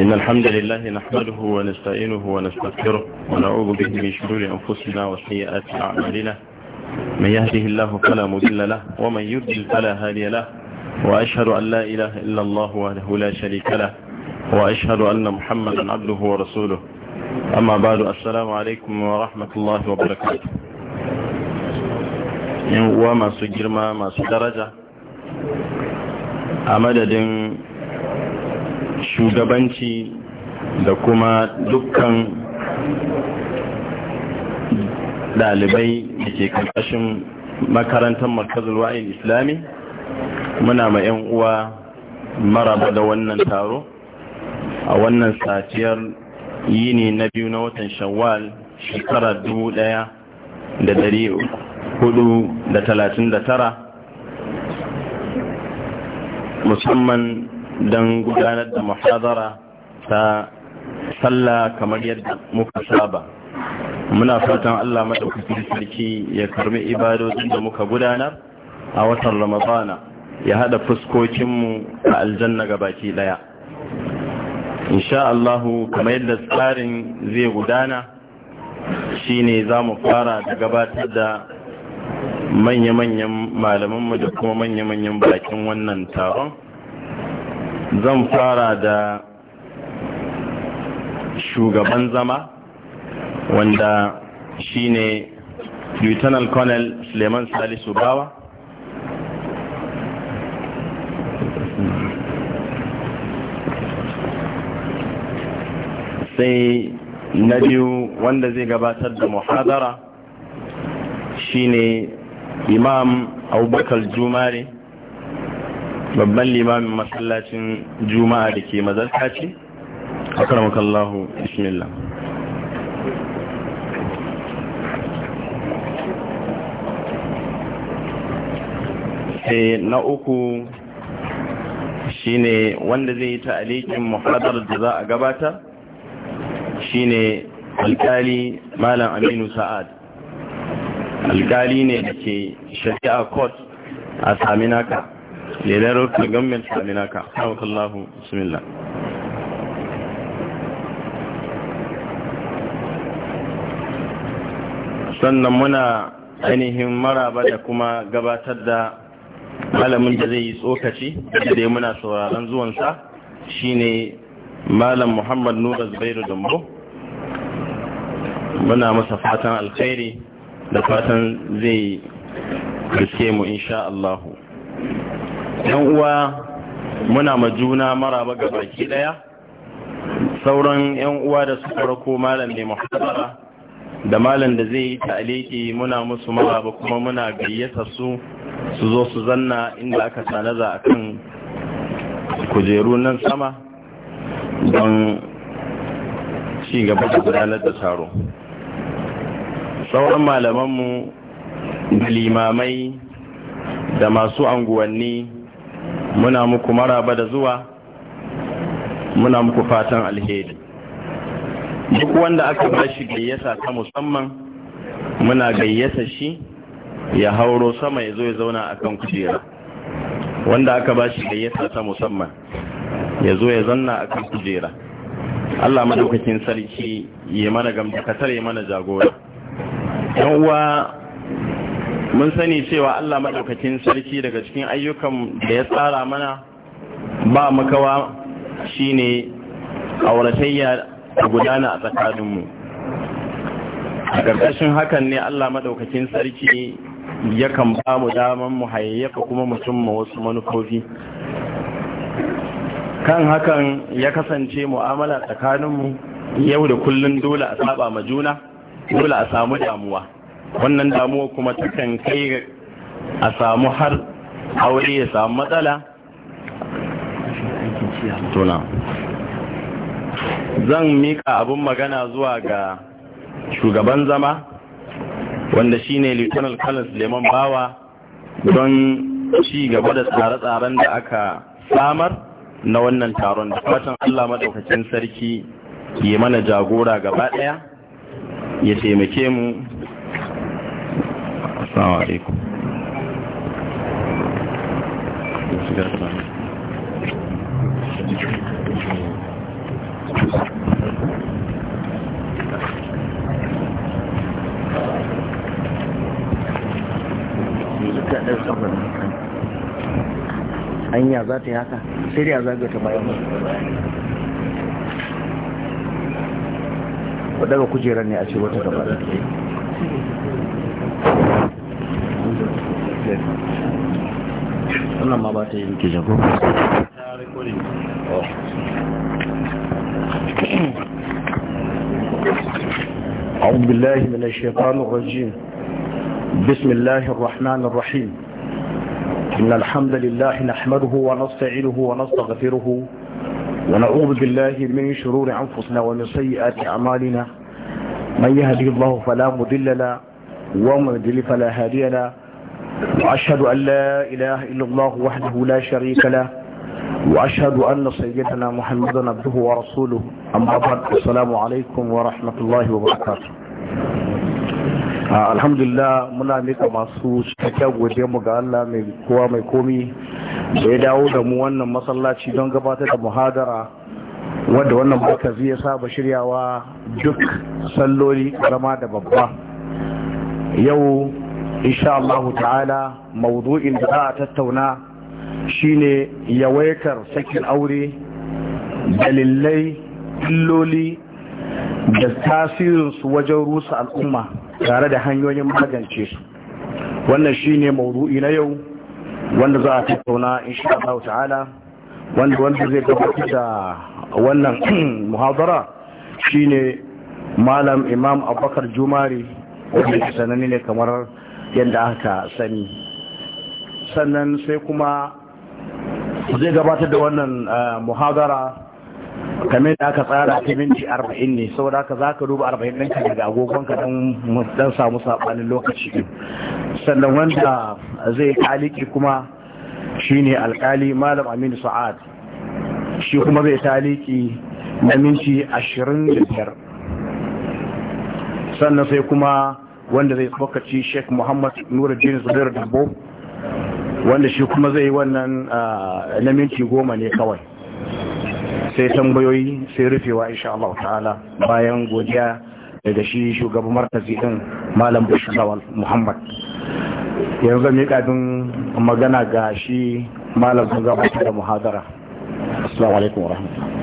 إن الحمد لله نحمده ونستعينه ونستغفره ونعوذ به من شرور أنفسنا وسيئات أعمالنا من يهده الله فلا مضل له ومن يضلل فلا هادي له وأشهد أن لا إله إلا الله وحده لا شريك له وأشهد أن محمدا عبده ورسوله أما بعد السلام عليكم ورحمة الله وبركاته وما سجر ما ما سدرجة a madadin shugabanci da kuma dukkan dalibai da ke karkashin makarantar markazin wa'in islami muna ma 'yan uwa maraba da wannan taro a wannan satiyar yini na biyu na watan shawwal shekarar dubu ɗaya da dari hudu da talatin da tara musamman don gudanar da muhadara ta sallah kamar yadda muka saba muna fatan Allah madaukakin sarki ya karbi ibadodin da muka gudanar a watan Ramadana ya hada fuskokinmu a aljanna gabaki daya insha Allah kamar yadda tsarin zai gudana shine zamu fara da gabatar da manya-manyan malamanmu da kuma manya-manyan bakin wannan taron zan fara da shugaban zama wanda shine lieutenant colonel suleiman salisu bawa sai na biyu wanda zai gabatar da muhadara shine imam abubakar jumare babban limamin masallacin juma'a da ke mazarka ce karamakallahu bismillah sai eh, na uku shine wanda zai yi ta'alikin mafadar da za a gabata shine alkali malam aminu sa'ad alkali ne da ke shari'a court a saminaka Lelar Local Government Aminaka, Hawakallahu, Bismillah. Sannan muna ainihin maraba da kuma gabatar da malamin da zai yi tsokaci da ya muna sauraron zuwansa shine malam Muhammad Nura Zubairu Dambo. Muna masa fatan alkhairi da fatan zai riske mu insha Allahu. yan uwa muna ma juna ba ga baki ɗaya. sauran yan uwa da suka farko malam ne muhaddara da malam da zai yi ta'aliki muna musu mara ba kuma muna gayyata su su zo su zanna inda aka sanaza akan kujeru nan sama don ci gaba da gudanar da taro sauran malamanmu da limamai da masu anguwanni muna muku maraba da zuwa muna muku fatan alheri duk wanda aka bashi gayyata ta musamman muna gayyata shi ya hauro sama ya zo ya zauna a kan kujera wanda aka bashi gayyata ta musamman ya zo ya zanna a kan kujera Allah madaukakin sarki ya mana gamtakatar ya mana jagora yan uwa mun sani cewa Allah maɗaukacin sarki daga cikin ayyukan da ya tsara mana ba makawa shine auratayya da gudana a tsakaninmu a ƙarƙashin hakan ne Allah maɗaukacin sarki yakan ba mu daman mu hayayyafa kuma ma wasu manufofi kan hakan ya kasance mu'amala tsakaninmu yau da kullum dole a saba ma juna dole a samu damuwa wannan damuwa kuma takan kai a samu har aure ya samu matsala tuna zan mika abin magana zuwa ga shugaban zama wanda shine lieutenant colonel suleiman bawa don ci gaba da tsare-tsaren da aka samar na wannan taron da fatan allah maɗaukacin sarki ke mana jagora gaba ɗaya ya taimake mu السلام عليكم hanya za ta yi haka sai da ta bayan ku daga kujerar ne a ce wata gaba wannan ma ba ta أعوذ بالله من الشيطان الرجيم بسم الله الرحمن الرحيم إن الحمد لله نحمده ونستعينه ونستغفره ونعوذ بالله من شرور أنفسنا ومن سيئات أعمالنا من يهدي الله فلا مضل له ومن يضلل فلا هادي له وأشهد أن لا إله إلا الله وحده لا شريك له وأشهد أن سيدنا محمدا عبده ورسوله أما بعد السلام عليكم ورحمة الله وبركاته alhamdulillah muna mika masu cikakken gobe mu ga Allah mai kowa mai komi da ya dawo da mu wannan masallaci don gabatar da muhadara wadda wannan markazi ya saba shiryawa duk salloli karama da babba yau insha Allah ta'ala mawdu'in da za a tattauna shine yawaitar sakin aure dalilai illoli da tasirinsu wajen rusa al'umma tare da hanyoyin magance su wannan shine mawdu'i na yau wanda za a tattauna insha Allah ta'ala wanda wanda zai gabatar da wannan muhadara shine malam imam abubakar jumari wanda sananne ne kamar yadda aka sani sannan sai kuma zai gabatar da wannan eh, muhadara kamar da aka tsara ta minti arba'in ne saboda aka za ka duba arba'in ɗin ka daga agogon ka dan samu saɓanin lokaci sannan wanda zai kaliki kuma shi ne alkali malam aminu sa'ad shi kuma zai taliki na minti ashirin da biyar sannan sai kuma wanda zai tsokaci sheik muhammad nuruddin zubairu dabbo wanda shi kuma zai wannan ah, na minti goma ne kawai sai tambayoyi sai rufewa insha Allah ta'ala bayan godiya daga shi shugaban markazi din malam bashir muhammad yanzu zan yi kadin magana ga shi malam sun gabata da muhadara assalamu alaikum wa rahmatullahi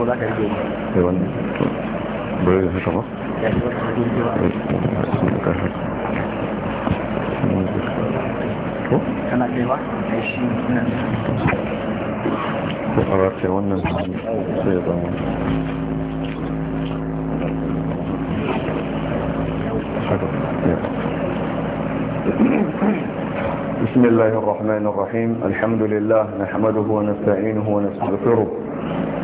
أيوة. بسم الله الرحمن الرحيم الحمد لله نحمده ونستعينه ونستغفره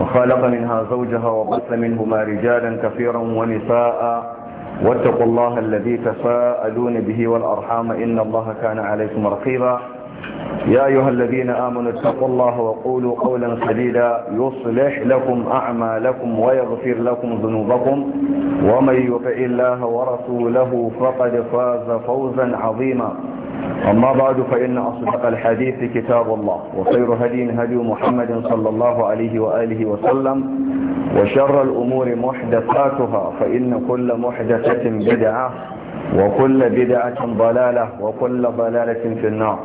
وخلق منها زوجها وبث منهما رجالا كثيرا ونساء واتقوا الله الذي تساءلون به والأرحام إن الله كان عليكم رقيبا يا أيها الذين آمنوا اتقوا الله وقولوا قولا سديدا يصلح لكم أعمالكم ويغفر لكم ذنوبكم ومن يطع الله ورسوله فقد فاز فوزا عظيما أما بعد فإن أصدق الحديث كتاب الله وخير هدي هدي محمد صلى الله عليه وآله وسلم وشر الأمور محدثاتها فإن كل محدثة بدعة وكل بدعة ضلالة وكل ضلالة في النار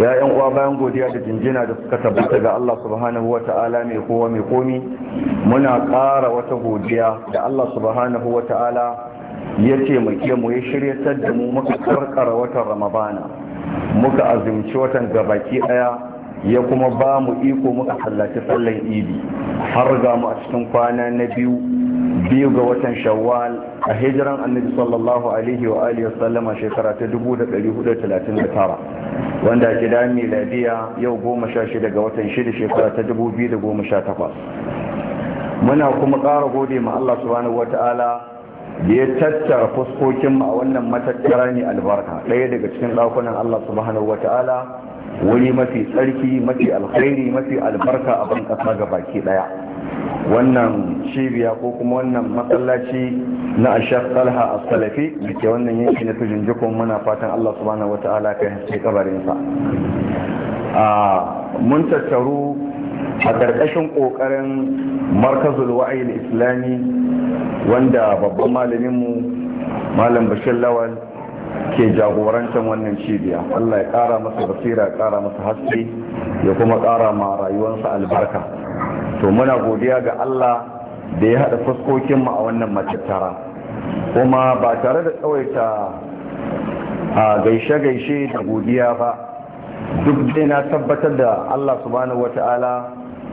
ya yan uwa bayan godiya da jinjina da suka tabbata ga Allah subhanahu wa ta'ala mai kowa mai komi muna ƙara wata godiya da Allah subhanahu wa ta'ala ya taimake mu ya shiryatar da mu muka karkara watan ramadana muka azumci watan gabaki daya ya kuma ba mu iko muka tallace sallan idi har ga mu a cikin kwana na biyu biyu ga watan shawwal a hijiran annabi sallallahu alaihi wa alihi wasallama shekara ta 1439 wanda ke da miladiya yau goma sha ga watan 6 shekara ta 2018 muna kuma ƙara gode ma Allah subhanahu wata'ala da ya tattara fuskokin a wannan matattara ne albarka ɗaya daga cikin ɗakunan Allah subhanahu wata'ala wani mafi tsarki mafi alkhairi mafi albarka a ban ƙasa ga baki ɗaya wannan cibiya ko kuma wannan matsalaci na ashaf salha a salafi da ke wannan yanki na tujin jikon muna fatan allah subhanahu wa ta'ala kai haske kabarinsa mun tattaru a ƙarƙashin ƙoƙarin markazul wa'ayi islami wanda babban malaminmu malam bashir lawal ke jagorancin wannan cibiya Allah ya ƙara masa basira ya ƙara masa haske ya kuma ƙara ma rayuwarsa albarka to muna godiya ga Allah da ya haɗa fuskokinmu a wannan matattara kuma ba tare da tsawaita a gaishe-gaishe da godiya ba duk dai na tabbatar da Allah subhanahu wata'ala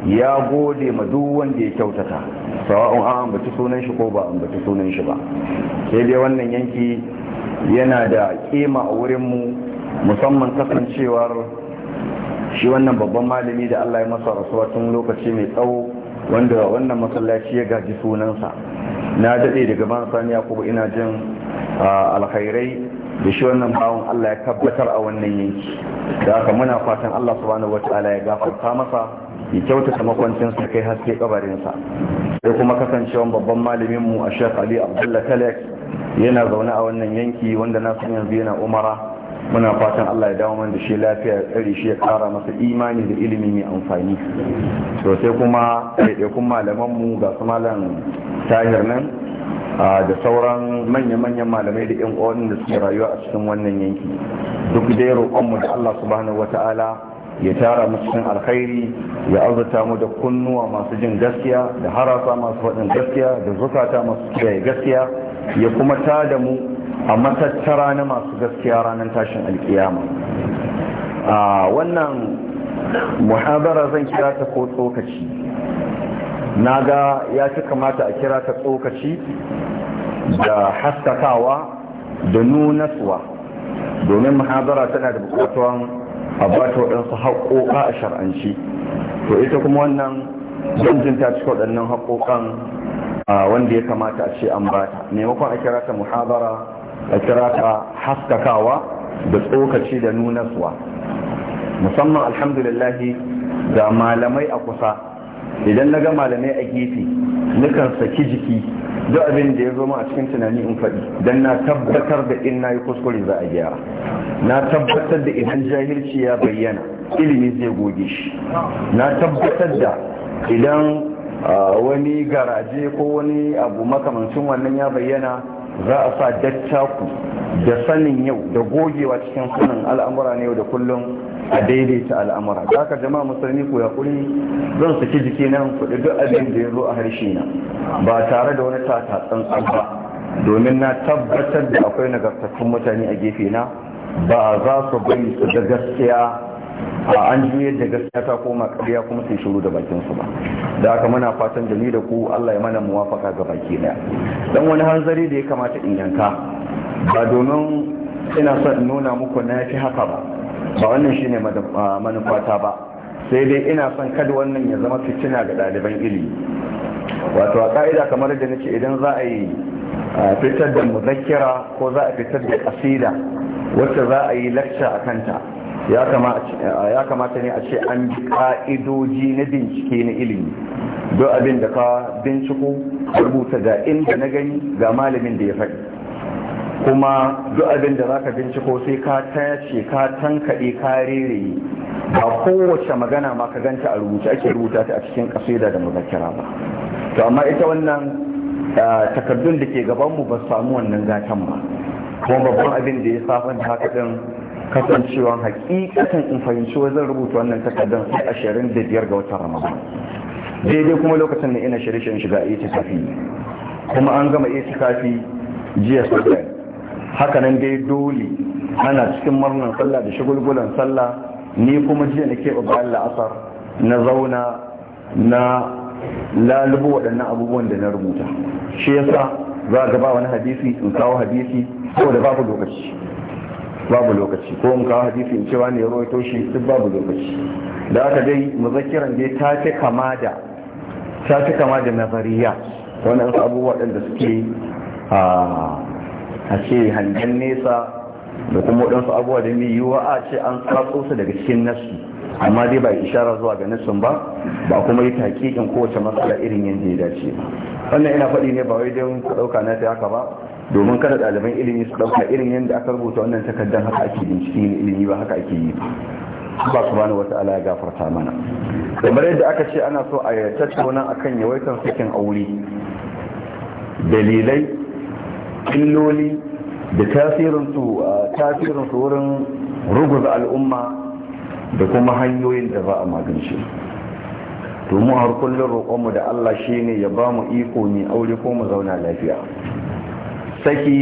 ya gode ma duk wanda ya kyautata sawa'un an ambaci sunan shi ko ba ambaci sunan shi ba sai dai wannan yanki yana da kima a wurinmu musamman kasancewar shi wannan babban malami da allah ya masa rasuwa tun lokaci mai tsawo wanda wannan masallaci ya gaji sunansa na daɗe daga ban sani kuma ina jin alkhairai da shi wannan bawon allah ya tabbatar a wannan yanki da aka muna fatan allah subhanahu ala ya gafarta masa ya kyautata makwancinsa kai haske kabarinsa sai kuma kasancewan babban malaminmu a shek ali abdullah yana zaune a wannan yanki wanda na san yanzu yana umara muna fatan Allah ya dawo da shi lafiya ya tsare shi ya kara masa imani da ilimi mai amfani to sai kuma ɗaiɗaikun malaman mu ga su malam tahir nan da sauran manya-manyan malamai da 'yan uwan da suke rayuwa a cikin wannan yanki duk dai roƙonmu da Allah subhanahu wata'ala ya tara mu cikin alkhairi ya azurta mu da kunnuwa masu jin gaskiya da harasa masu faɗin gaskiya da zukata masu kiyaye gaskiya ya kuma ta da mu a matattara na masu gaskiya ranar tashin alkiyama a wannan muhabara zan kira ta ko tsokaci na ga ya fi kamata a kira ta tsokaci da haskakawa da nunaswa domin muhabara tana da bukatuwan a waɗansu haƙoƙa a shar'anci to ita kuma wannan zan jinta cikin waɗannan haƙoƙan A wanda ya kamata a ce an bata maimakon a kira ta muhabara a kira ta haskakawa da tsokaci da nunaswa musamman alhamdulillahi ga malamai a kusa idan na ga malamai a gefe nukan saki jiki duk abin da ya zo a cikin tunani in faɗi don na tabbatar da in na yi kuskure za a gyara na tabbatar da idan jahilci ya bayyana ilimi zai goge shi na tabbatar da idan wani garaje ko wani abu makamancin wannan ya bayyana za a sa dattaku da sanin yau da gogewa cikin sunan al'amura ne yau da kullum a daidaita al'amura da haka jama'a musulmi ku kuri zan saki jiki nan kuɗi duk abin da ya zo a harshe na ba tare da wani tata tsantsan ba domin na tabbatar da akwai nagartattun mutane a gefe na ba za su bai su da gaskiya A an juyar da gaskiya ta koma ƙarya kuma sun shiru da bakin su ba da aka mana fatan da ni da ku Allah ya mana muwafaka ga baki daya dan wani hanzari da ya kamata in yanka ba domin ina son in nuna muku na fi haka ba ba wannan shine manufata ba sai dai ina son kada wannan ya zama fitina ga ɗaliban ilimi wato a ka'ida kamar da nace idan za a yi fitar da muzakkira ko za a fitar da asida, wacce za a yi lakca a kanta ya kamata ne a ce an bi ka'idoji na bincike na ilimi don abin da ka binciko rubuta ga inda na gani ga malamin da ya faɗi kuma duk abin da za ka binciko sai ka tashi ka tankaɗe ka rereye ba kowace magana ma ka ganta a rubuce ake rubuta ta a cikin kasida da kira ba to amma ita wannan takardun da ke gabanmu ba samu wannan gatan ba kuma babban abin da ya safanta haka din kasancewa hakikatan in fahimci wa zan rubuta wannan takardar sai ashirin da biyar ga watan ramadan daidai kuma lokacin da ina shirye-shiryen shiga itikafi kuma an gama itikafi jiya sosai hakanan dai dole ana cikin murnar sallah da shagulgulan sallah ni kuma jiya na keɓe bayan la'asar na zauna na lalubo waɗannan abubuwan da na rubuta shi yasa za a gaba wani hadisi in kawo hadisi ko da babu lokaci babu lokaci ko ka hadisi in cewa ne rawaito shi duk babu lokaci da aka dai muzakiran dai ta fi kama da ta fi kama da nazariya wannan abubuwa waɗanda suke a ce hangen nesa da kuma waɗansu abubuwa da mai yiwuwa a ce an tsatso su daga cikin nasu amma dai ba ishara zuwa ga nasun ba ba kuma yi taƙiƙin kowace matsala irin yadda ya dace ba wannan ina faɗi ne ba wai don ka ɗauka na ta haka ba domin kada ɗaliban ilimi su ɗauka irin yadda aka rubuta wannan takardar haka ake binciki ne ilimi ba haka ake yi ba su bani wata ala ya gafarta mana kamar yadda aka ce ana so a tattauna kan yawaitar sakin aure dalilai illoli da tasirinsu tasirinsu wurin ruguza al'umma da kuma hanyoyin da za a magance domin har kullum roƙonmu da allah shi ne ya ba mu iko ne aure ko mu zauna lafiya saki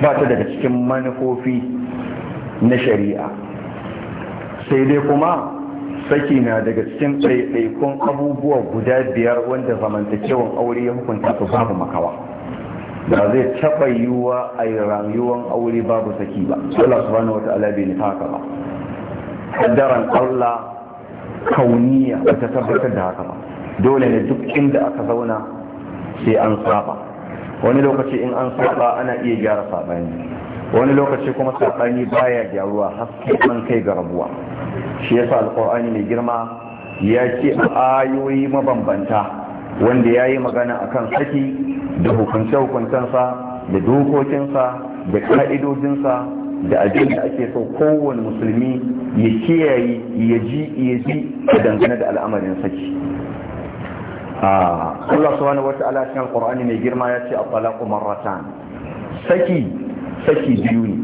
ba ta daga cikin manufofi na shari'a sai dai kuma saki na daga cikin ɗaiɗaikun abubuwa guda biyar wanda zamantakewan aure ya hukunta su babu makawa ba zai taɓa yiwuwa a yi rayuwan aure babu saki ba Allah subhanahu wa ta'ala bai nufa haka ba kaddaran Allah kauniya ba ta tabbatar da haka ba dole ne duk inda aka zauna sai an saba wani lokaci in an saba ana iya gyara sabani wani lokaci kuma sabani baya gyaruwa haske an kai ga rabuwa shi yasa alqur'ani mai girma ya ce ayoyi mabambanta wanda ya yi magana akan saki da hukunce hukuncensa da dokokinsa da ka'idojinsa da abin da ake so kowane musulmi ya kiyaye ya ji ya ji dangane da al'amarin saki Ah. Allah subhanahu wata'ala cikin alqur'ani mai girma ya ce at-talaqu marratan saki saki biyu ne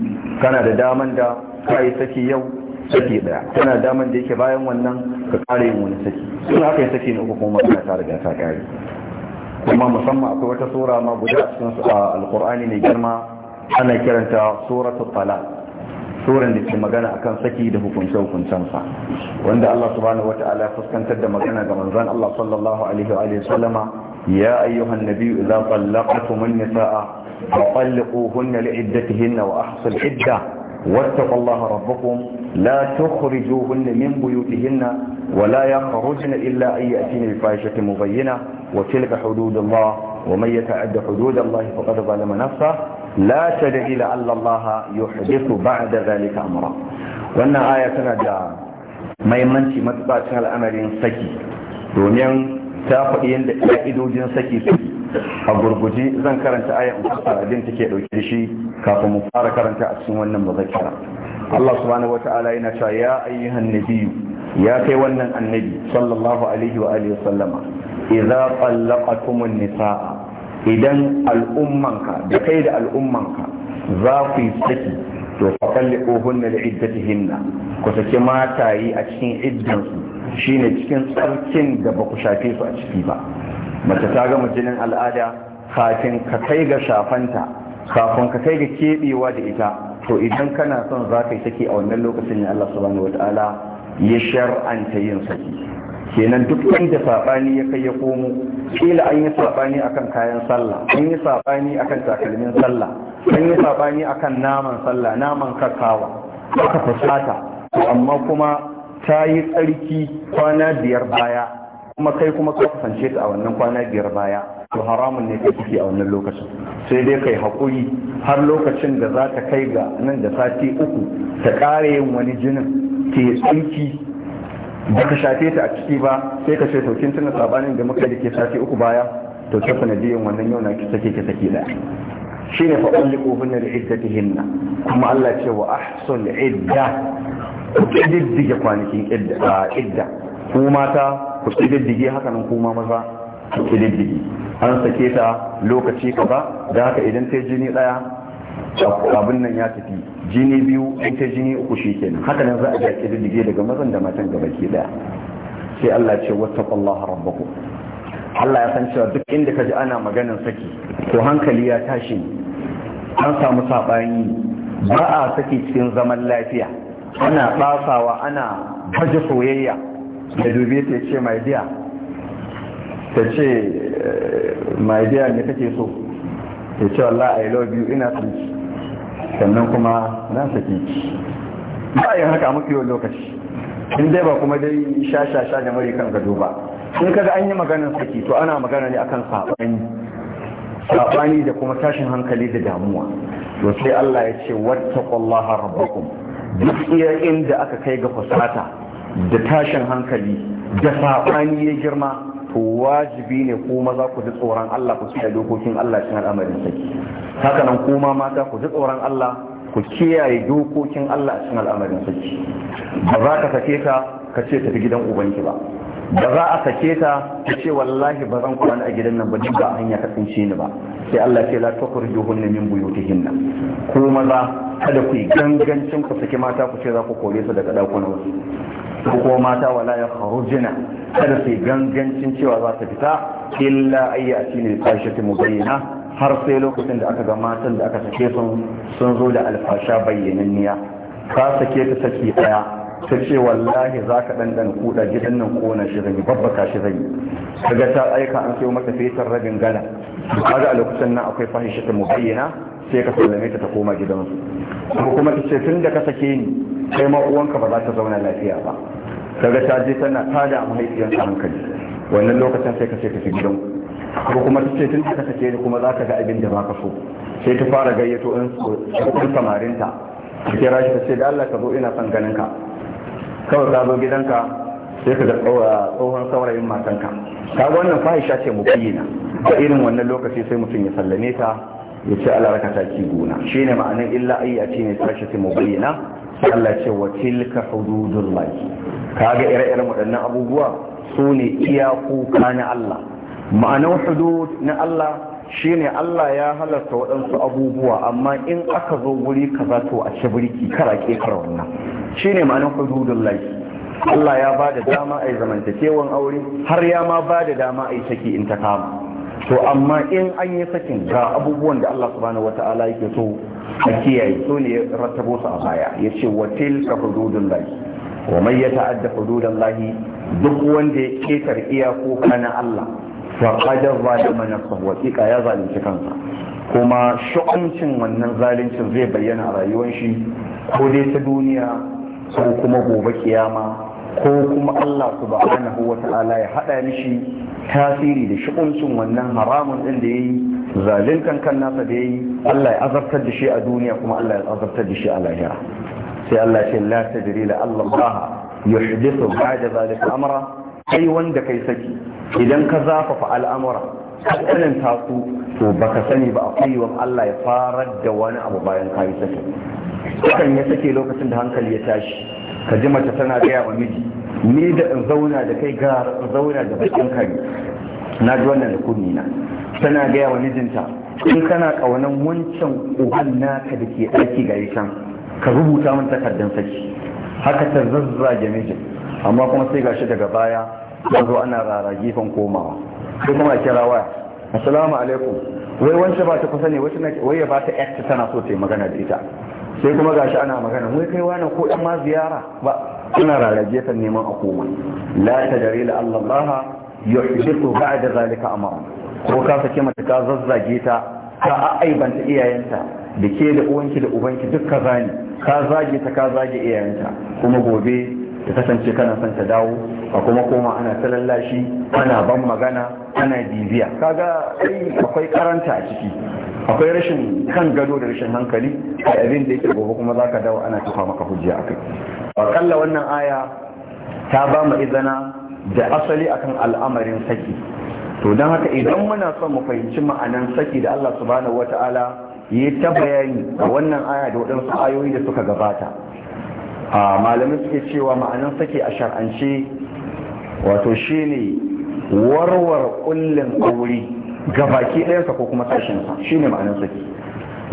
kana da daman da kai saki yau saki daya kana daman da yake bayan wannan ka kare yin wani saki sun haka yi saki na uku kuma magana ta riga ta kare kuma musamman akwai wata sura ma guda cikin alqur'ani mai girma ana kiranta suratul talaq suran da ke magana akan saki da hukunce hukuncensa wanda Allah subhanahu wa ta'ala fuskantar da magana ga manzon Allah sallallahu alaihi wa sallama ya ayyuhan nabiyyu idza qallaqtum an-nisaa faqalliquhunna li'iddatihinna wa ahsil idda wattaqullaha rabbukum la tukhrijuhunna min buyutihinna wa la yakhrujna illa an ya'tina bi fahishatin mubayyinah wa tilka hududullah wa man yata'adda hududallahi faqad zalama nafsahu la tad'i la Allah yuhdithu da zalika amra wannan aya tana da maimanci matsacin al'amarin saki domin ta faɗi yadda ƙa'idojin saki su a gurguji zan karanta aya in abin din take ɗauke da shi kafin mu fara karanta a cikin wannan muzakkara Allah subhanahu wata'ala yana cewa ya ayyuhan nabiyyu ya kai wannan annabi sallallahu alaihi wa alihi wasallama idza talaqatumun nisaa idan al'ummanka da kai da al'ummanka za ku yi saki to fa ta da iddatihinna ku saki matayi a cikin iddansu shine cikin tsarkin da ba ku shafe su a ciki ba mace ta gama jinin al'ada kafin ka kai ga shafanta kafin ka kai ga keɓewa da ita to idan kana son za ka yi saki a wannan lokacin ne Allah subhanahu ta'ala ya shar'anta yin saki kenan duk inda sabani ya kai ya komo kila an yi sabani akan kayan sallah an yi sabani akan takalmin sallah an yi sabani akan naman sallah naman kakawa aka fusata amma kuma ta yi tsarki kwana biyar baya kuma kai kuma ka kasance ta a wannan kwana biyar baya to haramun ne kake kike a wannan lokacin sai dai kai hakuri har lokacin da za ta kai ga nan da sati uku ta ƙara yin wani jinin ke tsarki ba ka shafe ta a ciki ba sai ka ce to kin tuna sabanin da muka da ke sati uku baya to ta sanadiyan wannan yau na ki sake ki da shi ne faɗin liƙofinna da iddatihinna kuma Allah ce wa ahsul idda ku ƙididdige kwanakin idda ku mata ku ƙididdige haka nan kuma maza ku ƙididdige an sake ta lokaci ka ba da haka idan ta jini ɗaya abin nan ya tafi jini biyu in ta jini uku shi haka nan za a jaƙi diddige daga mazan da matan gaba ke daya sai Allah ce wata Allah rabbaku Allah ya san cewa duk inda ka ji ana maganin saki to hankali ya tashi an samu saɓani ba a saki cikin zaman lafiya ana basawa ana baje soyayya da dubi ta ce mai biya ta ce mai biya ne kake so ta ce Allah I love you ina son sannan kuma na sake ki yi haka muka yi lokaci in dai ba kuma dai sha-sha-sha da mari kan gado ba in kaga an yi maganar saki to ana magana ne akan saɓani saɓani da kuma tashin hankali da damuwa to sai Allah ya ce wattaqullaha rabbakum duk iya inda aka kai ga fasata da tashin hankali da saɓani ya girma to wajibi ne ko maza ku ji tsoron Allah ku tsaya dokokin Allah cin al'amarin saki haka nan kuma mata ku ji tsoron Allah ku kiyaye dokokin Allah a cikin al'amarin saki ba za ka sake ta ka ce tafi gidan ubanki ba ba za a sake ta ta ce wallahi ba zan kwana a gidan nan ba duk ba hanya ta tsince ni ba sai Allah ce la hunna min buyutihinna ku maza kada ku yi gangancin ku saki mata ku ce za ku kore su daga dakunan wasu ko mata wala ya kharujina kada su yi gangancin cewa za ta fita illa ayyati ne fashati mubayyana har sai lokacin da aka ga matan da aka sake sun sun zo da alfasha niyya. ka sake ta saki daya ta ce wallahi za ka ɗanɗan kuɗa gidan nan kona shi babba babbaka shi zai kaga ta aika an sayo mata fetar rabin gala kaga a lokacin nan akwai fahisha ta mubayyana sai ka sallame ta ta koma gidansu kuma kuma ta ce tun da ka sake ni kai ma uwanka ba za ta zauna lafiya ba kaga ta je tana tada mahaifiyarsa hankali wannan lokacin sai ka ce ka fi gidanku ko kuma ta ce tun aka sake ni kuma za ka ga abin da baka so sai ta fara gayyato in su samarinta ta kira shi ta ce da Allah ka zo ina son ganin ka kawai ka zo gidanka sai ka ga tsohon saurayin matanka ka ga wannan fahisha ce mu bayyana a irin wannan lokaci sai mutum ya sallame ta ya ce Allah raka ta ki gona shine ma'anar illa ce ne tashi ta mu bayyana sai Allah ce wa tilka hududullahi kaga ire-iren waɗannan abubuwa su ne iyakoka na Allah ma'anar hudud na Allah shine Allah ya halarta waɗansu abubuwa amma in aka zo wuri kaza to a ci birki kara kekar wannan shine ma'anar hududun laifi Allah ya ba da dama a yi zamantakewan aure har ya ma ba da dama a yi saki in ta kama to amma in an yi sakin ga abubuwan da Allah subhanahu wata'ala yake so a kiyaye so ne rattabo su a baya ya ce wa tilka hududun lahi wa man ya ta'adda hududan duk wanda ya ketar iyakoka na Allah فقد ظلم نفسه وثيقا ya zalunci kansa kuma shu'ancin wannan zalincin zai bayyana a rayuwar shi ko dai ta duniya ko kuma gobe kiyama ko kuma Allah subhanahu wa ta'ala ya hada mishi tasiri da shu'uncin wannan haramun din da yayi zalintan kan nasa da yayi Allah ya azabtar da shi a duniya kuma Allah ya azabtar da shi a lahira sai Allah ya ce la tadri la Allah yuhdithu ba'da zalika amra kai wanda kai saki idan ka zafafa al'amura kasanin tasu to baka sani ba akwai wa Allah ya fara da wani abu bayan ka yi saki hakan ya sake lokacin da hankali ya tashi ka ji mace tana gaya wa miji ni da in zauna da kai ga zauna da bakin kari na ji wannan kunni na tana gaya wa mijinta in kana ƙaunan wancan uban naka da ke aiki gari can ka rubuta min takardar saki haka ta zazzage mijin amma kuma sai gashi daga baya ya zo ana rara gifin komawa sai kuma kira waya assalamu alaikum wai wancan ba ta kusa ne wai ya ba ta act tana so ta yi magana da ita sai kuma gashi ana magana wai kai wani ko ɗan ma ziyara ba ina rara gefen neman a koma la ta dare la Allah ba da ba'da a amara ko ka sake mata ka zazzage ta ka aibanta iyayenta da ke da uwanki da ubanki duk ka zani ka zage ta ka zage iyayenta kuma gobe ta kasance kana son ta dawo a kuma koma ana ta ana ban magana ana bibiya kaga ai akwai karanta a ciki akwai rashin kan gado da rashin hankali a abin da yake gobe kuma zaka dawo ana tufa maka hujja akai akalla wannan aya ta ba mu izana da asali akan al'amarin saki to don haka idan muna son mu fahimci ma'anan saki da Allah subhanahu wata'ala ya ta bayani a wannan aya da waɗansu ayoyi da suka gabata malamin suke cewa ma'anin sake a shar'ance wato shi ne warwar kullin aure ga baki ɗayansa ko kuma sashensa shi ne ma'anin sake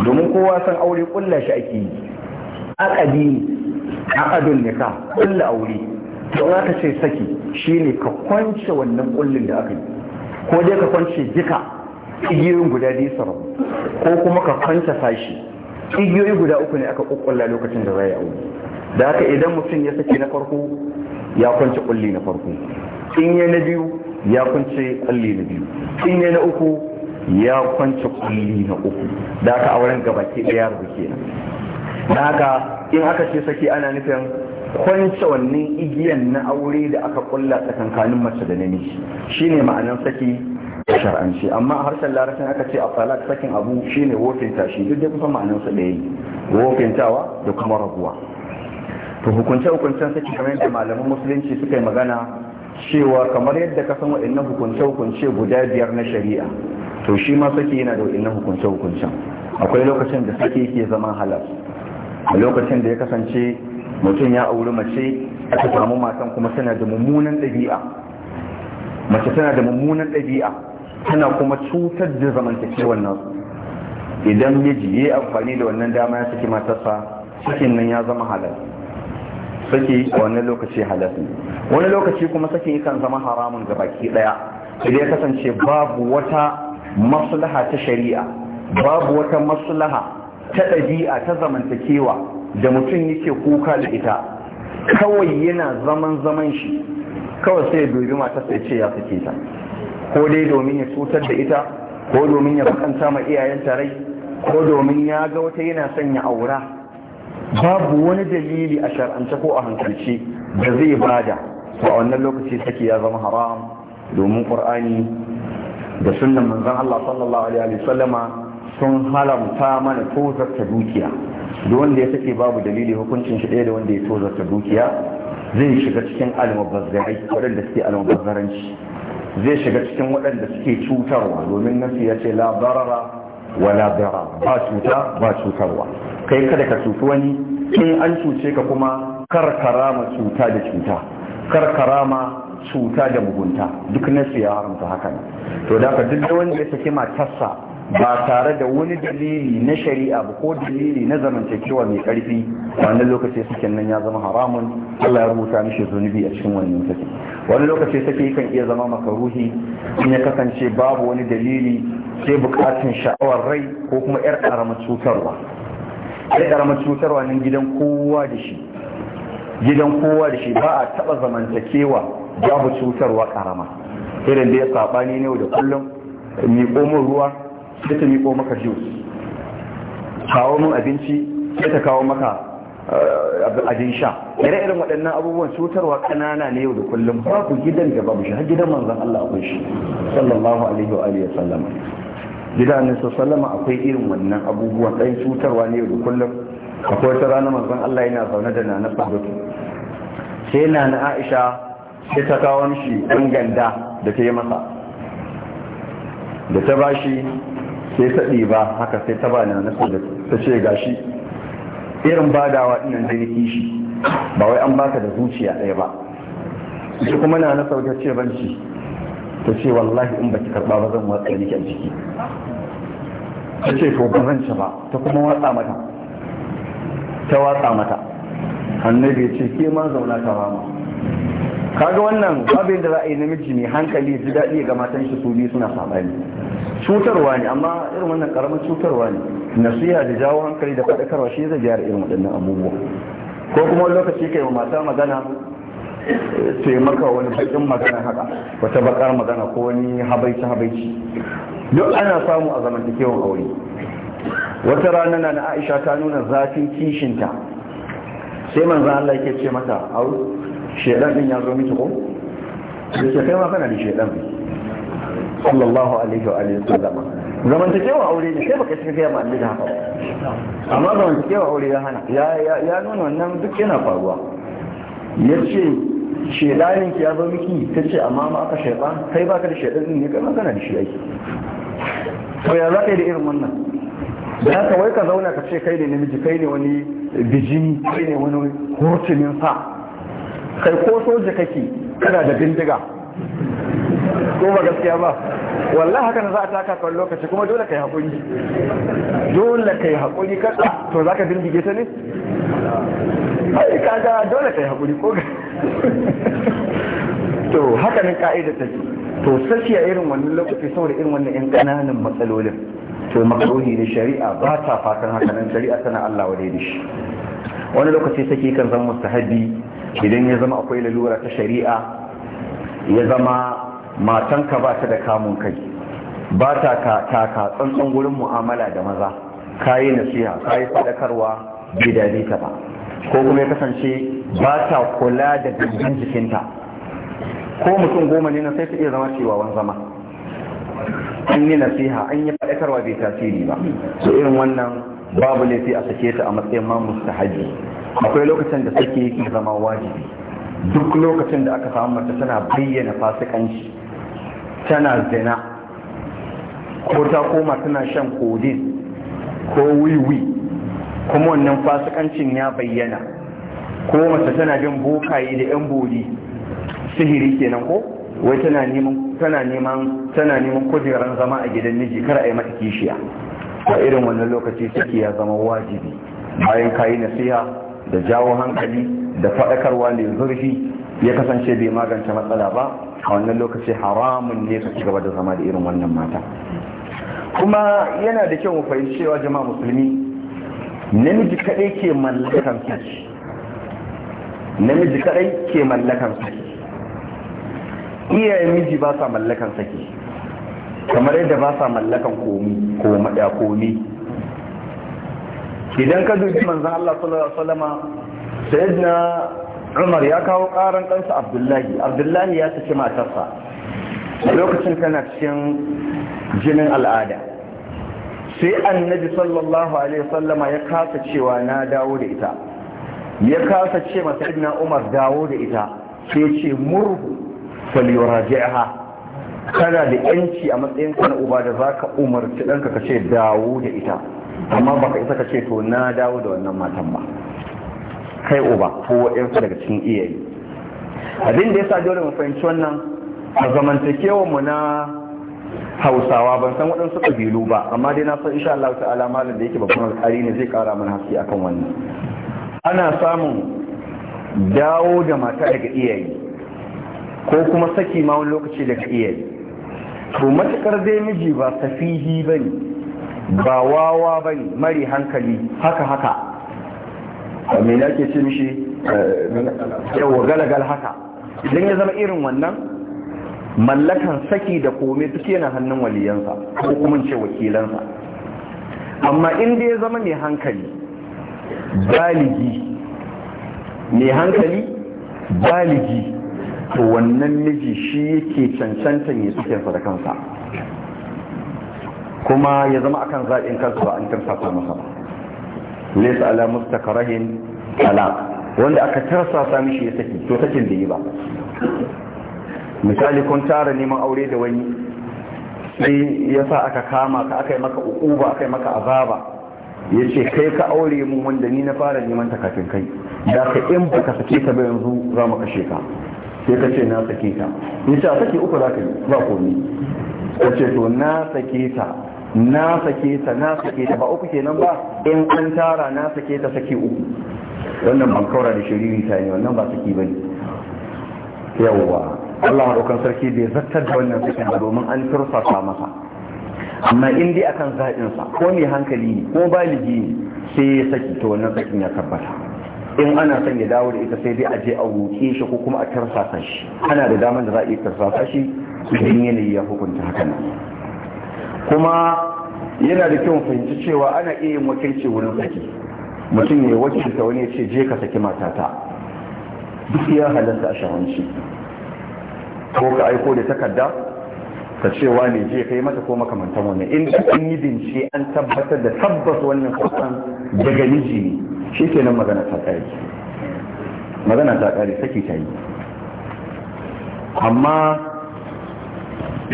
domin kowa san aure kulla shi ake yi akadi akadun nika kulla aure to za ka ce saki shi ne ka kwance wannan kullin da aka yi ko dai ka kwance jika, igiyoyin guda biyu su ko kuma ka kwance sashi igiyoyi guda uku ne aka kukkulla lokacin da za yi aure da haka idan mutum ya saki na farko ya kwanci kulli na farko in ya na biyu ya kwanci kulli na biyu in ya na uku ya kwanci kulli na uku da haka auren gabaki daya rubu kenan da haka in aka ce saki ana nufin kwanci wannan igiyan na aure da aka kulla tsakankanin mace da namiji shine ma'anan saki shar'anci amma a harshen larabcin aka ce a talak sakin abu shine wofinta shi duk da kusan ma'anan sa da yi wofintawa da kuma rabuwa to hukunce hukuncen saki kamar yadda malaman musulunci suka yi magana cewa kamar yadda ka san wa'annan hukunce hukunce guda biyar na shari'a to shi ma saki yana da wa'annan hukunce hukuncen akwai lokacin da saki yake zama halal a lokacin da ya kasance mutum ya auri mace aka samu matan kuma tana da mummunan ɗabi'a mace tana da mummunan ɗabi'a tana kuma cutar da zamantakewar nasu idan miji ya amfani da wannan dama ya saki matarsa cikin nan ya zama halal saki a wannan lokaci wani lokaci kuma saki kan zama haramun ga baki daya idan ya kasance babu wata maslaha ta shari'a babu wata maslaha ta ɗabi'a ta zamantakewa da mutum yake kuka da ita kawai yana zaman zaman shi kawai sai dubi mata sai ce ya sake ta ko dai domin ya cutar da ita ko domin ya bakanta ma iyayen tarai ko domin ya ga wata yana son ya aura babu wani dalili a shar'ance ko a hankalce da zai bada a wannan lokaci saki ya zama haram domin ƙur'ani da sunan manzan Allah sallallahu alaihi wa sallama" sun halamta mana tozarta dukiya da wanda ya sake babu dalili hukuncin shi ɗaya da wanda ya tozarta dukiya zai shiga cikin almubazzarai waɗanda suke almubazzaranci zai shiga cikin waɗanda suke cutarwa domin nasu ya ce labarara. wala dara ba cuta ba cutarwa kai kada ka cuci wani in an cuce ka kuma karkara ma cuta da cuta karkara ma cuta da mugunta duk na siya haramta hakan to da ka duk wanda ya saki matarsa ba tare da wani dalili na shari'a ba ko dalili na zamantakewa mai karfi wani lokaci suke nan ya zama haramun Allah ya rubuta mishi zunubi a cikin wannan take wani lokaci saki kan iya zama makaruhi in ya kasance babu wani dalili sai bukatun sha'awar rai ko kuma yar karamar cutarwa yar karamar cutarwa nan gidan kowa da shi gidan kowa da shi ba a taba zamantakewa babu cutarwa karama irin da ya saba ne da kullum ni min ruwa sai ta miko maka juice kawo min abinci sai ta kawo maka eh, abin sha ire irin waɗannan abubuwan cutarwa kanana ne yau da kullum babu gidan da babu shi har gidan manzon Allah akwai shi sallallahu alaihi wa alihi sallama gidan nan sallama akwai irin wannan abubuwan ɗan cutarwa ne yau da kullum akwai wata rana manzon Allah yana zaune da nana Fadatu sai nana Aisha sai ta kawo mishi ɗan ganda da ta yi masa da ta bashi sai ta ba, haka sai ta ba na nasu da ta ce gashi irin badawa ɗinan zai niki shi ba wai an baka da zuciya ɗaya ba shi kuma na na da ce ban shi ta ce wallahi in baki karɓa ba zan watsa niki a jiki ta ce to ba zan ci ba ta kuma watsa mata ta watsa mata annabi ya ce ke ma zauna ta rama kaga wannan abin da za a yi namiji mai hankali ji daɗi ga matan shi su biyu suna saɓani cutarwa ne amma irin wannan ƙaramin cutarwa ne nasiha da jawo hankali da faɗakarwa shi zai gyara irin waɗannan abubuwa ko kuma wani lokaci kai wa mata magana sai maka wani baƙin magana haka wata baƙar magana ko wani habaici habaici duk ana samu a zamantakewan aure wata rana na na aisha ta nuna zafin kishinta sai manzan Allah yake ce mata shedan din ya zo miki ko da ke kai ma kana da shedan sallallahu alaihi wa alihi sallama zamantakewa aure ne sai baka shiga kai ma da haka amma zamantakewa aure ya hana ya ya nuna wannan duk yana faruwa yace shedanin ki ya zo miki tace amma ma aka shaytan kai baka da shedan din ne kai kana da shi ai to ya zaka yi da irin wannan da haka wai ka zauna ka ce kai ne namiji kai ne wani bijini, kai ne wani hortunin sa kai ko soja kake kana da bindiga ko ba gaskiya ba wallahi haka na za a taka kan lokaci kuma dole kai hakuri dole kai hakuri kada ah, to zaka bindige ta ne ai kaga dole kai hakuri ko ga to haka ne ka'ida ce to ya irin wannan lokaci saboda irin wannan yan kananan matsalolin to makarohi da shari'a ba ta fatan haka nan shari'a tana Allah wa da shi wani lokaci sake kan zama mustahabi idan ya zama akwai lalura ta shari'a ya zama matanka ba ta da kamun kai ba ta taka tsantsan wurin mu'amala da maza ka yi nasiha ka yi fadakarwa, bai dade ta ba ko kuma ya kasance ba ta kula da dangin jikinta ko mutum goma ne na sai ta iya zama cewa wani zama an yi nasiha an yi fadakarwa bai tasiri ba to irin wannan babu laifi a sake ta a matsayin ma hajji. akwai lokacin da suke yake zama wajibi duk lokacin da aka samu mace tana bayyana fasikanci tana zina ko ta koma tana shan kodin ko wiwi kuma wannan fasikancin ya bayyana ko mace tana bin bokaye da yan boli sihiri kenan ko wai tana neman kujerar kujeran zama a gidan miji kar a yi mata kishiya a irin wannan lokaci saki ya zama wajibi bayan kayi nasiha da jawo hankali da faɗakarwa ne zurfi ya kasance bai magance matsala ba a wannan lokaci haramun ne ka ci gaba da zama da irin wannan mata kuma yana da kyau mu fahimci cewa jama'a musulmi namiji kadai ke mallakan saki namiji kadai ke mallakan saki iyaye miji ba sa mallakan saki kamar yadda ba sa mallakan komi ko mada komi idan ka dubi manzan Allah sallallahu sayyidina Umar ya kawo karan ɗansa Abdullahi Abdullahi ya saki matarsa a lokacin tana cikin jinin al'ada sai annabi sallallahu alaihi wasallama ya kasa cewa na dawo da ita ya kasa ce masa sayyidina Umar dawo da ita sai ce murhu falyuraji'ha kana da yanci a matsayin na uba da zaka umarci ɗanka ka ce dawo da ita amma baka isa ka ce to na dawo da wannan matan ba kai uba ko wa'yansu daga cikin iyaye abin da ya sa dole mu fahimci wannan a zamantakewar mu na hausawa ban san waɗansu ƙabilu ba amma dai na san insha Allah ta alama da yake babban alƙari ne zai ƙara mana haske akan wannan ana samun dawo da mata daga iyaye ko kuma saki ma wani lokaci daga iyaye to matukar dai miji ba safihi bane ba wawa ba ne mari hankali haka haka mai na ke ce mishi yawa galagal haka idan ya zama irin wannan mallakan saki da kome duk yana hannun waliyansa ko kuma ce wakilansa amma inda ya zama mai hankali baligi mai hankali baligi to wannan miji shi yake cancanta ne suke da kansa kuma ya zama akan zaɓin kansu ba an tarsasa masa ba lesa ala mustakarahin ala. wanda aka sami mishi ya saki to sakin da yi ba misali kun tara neman aure da wani sai ya sa aka kama ka aka yi maka ukuba aka yi maka azaba ya ce kai ka aure mu wanda ni na fara neman ta kafin kai da ka in ba ka sake ta ba yanzu za mu kashe ka sai ka ce na sake ta ya ce a sake uku za ka yi ba komi ka ce to na sake ta na sake ta na sake ta ba uku ke nan ba in an tara na sake ta sake uku wannan ban kaura da shiriri ta ne wannan ba saki ne yawwa Allah madaukan sarki bai zartar da wannan sakin ba domin an tursasa masa amma in dai akan zaɓin sa ko mai hankali ne ko baligi ne sai ya saki to wannan sakin ya tabbata in ana son ya dawo da ita sai dai a je a roƙe shi ko kuma a tarsasa shi ana da damar da za a iya tarsasa shi idan yanayi ya hukunta hakan kuma yana da kyau fahimci cewa ana iya yin wakilci wurin saki mutum ya wakilta wani ya ce je ka saki matata duk ya halatta a shawanci ko ka aiko da takarda ka ce ne je ka yi mata ko makamantan wannan in an yi binci an tabbatar da tabbas wannan kwasan daga miji ne shi kenan magana ta kare magana ta kare saki ta yi amma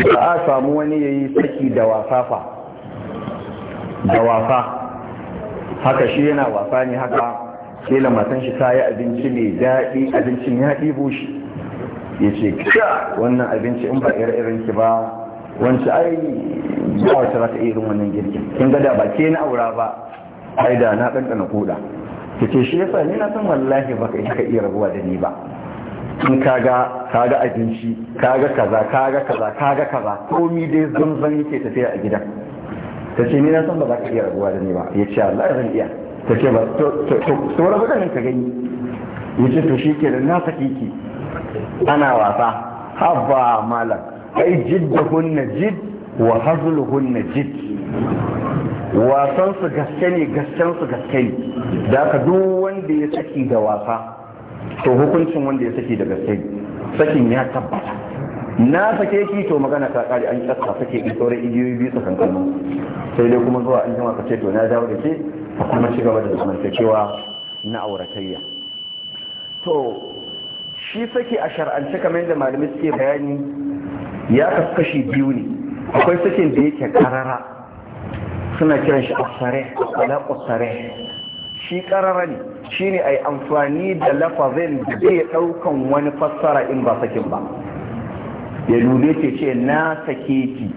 ba a samu wani ya yi saki da wasa da wasa haka shi yana wasa ne haka kela matan shi ta yi abinci mai daɗi abincin ya ɗibo shi ya ce wannan abinci in ba irin ki ba wancan ai ba a za ta irin wannan girkin kin da ba ke na aura ba ai da na ɗanɗana koda ta ce shi yasa ni na san wallahi ba ka iya rabuwa da ni ba in kaga kaga abinci kaga kaza kaga kaza kaga kaza komi dai zanzan yake tafiya a gidan ta ce ni na san ba za ka iya rabuwa da ni ba ya ce Allah zan iya ta ce ba to rabu da ka gani ya ce to shi ke da na saki ki ana wasa haba malam ai jidda hunna jid wa hazul hunna jid wasan su gaske ne gasken su gaske ne da ka duk wanda ya saki da wasa to hukuncin wanda ya saki daga sai sakin ya tabbata na sake shi to magana ta kare an kasa sake in sauran igiyoyi biyu su kankanu sai dai kuma zuwa an jima ka ce to na dawo da ke kuma ci gaba da zamantakewa na auratayya to shi sake a shar'ance kamar yadda malamai suke bayani ya kasu biyu ne akwai sakin da yake karara suna kiran shi a sare a shi karara ne shine ai amfani da lafazin da zai daukan wani fassara in ba sakin ba ya dube ke ce na sake ki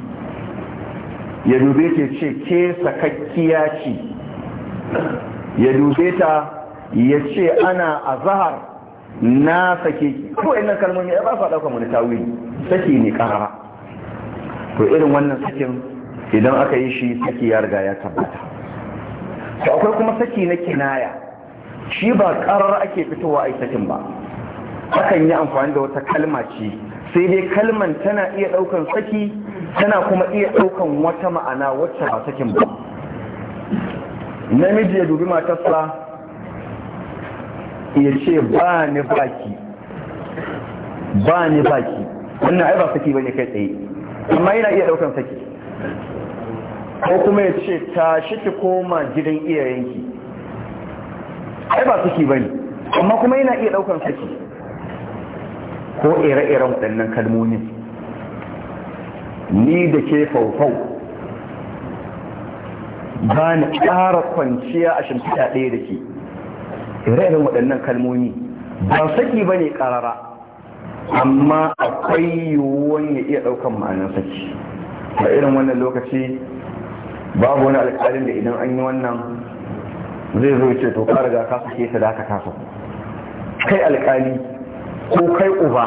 ya dube ke ce ke sakakkiya ce ya dube ta ya ce ana a zahar na sake ki ko ina kalmomi ya ba su daukan wani tawili saki ne karara to irin wannan sakin idan aka yi shi saki ya riga ya tabbata to akwai kuma saki na kinaya shi ba karar ake fitowa a sakin ba akan yi amfani da wata kalma ce sai dai kalman tana iya daukan saki tana kuma iya daukan wata ma'ana wacce ba sakin ba namiji ya dubi matarsa ya ce ba ni baki ba ni baki wannan ai ba saki ne kai tsaye amma yana iya daukan saki ko kuma ya ce tashi ki koma gidan iyayenki ai ba suke bane amma kuma yana iya daukan saki ko ire-iren waɗannan kalmomi ni da ke faufau ba ni ƙara kwanciya a shimfita ɗaya da ke ire-iren waɗannan kalmomi ba saki ba ne ƙarara amma akwai yiwuwan ya iya ɗaukan ma'ana saki a irin wannan lokaci babu wani alƙalin da idan an yi wannan zai zo ce to ka riga ka sake ta da ka taso kai alkali ko kai uba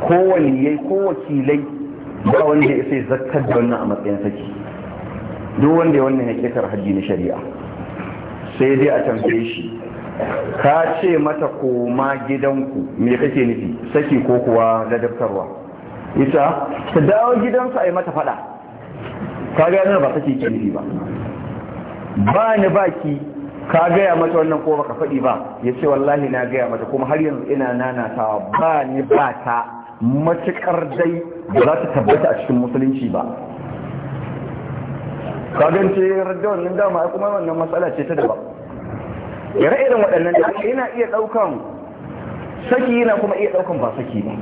ko waliyai ko wakilai ba wanda ya sai zartar da wannan a matsayin saki duk wanda ya wannan ya ƙetar hajji na shari'a sai dai a tambaye shi ka ce mata koma gidanku me kake nufi saki ko kuwa ladabtarwa ita ta dawo gidansu a yi mata fada ka gane ba saki ke nufi ba ba ni baki ka gaya mata wannan ko baka faɗi ba ya ce wallahi na gaya mata kuma har yanzu ina nanatawa ba ni ba ta matuƙar dai ba za ta tabbata a cikin musulunci ba Ka kagan ce radda wannan dama ai kuma wannan matsala ce ta daba ire irin waɗannan da yana iya ɗaukan saki yana kuma iya ɗaukan ba saki ba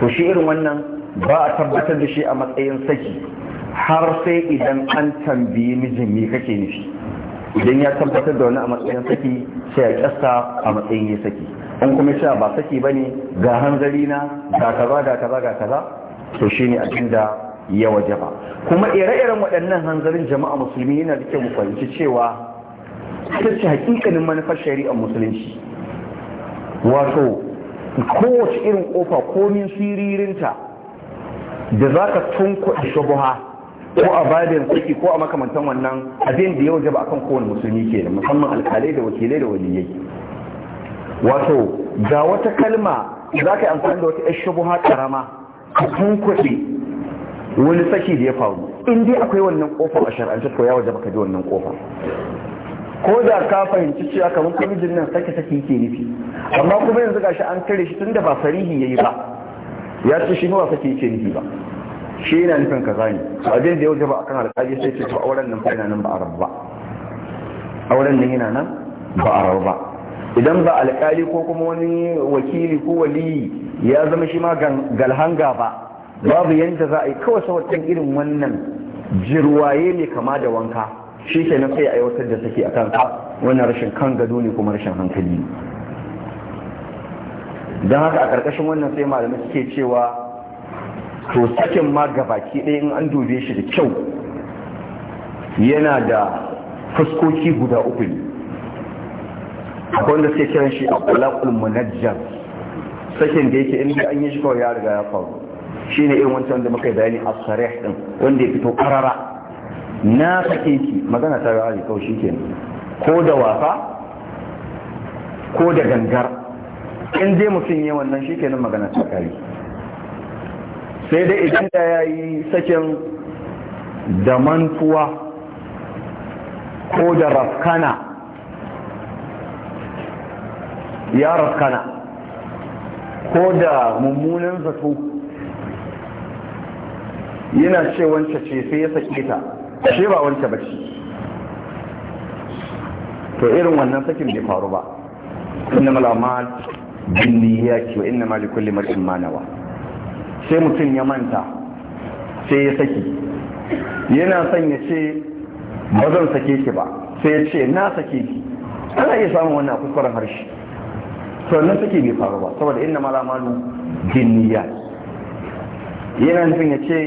to shi irin wannan ba a tabbatar da shi a matsayin saki har sai idan an tambayi mijin me kake nufi idan ya tabbatar da wani a matsayin saki sai ya kasta a matsayin ya saki an kuma cewa ba saki bane ga hanzari na ga kaza ga kaza ga kaza to shine abin da ya wajaba kuma ire-iren waɗannan hanzarin jama'a musulmi yana da kyau mu fahimci cewa ita ce hakikanin manufar shari'ar musulunci wato kowace irin kofa komin siririnta da za ka tunkuɗa shubuha ko a babin tsaki ko a makamantan wannan abin da ya jaba akan kowane musulmi ke musamman alkalai da wakilai da waliyai wato ga wata kalma za ka yi amfani da wata 'yar shubuha karama ka tunkuɗe wani tsaki da ya faru in dai akwai wannan kofar a shar'ance to ya wajaba ka ji wannan kofa ko da ka fahimci cewa kamar kwamijin nan sake sake yake nufi amma kuma yanzu gashi an kare shi tunda ba sarihi yayi ba ya ce shi ne ba sake yake nufi ba shi yana nufin kaza ne abin da ya wuce ba kan alƙali sai ce ta auren nan yana nan ba a rabu ba auren nan yana nan ba a rabu ba idan ba alƙali ko kuma wani wakili ko waliyi ya zama shi ma galhanga ba babu yadda za a yi kawai sawatan irin wannan jirwaye mai kama da wanka shi ke nan sai aiwatar da take a ka wannan rashin kan gado ne kuma rashin hankali don haka a ƙarƙashin wannan sai malamai suke cewa to sakin ma gabaki ɗaya in an dube shi da kyau yana da fuskoki guda uku ne akwai wanda suke kiran shi a kulakul munajjar sakin da yake inda an yi shi kawai ya riga ya faru shi ne irin wancan da muka yi bayani a sarih ɗin wanda ya fito ƙarara. na sake ki magana ta yi kawai shi ko da wasa ko da gangar in dai mutum yi wannan shi kenan magana ta sai dai idan da ya yi sakin da mantuwa ko da raskana, ya raskana, ko da mummunan zato yana ce wance ce sai ya sake ta ashe ba wance ba ce to irin wannan sakin bai faru ba inna malamal bin niyyati wa inna ma likulli mar'in ma nawa sai mutum ya manta sai ya saki yana son ya ce ba zan sake ki ba sai ya ce na sake ki ana iya samun wannan kuskuren harshe sannan sake bai faru ba saboda inna malamalu jinniya yana nufin ya ce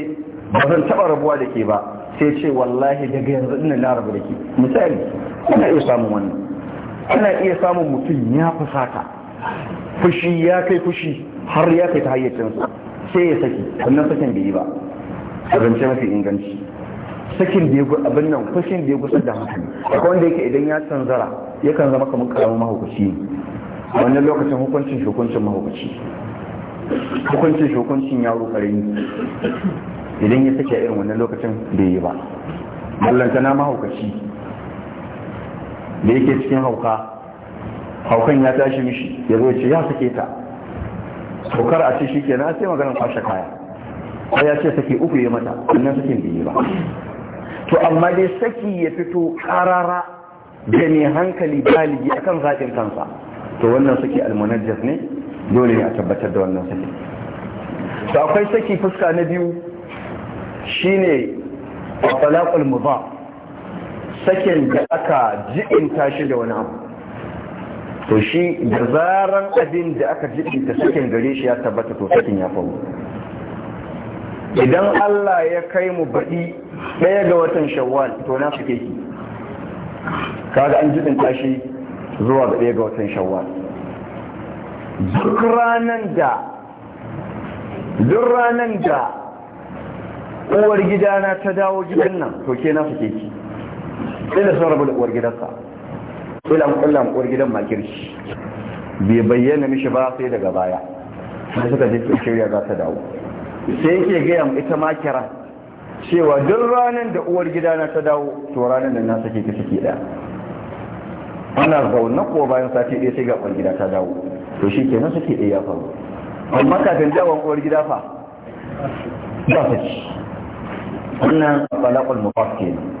ba zan taɓa rabuwa da ke ba sai ce wallahi daga yanzu ina na rabu da ke misali ana iya samun wannan ana iya samun mutum ya fusata fushi ya kai fushi har ya kai ta hayyacinsa sai ya saki wannan sakin bai yi ba abinci mafi inganci sakin da ya abin nan fashin da ya gusar da hankali akwai wanda yake idan ya canzara yakan zama kamar karamin mahaukaci ne wannan lokacin hukuncin shukuncin mahaukaci hukuncin shukuncin ya rukare ne idan ya sake irin wannan lokacin bai yi ba mallanta na mahaukaci da yake cikin hauka haukan ya tashi mishi ya zo ce ya sake ta tokar a ce shi ke na sai maganin kwashe kaya a ya ce saki uku ya mata wannan sakin biyu ba to amma dai saki ya fito karara da ne hankali baligi akan zaƙin kansa to wannan saki almanajas ne dole ne a tabbatar da wannan saki to akwai saki fuska na biyu shine mu ba, sakin da aka in tashi da wani abu to shi da zaran abin da aka jibinta sakin gare shi ya tabbata to sakin ya faru idan Allah ya kai mu baɗi ɗaya ga watan shawwal to na suke ki kaga an jibin tashi zuwa ga ɗaya ga watan shawwal duk ranar da duk ranar da uwar gidana ta dawo gidan nan to ke na suke ki sai da sun rabu da uwar gidansa sai lamkullan kuwar gidan makirci bai bayyana mishi ba sai daga baya sai suka je shirya za ta dawo sai yake gaya ita makira cewa duk ranar da uwar gida na ta dawo to ranar da na sake ta sake da ana zaune ko bayan sati ɗaya sai ga uwar gida ta dawo to shi kenan sake ɗaya ya faru amma kafin dawon uwar gida fa ba ta ci wannan balakul mufaf kenan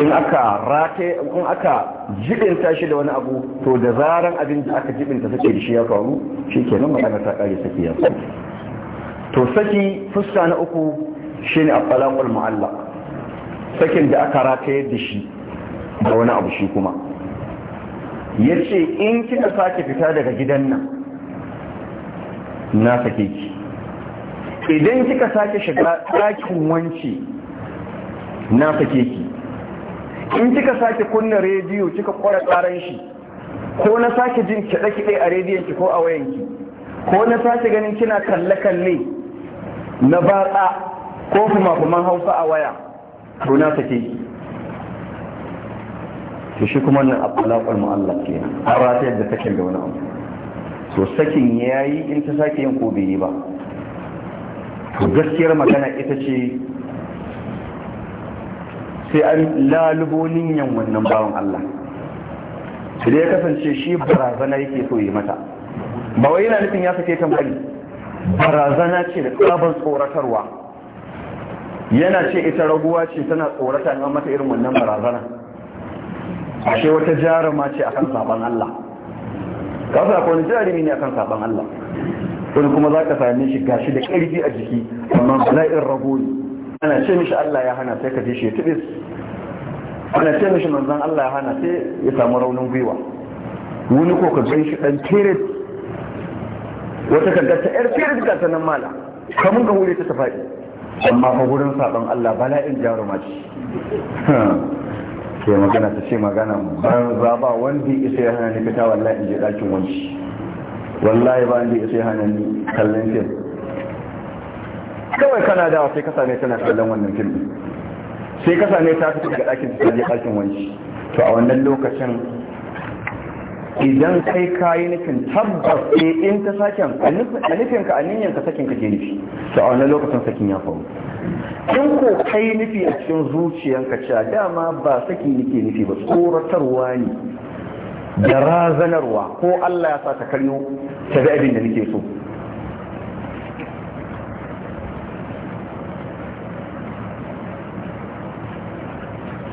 in aka rate in aka jibinta shi da wani abu to da zaran abin da aka jibinta sake da shi ya faru shi kenan magana ta kare saki ya to saki fuska na uku shine at-talaqul mu'allaq sakin da aka rate da shi da wani abu shi kuma yace in kika sake fita daga gidan nan na sake ki idan kika sake shiga ɗakin wance na sake ki in kika sake kunna rediyo kika kwara tsaran shi ko na sake jin kiɗe-kiɗe a rediyon ki ko a wayanki? ko na sake ganin kina kalle-kalle na batsa ko kuma hausa a waya to na sake ki shi kuma nan abdulakul mu'allaq ke An ta yadda take da wani abu to sakin yayi in ta sake yin ko bai yi ba to gaskiyar magana ita ce sai an lalubo niyan wannan bawan Allah sai ya kasance shi barazana yake so yi mata ba wai yana nufin ya sake ta bari barazana ce da tsabar tsoratarwa yana ce ita raguwa ce tana tsorata an mata irin wannan barazana ashe wata jaruma ce akan saban Allah kawai akwai wani jarumi ne akan saban Allah wani kuma za ka same shi gashi da ƙarfi a jiki amma bala'in rago ne ana ce mishi Allah ya hana sai ka ji shi tibis ana ce mishi manzan Allah ya hana sai ya samu raunin gwiwa wani ko ka gan shi dan tirit wata ka gata yar tirit ga sanan nan mala kamun ka hure ta ta amma fa gurin saban Allah bala'in jaruma ce ke magana ta ce magana ban za ba wanda isa ya hana ni fita wallahi in je ɗakin wani wallahi ba wanda isa ya hana ni kallon fim kawai kana dawa sai ka same tana kallon wannan filmi sai ka same ta fita daga ɗakin ta je ɗakin wani to a wannan lokacin idan kai kayi nufin tabbas sai eh, in ta sakin a nufin ka a niyan ka sakin ka ke nufi to a wannan lokacin sakin ya faru in ko kai nufi a cikin zuciyanka cewa dama ba saki nake nufi ba tsoratarwa ne da razanarwa ko Allah ya sa ta karyo ta ga abin da nake so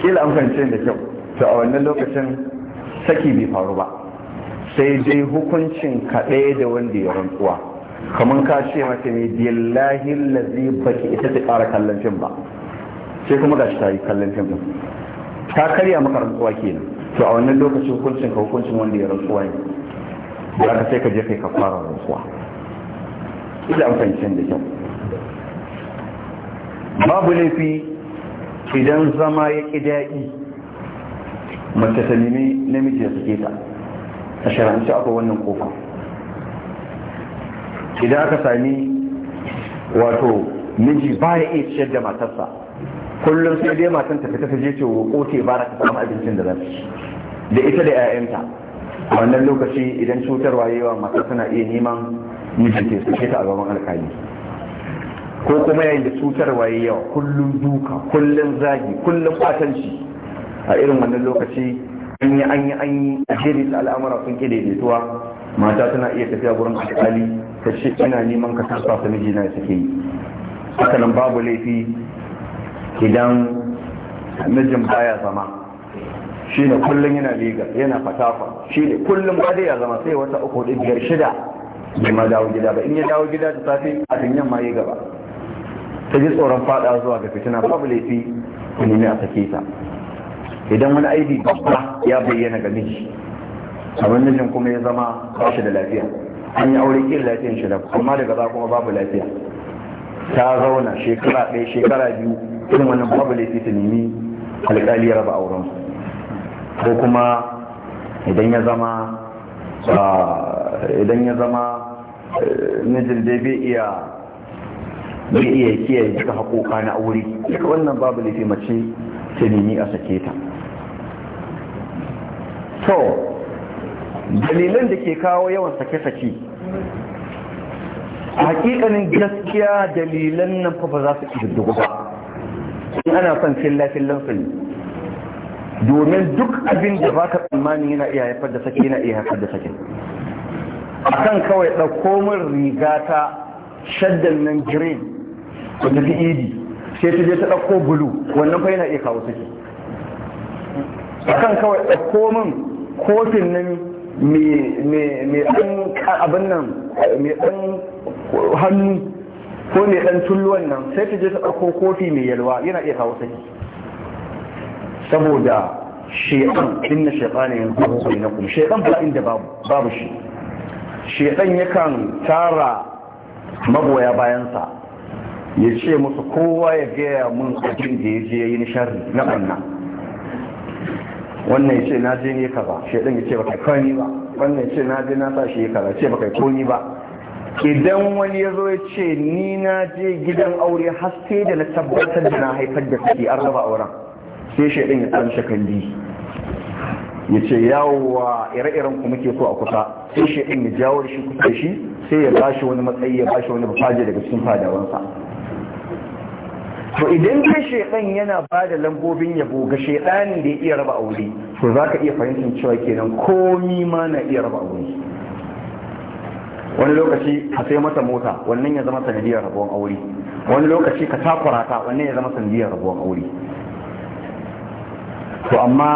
kila an fahimci da kyau to a wannan lokacin saki bai faru ba sai dai hukuncin ka ɗaya da wanda ya rantsuwa kamar ka ce mata ne billahi lazi baki ita ta ƙara kallon fim ba sai kuma gashi ta yi kallon fim ɗin, ta karya maka rantsuwa kenan to a wannan lokacin hukuncin ka hukuncin wanda ya rantsuwa ne za ka sai ka je kai ka fara rantsuwa ila an da kyau babu laifi idan zama ya ƙi daɗi mace ta nemi namiji ya suke ta a sharanci akwai wannan kofa idan aka sami wato miji ba ya iya ciyar da matarsa kullum sai dai matan ta fita ta je ce wa ce ba na samu abincin da za da ita da 'ya'yanta a wannan lokaci idan cutarwa yawa matarsa suna iya neman mijinta ke ta a gaban alkali ko kuma yayin da cutarwa ya yawa kullum duka kullum zagi kullum batanci a irin wannan lokaci an yi an yi an yi da al'amura sun ke daidaituwa mata tana iya tafiya gurin alƙali ta ce ina neman ka tarfa ta miji na suke yi haka nan babu laifi idan mijin baya zama shi ne kullum yana legas yana fatafa shi ne kullum ba dai ya zama sai wata uku biyar shida bai ma dawo gida ba in ya dawo gida da safe a yamma yi gaba ta ji tsoron fada zuwa ga fitina babu laifi ku nemi a sake ta idan wani aibi babba ya bayyana ga miji abin mijin kuma ya zama ba shi da lafiya an yi aure kin lafiyan shi da amma daga za kuma babu lafiya ta zauna shekara ɗaya shekara biyu irin wannan babu laifi ta nemi alƙali ya raba auren ko kuma idan ya zama ah, idan ya zama eh, mijin da bai iya bai iya kiyaye duka haƙoƙa na aure duka wannan babu laifi mace ta nemi a sake ta to dalilan da ke kawo yawan sake-sake a hakikanin gaskiya dalilan nan fa ba za su ƙididdigu ba in ana son fillafin fillan ne domin duk abin da ba ka tsammani yana iya haifar da sake yana iya haifar da sake a kan kawai ɗauko min riga ta shaddan nan green ta tafi idi sai ta je ta ɗauko bulu wannan fa yana iya kawo suke kan kawai ɗauko min kofin nan mai ɗan abin nan mai ɗan hannu ko mai ɗan tulluwan nan sai ta je ta ɗauko kofi mai yalwa yana iya kawo suke saboda shekan inna shaitana yanzu na kuma shekan ba inda babu shi shekan yakan tara magoya bayansa ya ce musu kowa ya gaya mun abin da ya je ya yi nishari na ɓanna wannan ya ce na je ne kaza ɗan ya ce ba kai kani ba wannan ya ce na je na sa shi kaza ce kai komi ba idan wani ya zo ya ce ni na je gidan aure haske da na tabbatar da na haifar da suke an raba auren sai ɗan ya san shakandi ya ce yawowa ire-iren ku muke so a kusa sai ɗan ya jawo shi kusa shi sai ya shi wani matsayi ya shi wani bufaje daga cikin fadawansa to idan dai shedan yana ba da lambobin yabo ga ne da ya iya raba aure to za ka iya fahimtar cewa kenan komi ma na iya raba aure wani lokaci ka sai mata mota wannan ya zama sanadiyar rabuwan aure wani lokaci ka takura ta wannan ya zama sanadiyar rabuwan aure to amma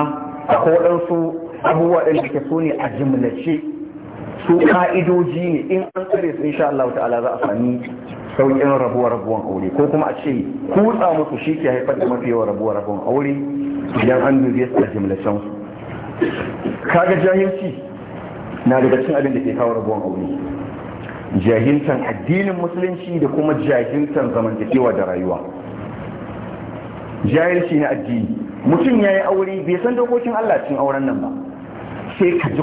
a kodansu abubuwa ɗin da ke so ne a jimlace su ka'idoji ne in an tsare su insha Allah ta'ala za a sami sauƙin rabuwa rabuwan aure ko kuma a ce kutsa musu shi ke haifar da mafi yawan rabuwa rabuwan aure idan an dubi su da jimlacen su kaga jahilci na daga cikin abin da ke kawo rabuwan aure jahiltan addinin musulunci da kuma jahiltan zamantakewa da rayuwa jahilci na addini mutum ya yi aure bai san dokokin Allah cin auren nan ba sai ka ji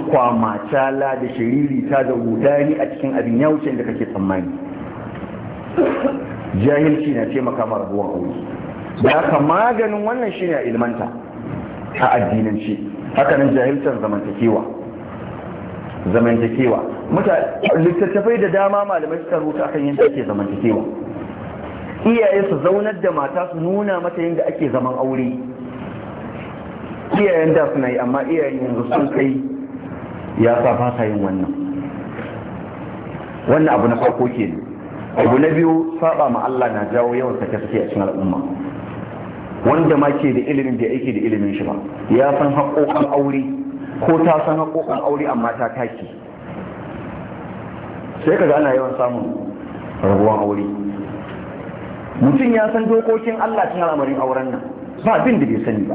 la da shiririta da rudani a cikin abin ya wuce da kake tsammani jahilci na taimaka makamar ruwan aure da aka maganin wannan shine a ilmanta a addinanci hakanan jahilcin zamantakewa zamantakewa littattafai da dama malamai suka rubuta akan yadda ake zamantakewa iyaye su zaunar da mata su nuna mata yadda ake zaman aure iyayen da suna yi amma iyayen yanzu sun kai ya sa ba yin wannan wannan abu na farko ke abu na biyu saba ma Allah na jawo yawan sake sake a cikin al'umma wanda ma ke da ilimin da yake da ilimin shi ba ya san haƙoƙan aure ko ta san haƙoƙan aure amma ta taki sai kaga ana yawan samun rabuwan aure mutum ya san dokokin Allah cikin al'amarin auren nan ba abin da bai sani ba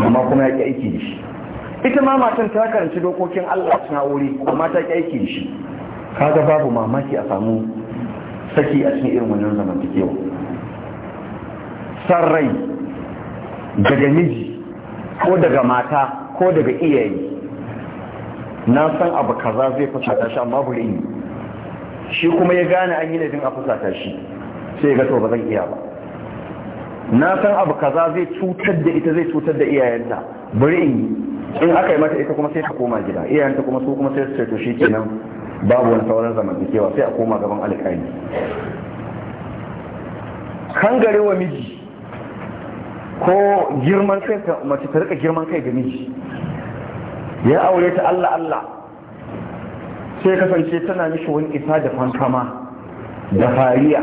amma kuma ya ƙi aiki da shi ita ma matan ta karanci dokokin Allah cikin aure amma ta ƙi aiki da shi kaga babu mamaki a samu saki a cikin irin wannan zamantakewa san rai daga miji ko daga mata ko daga iyaye na san abu kaza zai fusata shi amma bari ne shi kuma ya gane an yi laifin a fusata shi sai ga to ba zan iya ba na san abu kaza zai cutar da ita zai cutar da iyayenta bari in in aka yi mata ita kuma sai ta koma gida iyayenta kuma su kuma sai su ce to shi kenan babu wani sauran zamantakewa sai a koma gaban alkali kangare wa miji ko girman kai mace ta rika girman kai ga miji ya aure ta Allah Allah sai kasance tana mishi wani isa da fankama da fariya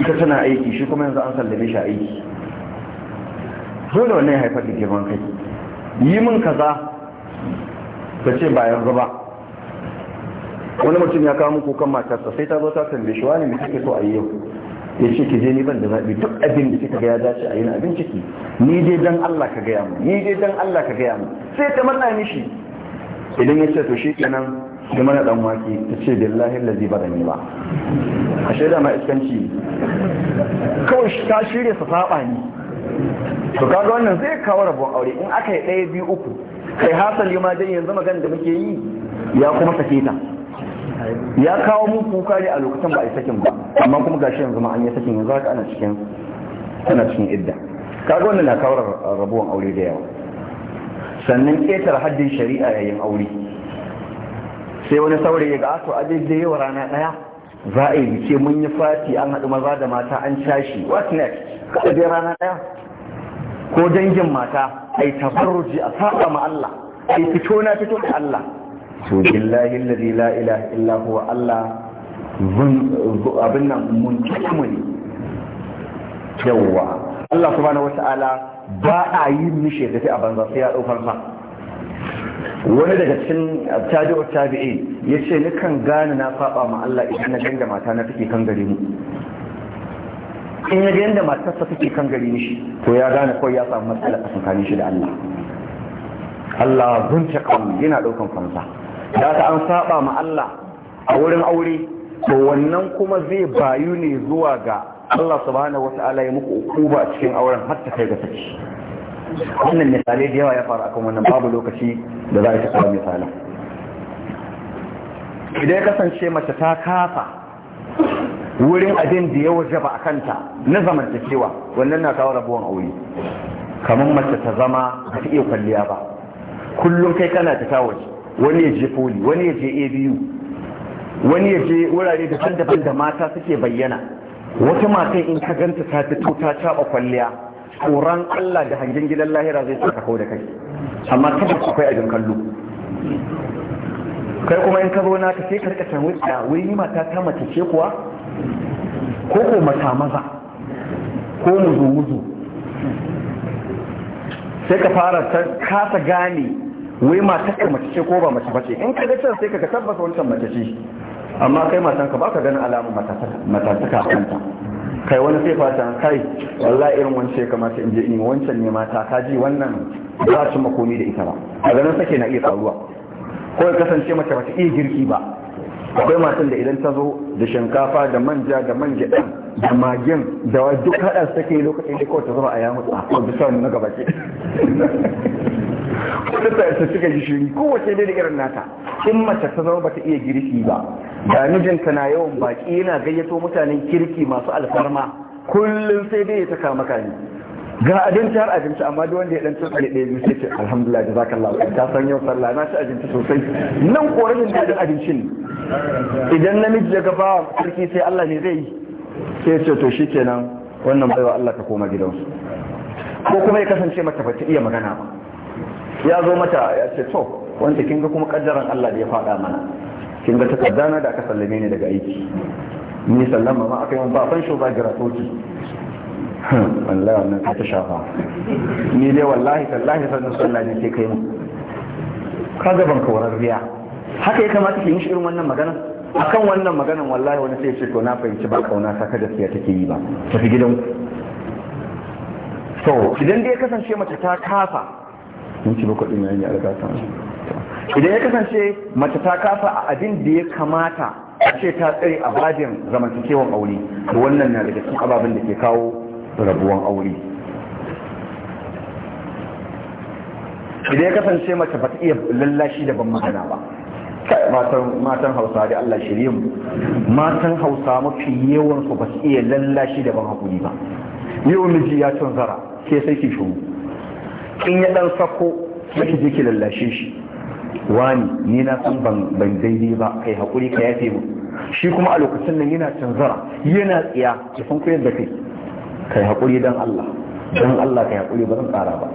ita tana aiki shi kuma yanzu an sallame shi aiki dole wannan ya haifar da girman kai yi min kaza ta ce ba yanzu ba wani mutum ya kawo muku kan matarsa sai ta zo ta tambaye shi wani mai kike so a yi yau ya ce ki je ni ban da zaɓi duk abin da kika gaya ya dace a yi na abin ciki ni dai dan Allah ka gaya mu ni dai dan Allah ka gaya mu sai ta manna mishi idan ya ce to shi kenan sai mana dan waki ta ce billahi lazi ba ni ba a shaida ma iskanci kawai ta shirya sa saba ni to kaga wannan zai kawo rabon aure in aka yi ɗaya biyu uku kai hasali ma dai yanzu magana da muke yi ya kuma sake ta ya kawo mun kuka ne a lokacin ba a yi sakin ba amma kuma gashi yanzu ma an yi sakin yanzu haka ana cikin tana cikin idda kaga wannan na kawo rabuwan aure da yawa sannan ketar haddin shari'a yayin aure sai wani saurayi ga ato a da yawa rana daya za a yi bice mun yi fati an haɗu maza da mata an tashi what next kada dai rana daya ko dangin mata ai tabarruji a saba ma Allah ai fito na fito da Allah to billahi alladhi la ilaha illa huwa Allah abin nan mun kimu ne yawa Allah subhanahu wata'ala ba a yi mishi tafi a banza sai ya daukar ma wani daga cikin tabi'u tabi'in yace ni kan gane na faɓa ma Allah idan na ganga mata na take kan gare mu in ya ga yadda matarsa take kan gari shi to ya gane ko ya samu matsala a tsakanin shi da Allah Allah zunta kan yana daukan kansa da ta an saba ma Allah a wurin aure to wannan kuma zai bayu ne zuwa ga Allah subhanahu wata'ala ya muku ukuba cikin auren har ta kai ga saki wannan misali da yawa ya faru akan wannan babu lokaci da za a tsara misali idan ya kasance mace ta kafa wurin abin da ya wajaba a kanta na zamantakewa wannan na kawo rabuwan aure kamar mace ta zama ta iya kwalliya ba kullum kai kana ta waje wani ya je poli wani ya je abu wani ya je wurare daban-daban da mata suke bayyana wata matan in ka ganta ta fito ta caba kwalliya tsoron Allah da hangen gidan lahira zai saka kau da kai amma kada akwai abin kallo kai kuma in ka zo naka sai ka can wuce da wuri mata ta mace ce kuwa ko ko mata maza ko muzu muzu sai ka fara kasa gane wai mata ce mace ce ko ba mace ba ce in ka ga can sai ka tabbata wancan mace ce amma kai matan ka baka ganin alamun matataka a kanta kai wani sai fata kai wallahi irin wance kamata in je in wancan ne mata ka ji wannan za su makomi da ita ba a ganin sake na iya faruwa ko kasance mace ba ta iya girki ba akwai matan da idan ta zo da shinkafa da manja da man gyaɗan da magin da duk haɗa su take lokacin da kawai ta zama a yamu a kawai bisa na gaba ke da ta isa cika gishiri kowace dai da irin nata in mace ta zama bata iya girki ba da ta na yawan baki yana gayyato mutanen kirki masu alfarma kullum sai dai ya ta kama kani ga abinci har abinci amma duk wanda ya dan tsare ɗaya biyu sai ce alhamdulillah jazakallahu khair ta san yau sallah na ci abinci sosai nan korafin da abincin idan namiji ya gaba sarki sai Allah ne zai yi sai ce to shikenan wannan baiwa Allah ta koma gidansu ko kuma ya kasance mata bata iya magana ba ya zo mata ya ce to wanda kinga kuma kaddaran Allah da ya faɗa mana kinga ta kaddana da aka sallame ni daga aiki ni sallama ma aka yi ba ban ba gira Hmm, wallahi wannan ta shafa ni dai wallahi tallahi sannan sallah ne ke kai mu ka gaban kawarar riya haka ya kamata ki yi irin wannan magana akan wannan maganan wallahi wani sai ce to na fahimci ba kauna ta kada gaskiya take yi ba tafi gidan so idan dai ya kasance mace ta kafa mun ci bakwai kuɗin yayin ya alga ta idan ya kasance mace ta kafa a abin da ya kamata a ce ta tsare a bajin zamantakewan aure to wannan na daga cikin ababen da ke kawo rabuwan aure idan ya kasance mace ba ta iya lallashi da ban magana ba matan hausa da Allah shirye mu matan hausa mafi yawansu ba su iya lallashi da ban hakuri ba yau miji ya tunzara ke sai ki shuru in ya dan sako sai ki je ki lallashe shi wani ni na san ban daidai ba kai hakuri ka yafe mu shi kuma a lokacin nan yana tunzara yana tsiya ki san koyar da kai kai haƙuri don Allah don Allah kai haƙuri ba zan ƙara ba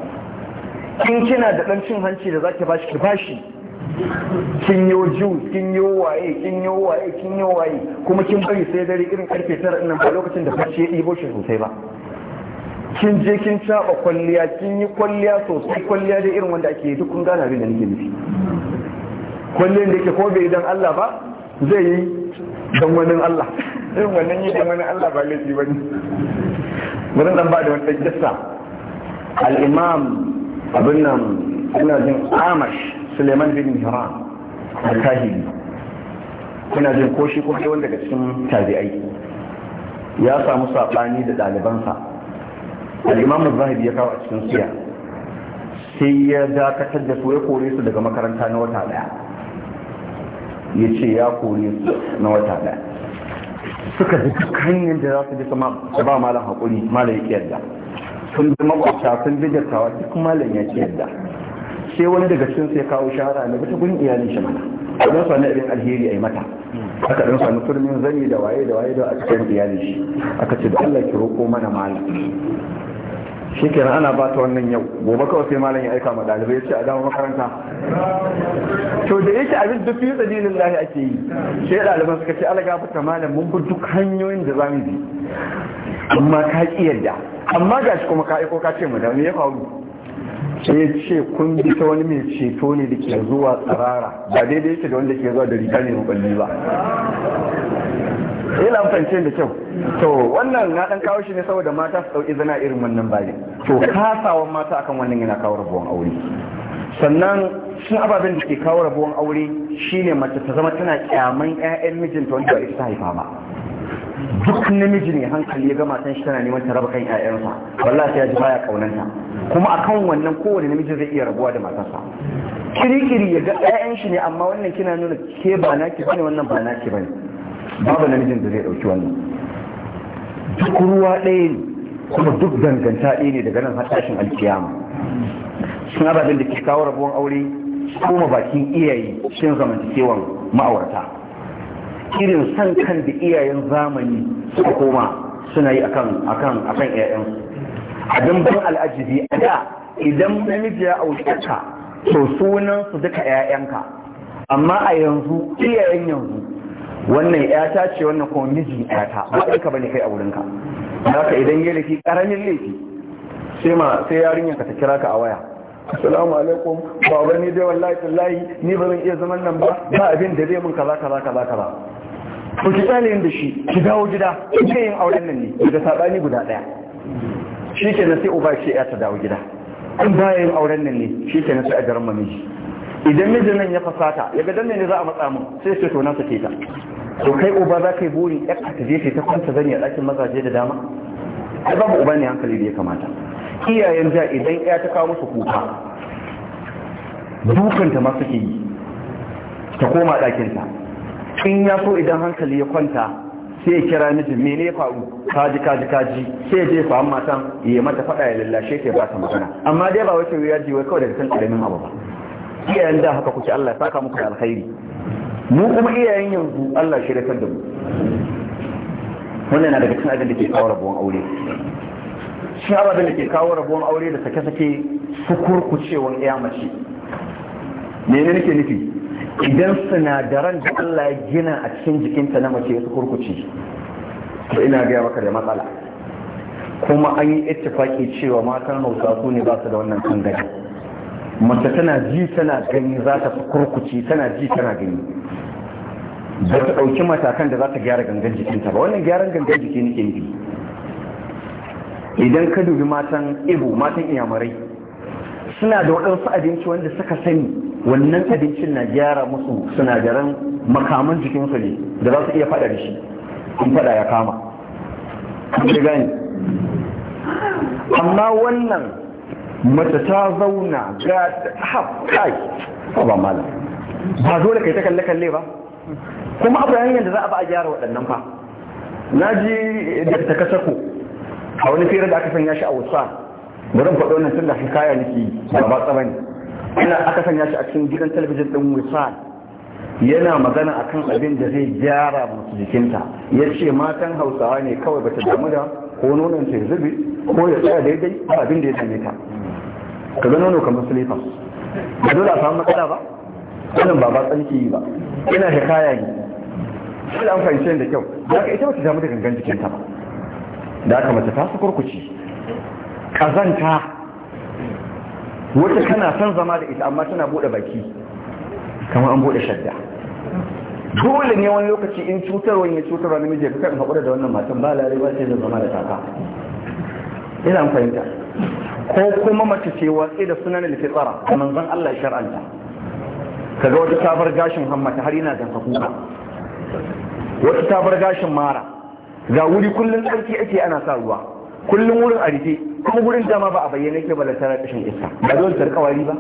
kin kina da ɗan cin hanci da zaki bashi ki bashi kin yi ju kin yi waye kin yi waye kin yi waye kuma kin bari sai dare irin karfe tara ɗin ba lokacin da fashi ya ɗibo shi sosai ba kin je kin caba kwalliya kin yi kwalliya sosai kwalliya da irin wanda ake yi duk kun gane abin da nake nufi kwalliyar da ke ko bai dan Allah ba zai yi dan wani Allah irin wannan yi dan wani Allah ba laifi bane wurin nan ba da wata gista. al'imam abin nan ina jin amash suleiman bin hiram da kahili ina jin koshi ko kewan daga cikin tabi'ai ya samu saɓani da ɗalibansa al'imam imam ya kawo a cikin siya sai ya dakatar da su ya kore su daga makaranta na wata ɗaya ya ce ya kore su na wata ɗaya suka bi duk hanyar da za su bi su ba malam haƙuri malam ya ƙi yadda sun bi makwabta sun bi jartawa duk malam ya ƙi yadda sai wani daga cikin sai kawo shahara na bata gurin iyalin shi mana a ɗan sami abin alheri a yi mata aka ɗan sani turmin zani da waye da waye da a cikin iyalin shi aka ce da Allah ki roƙo mana malam shi kenan ana ba ta wannan yau gobe kawai sai malam ya aika ma dalibai ce a dawo makaranta to da yake abin duk fi sabilin lahi ake yi sai ɗaliban suka ce alaga ta malam mun bi duk hanyoyin da zamu mu bi amma ka ki yarda amma ga kuma ka aiko ka ce mu da me ya faru sai ya ce kun bi ta wani mai ceto ne da ke zuwa tsarara ba daidai yake da wanda ke zuwa da riga ne balli ba ila eh, fahimce da kyau to wannan na dan kawo shi ne saboda mata su dauki zana irin wannan bari to kasawan mata akan wannan yana kawo rabuwan aure sannan shin ababen da ke kawo rabuwan aure shine mace ta zama tana kyaman ƴaƴan mijinta wanda ba ita haifa ba duk namiji ne hankali ya ga matan shi tana neman ta raba kan ƴaƴansa wallahi sai ya ji baya kaunanta kuma akan wannan kowane namiji zai iya rabuwa da matarsa kirikiri ya ga ƴaƴan shi ne amma wannan kina nuna ke ba naki bane wannan ba naki bane babu namijin da zai ɗauki wannan duk ruwa ɗaya ne kuma duk danganta ɗaya ne daga nan har tashin alkiyama suna ba da ke kawo rabuwan aure kuma bakin iyaye sun zamantakewan ma'aurata irin san kan da iyayen zamani suka koma suna yi akan akan akan ƴaƴan abin ban al'ajibi a da idan namiji ya auki ka to sunan su duka ƴaƴanka amma a yanzu iyayen yanzu wannan ta ce wannan kuma miji ta, ba ka bane kai a wurinka haka idan ya laifi ƙaramin laifi sai ma sai yarinyar ka ta kira ka a waya assalamu alaikum baba ni dai wallahi tallahi ni ba zan iya zaman nan ba ba abin da zai mun kaza kaza kaza kaza ku ki tsale da shi ki dawo gida kike yin auren nan ne da sabani guda daya na sai uba shi ya ta dawo gida in ba yin auren nan ne na sai a garin mamiji idan mijin nan ya fasata ya ga dan ne za a matsa mun sai ce to na sake ta to kai uba za ka yi burin yar ta je ta kwanta zan a ɗakin mazaje da dama ai babu uba ne hankali da ya kamata iyayen ja idan ya ta kawo musu kuka dukanta ma suke yi ta koma ɗakinta in ya so idan hankali ya kwanta sai ya kira mijin ne ya faru kaji kaji kaji sai ya je fa matan ya mata faɗa ya lallashe ta ya ba ta magana amma dai ba wace wuya ji wai kawai daga kan ƙaramin abu ba iyayen da haka kuke Allah ya saka muku da alkhairi mu kuma iyayen yanzu Allah shi rafar da mu wannan na daga cikin abin da ke kawo rabuwan aure shi abin da ke kawo rabuwan aure da sake-sake sukurkucewan iya mace ne ne nake nufi idan sinadaran da Allah ya gina a cikin jikinta na mace ya kurkuce, to ina gaya maka da matsala kuma an yi ittifaki cewa matan hausa su ne ba su da wannan kangare mace tana ji tana gani za ta kurkuci tana ji tana gani ba ta ɗauki matakan da za ta gyara gangan jikinta ba wannan gyaran gangan jiki nake nufi idan ka dubi matan ibo matan iyamarai suna da waɗansu abinci wanda suka sani wannan abincin na gyara musu sinadaran makaman jikinsu ne da za su iya faɗa da shi in faɗa ya kama amma wannan mace ta zauna ga haƙƙai ba mala ba dole kai ta kalle-kalle ba kuma abu hanyar da za a ba a gyara waɗannan fa na ji da ta kasako a wani fere da aka sanya shi a wasa bari faɗo nan tun da hikaya nake ba ba tsaba ne ina aka sanya shi a cikin gidan talabijin ɗin wasa yana magana akan abin da zai gyara musu jikinta ya ce matan hausawa ne kawai bata damu da ko nonon ta zube ko ya tsaya daidai abin da ya same ta ka gano nono kamar sulaifa ba dole a samu matsala ba wannan ba ba tsarki yi ba ina shi kaya ne sai an fahimci da kyau da aka ita mace ta mutu gangan jikinta ba da aka mace ta su kurkuci kazanta wata kana son zama da ita amma tana bude baki kamar an bude shadda dole ne wani lokaci in cutarwa ya cutarwa namiji ka kan haƙura da wannan matan ba lalai ba sai zama da taka ina fahimta ko kuma mace ce watsi da sunan alfitsara da manzon Allah ya shar'anta kaga wata ta bar gashin hammata har yana gansa kuka wata ta bar gashin mara ga wuri kullun tsarki ake ana sa ruwa kullun wurin a rufe kuma wurin dama ba a bayyana yake ba da tara kashin iska ba dole ta rika wari ba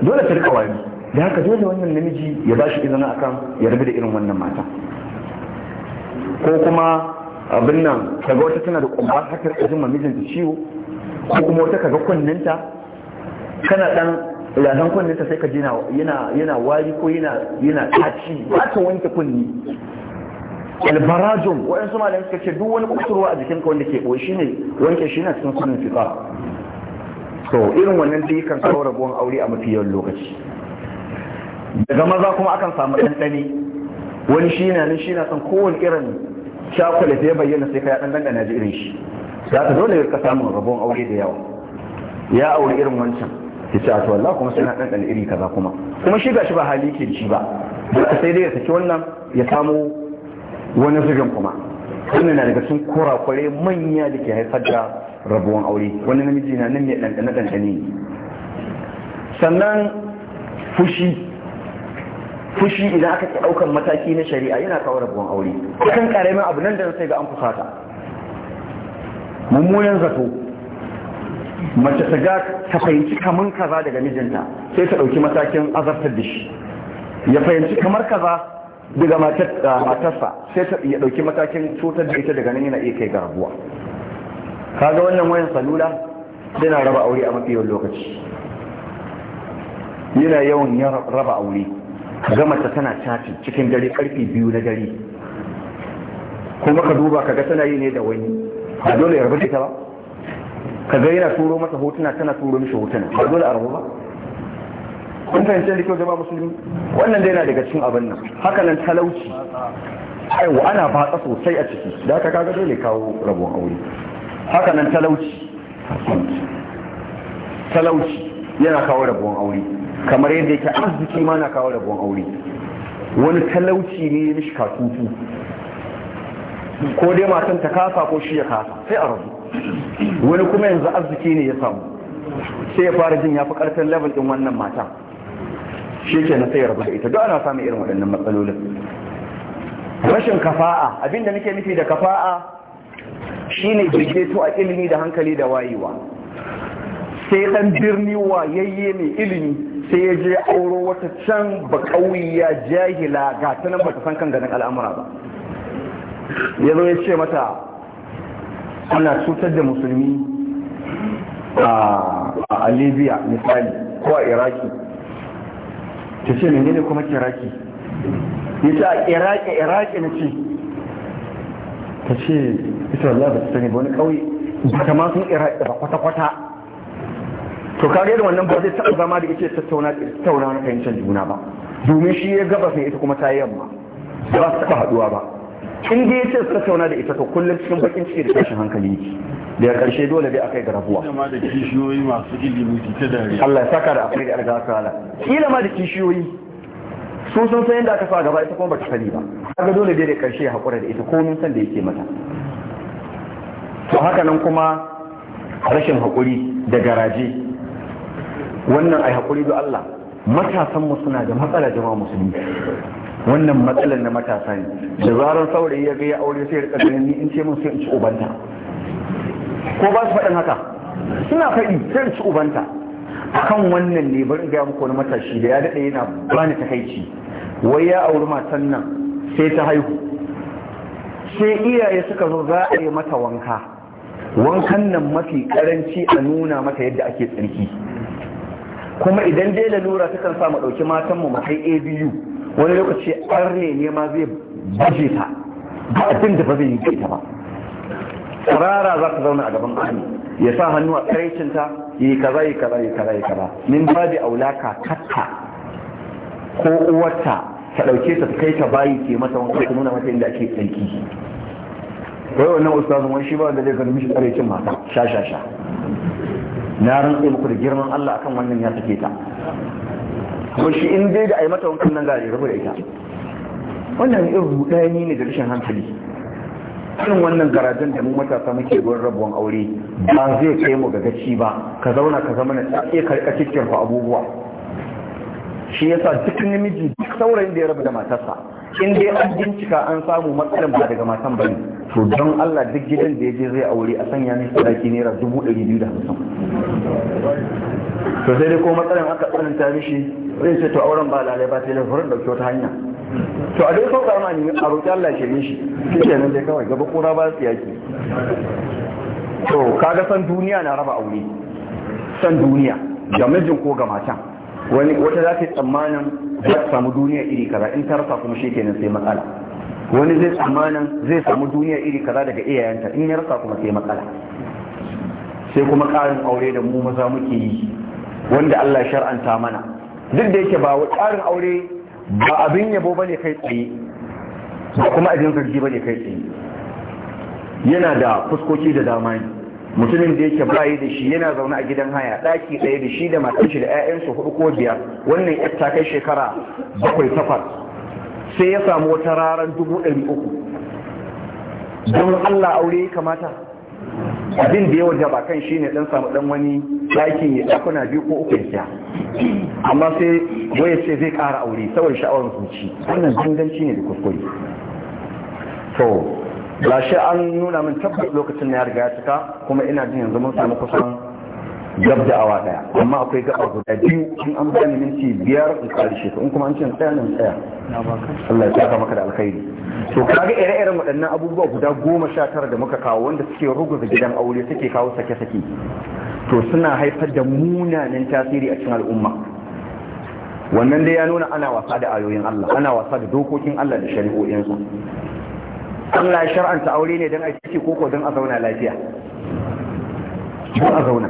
dole ta rika wari da haka dole wannan namiji ya ba shi izina akan ya rabu da irin wannan mata ko kuma abin nan kaga wata tana da kumba haka ta jin mamijin ciwo ko kuma wata kaga kunninta kana dan ladan kunninta sai ka ji yana yana wari ko yana yana taci ba ta wanke kunni albarajum waɗansu malamai suka ce duk wani kusurwa a jikinka wanda ke boye shine wanke shi na cikin sunan fiqa to irin wannan dai kan kawo rabuwan aure a mafi yawan lokaci daga maza kuma akan samu ɗanɗani wani shi na nan shi na son kowane irin shakwale ya bayyana sai ka ɗan dan dangana ji irin shi za ta dole ka samun rabon aure da yawa ya aure irin wancan ya ce a to Allah kuma suna dan iri kaza kuma kuma shi ga shi ba hali ke shi ba haka sai dai ya saki wannan ya samu wani zubin kuma wannan na daga cikin kurakurai manya da ke haifar da rabuwan aure wani namiji na nan mai ɗanɗane ɗanɗane sannan fushi fushi idan aka ce daukan mataki na shari'a yana kawo rabuwan aure kan ƙaramin abu nan da sai ga an fusata mummunan zato mace ta ga ta fahimci kamar kaza daga mijinta sai ta ɗauki matakin azartar da shi ya fahimci kamar kaza daga matarsa sai ta ya ɗauki matakin cutar da ita daga nan yana iya kai ga rabuwa kaga wannan wayan salula yana raba aure a mafi lokaci yana yawan raba aure gama ta tana caci cikin dare karfe biyu na dare kuma ka duba kaga tana yi ne da wani ba dole ya rubuta ta ba kaga yana turo masa hotuna tana turo mishi hotuna ba dole a rubuta ba kun fahimci da kyau jama'a musulmi wannan dai yana daga cikin abin nan haka nan talauci aiwa ana batsa sosai a ciki da aka kaga dole kawo rabon aure haka nan talauci talauci yana kawo rabon aure kamar yadda yake arziki ma na kawo rabon aure wani talauci ne ya mishi katutu ko dai matan ta kasa ko shi ya kasa sai a rabu wani kuma yanzu arziki ne ya samu sai ya fara jin ya fi karfin level din wannan mata shi ke na sai ya rabu da ita duk ana samun irin waɗannan matsalolin rashin kafa'a abinda nake nufi da kafa'a shine to a ilimi da hankali da wayewa sai dan birni wayayye mai ilimi sai ya je auro wata can ba ya jahila ga ta nan ta san kan ganin al'amura ba ya zo ya ce mata ana cutar da musulmi a libya misali ko a iraki ta ce menene kuma iraki ya ce a iraki iraki na ce ta ce ita wallah ba ta sani ba wani ƙauye ba ta ma sun iraki ba kwata-kwata to kare da wannan ba zai taɓa zama da yake tattauna tattauna na fahimtar juna ba domin shi ya gabas ne ita kuma ta yi yamma ba za su taɓa haɗuwa ba in dai ce su tattauna da ita to kullum cikin bakin ciki da tashin hankali da ya karshe dole dai akai ga rabuwa ma da kishiyoyi masu ilimi ta dariya Allah ya saka da akwai da arga kala kila ma da kishiyoyi su sun san yadda aka sa gaba ita kuma bata sani ba kaga dole dai da karshe ya hakura da ita komin san da yake mata to haka nan kuma rashin hakuri da garaje wannan ai hakuri da Allah matasan mu suna da matsala jama'a musulmi wannan matsalar na matasa ne da zarar saurayi ya ga ya aure sai ya rika ganin ni in ce mun sai in ci ubanta ko ba su faɗin haka suna faɗi sai in ci ubanta akan wannan ne bari ga muku wani matashi da ya daɗe yana bani takaici wai ya auri matan nan sai ta haihu sai iyaye suka zo za a yi mata wanka wankan nan mafi karanci a nuna mata yadda ake tsarki kuma idan dai lalura sukan sa mu ɗauki matan mu kai abu wani lokaci arne ne ma zai baje ta ba abin da ba zai yi ta ba tsarara za ta zauna a gaban arne ya sa hannu a ta yi kaza yi kaza yi kaza yi kaza min ba da aulaka katta ko uwarta ta ɗauke ta kai ta bayi ke mata wani ta nuna mata inda ake tsanki wai wannan ustazun wani shi ba wanda zai karbi shi tsaraicin mata sha sha sha na rantsa muku da girman Allah akan wannan ya sake ta kuma shi in dai da a mata wankan nan gari rabu da ita wannan irin daya ne da rashin hankali irin wannan garajen da mu matasa muke gurin rabuwan aure ba zai kai mu ga gaci ba ka zauna ka zama na tsaye karka cikin abubuwa shi yasa duk namiji duk saurayin da ya rabu da matarsa in dai an bincika an samu matsalar ba daga matan bane to don Allah duk gidan da ya je zai aure a sanya ne sadaki naira dubu ɗari biyu da hamsin to sai dai ko matsalar aka tsananta mishi zai ce to auren ba lalai ba sai da furin dauke wata hanya to a dai ka ma ne a roƙi Allah shi ne shi shi kenan dai kawai gaba kura ba su yaki to kaga san duniya na raba aure san duniya ga mijin ko ga matan wani wata za ta yi tsammanin za ta samu duniya iri kaza in ta rasa kuma shi kenan sai matsala wani zai tsammanin zai samu duniya iri kaza daga iyayenta in ya rasa kuma sai matsala sai kuma ƙarin aure da mu maza muke yi wanda Allah shar'anta mana duk da yake ba wa ƙarin aure ba abin yabo bane kai tsaye ba kuma abin zargi bane kai tsaye yana da fuskoki da dama ne mutumin da yake bayi da shi yana zaune a gidan haya ɗaki ɗaya da shi da matan da 'ya'yansu hudu ko biyar wannan yar ta kai shekara bakwai takwas sai ya samu wata raran dubu ɗari uku don allah aure ya kamata abin da ya jaba kan shi ne ɗan samu ɗan wani ɗakin ya ɗakuna biyu ko uku ya amma sai waya sai zai ƙara aure saboda sha'awar zuci wannan danganci ne da kuskure Bashe an nuna min tabbat lokacin na ya riga ya cika kuma ina jin yanzu mun samu kusan gab da awa daya amma akwai gaba guda biyu in an bani minti biyar in karshe in kuma an ce tsaya nan tsaya Allah ya saka maka da alkhairi to kaga ire-iren waɗannan abubuwa guda goma sha tara da muka kawo wanda suke ruguza gidan aure suke kawo sake-sake to suna haifar da munanan tasiri a cikin al'umma wannan dai ya nuna ana wasa da ayoyin Allah ana wasa da dokokin Allah da shari'o'in su Allah ya shar'anta aure ne don a ciki koko don a zauna lafiya don a zauna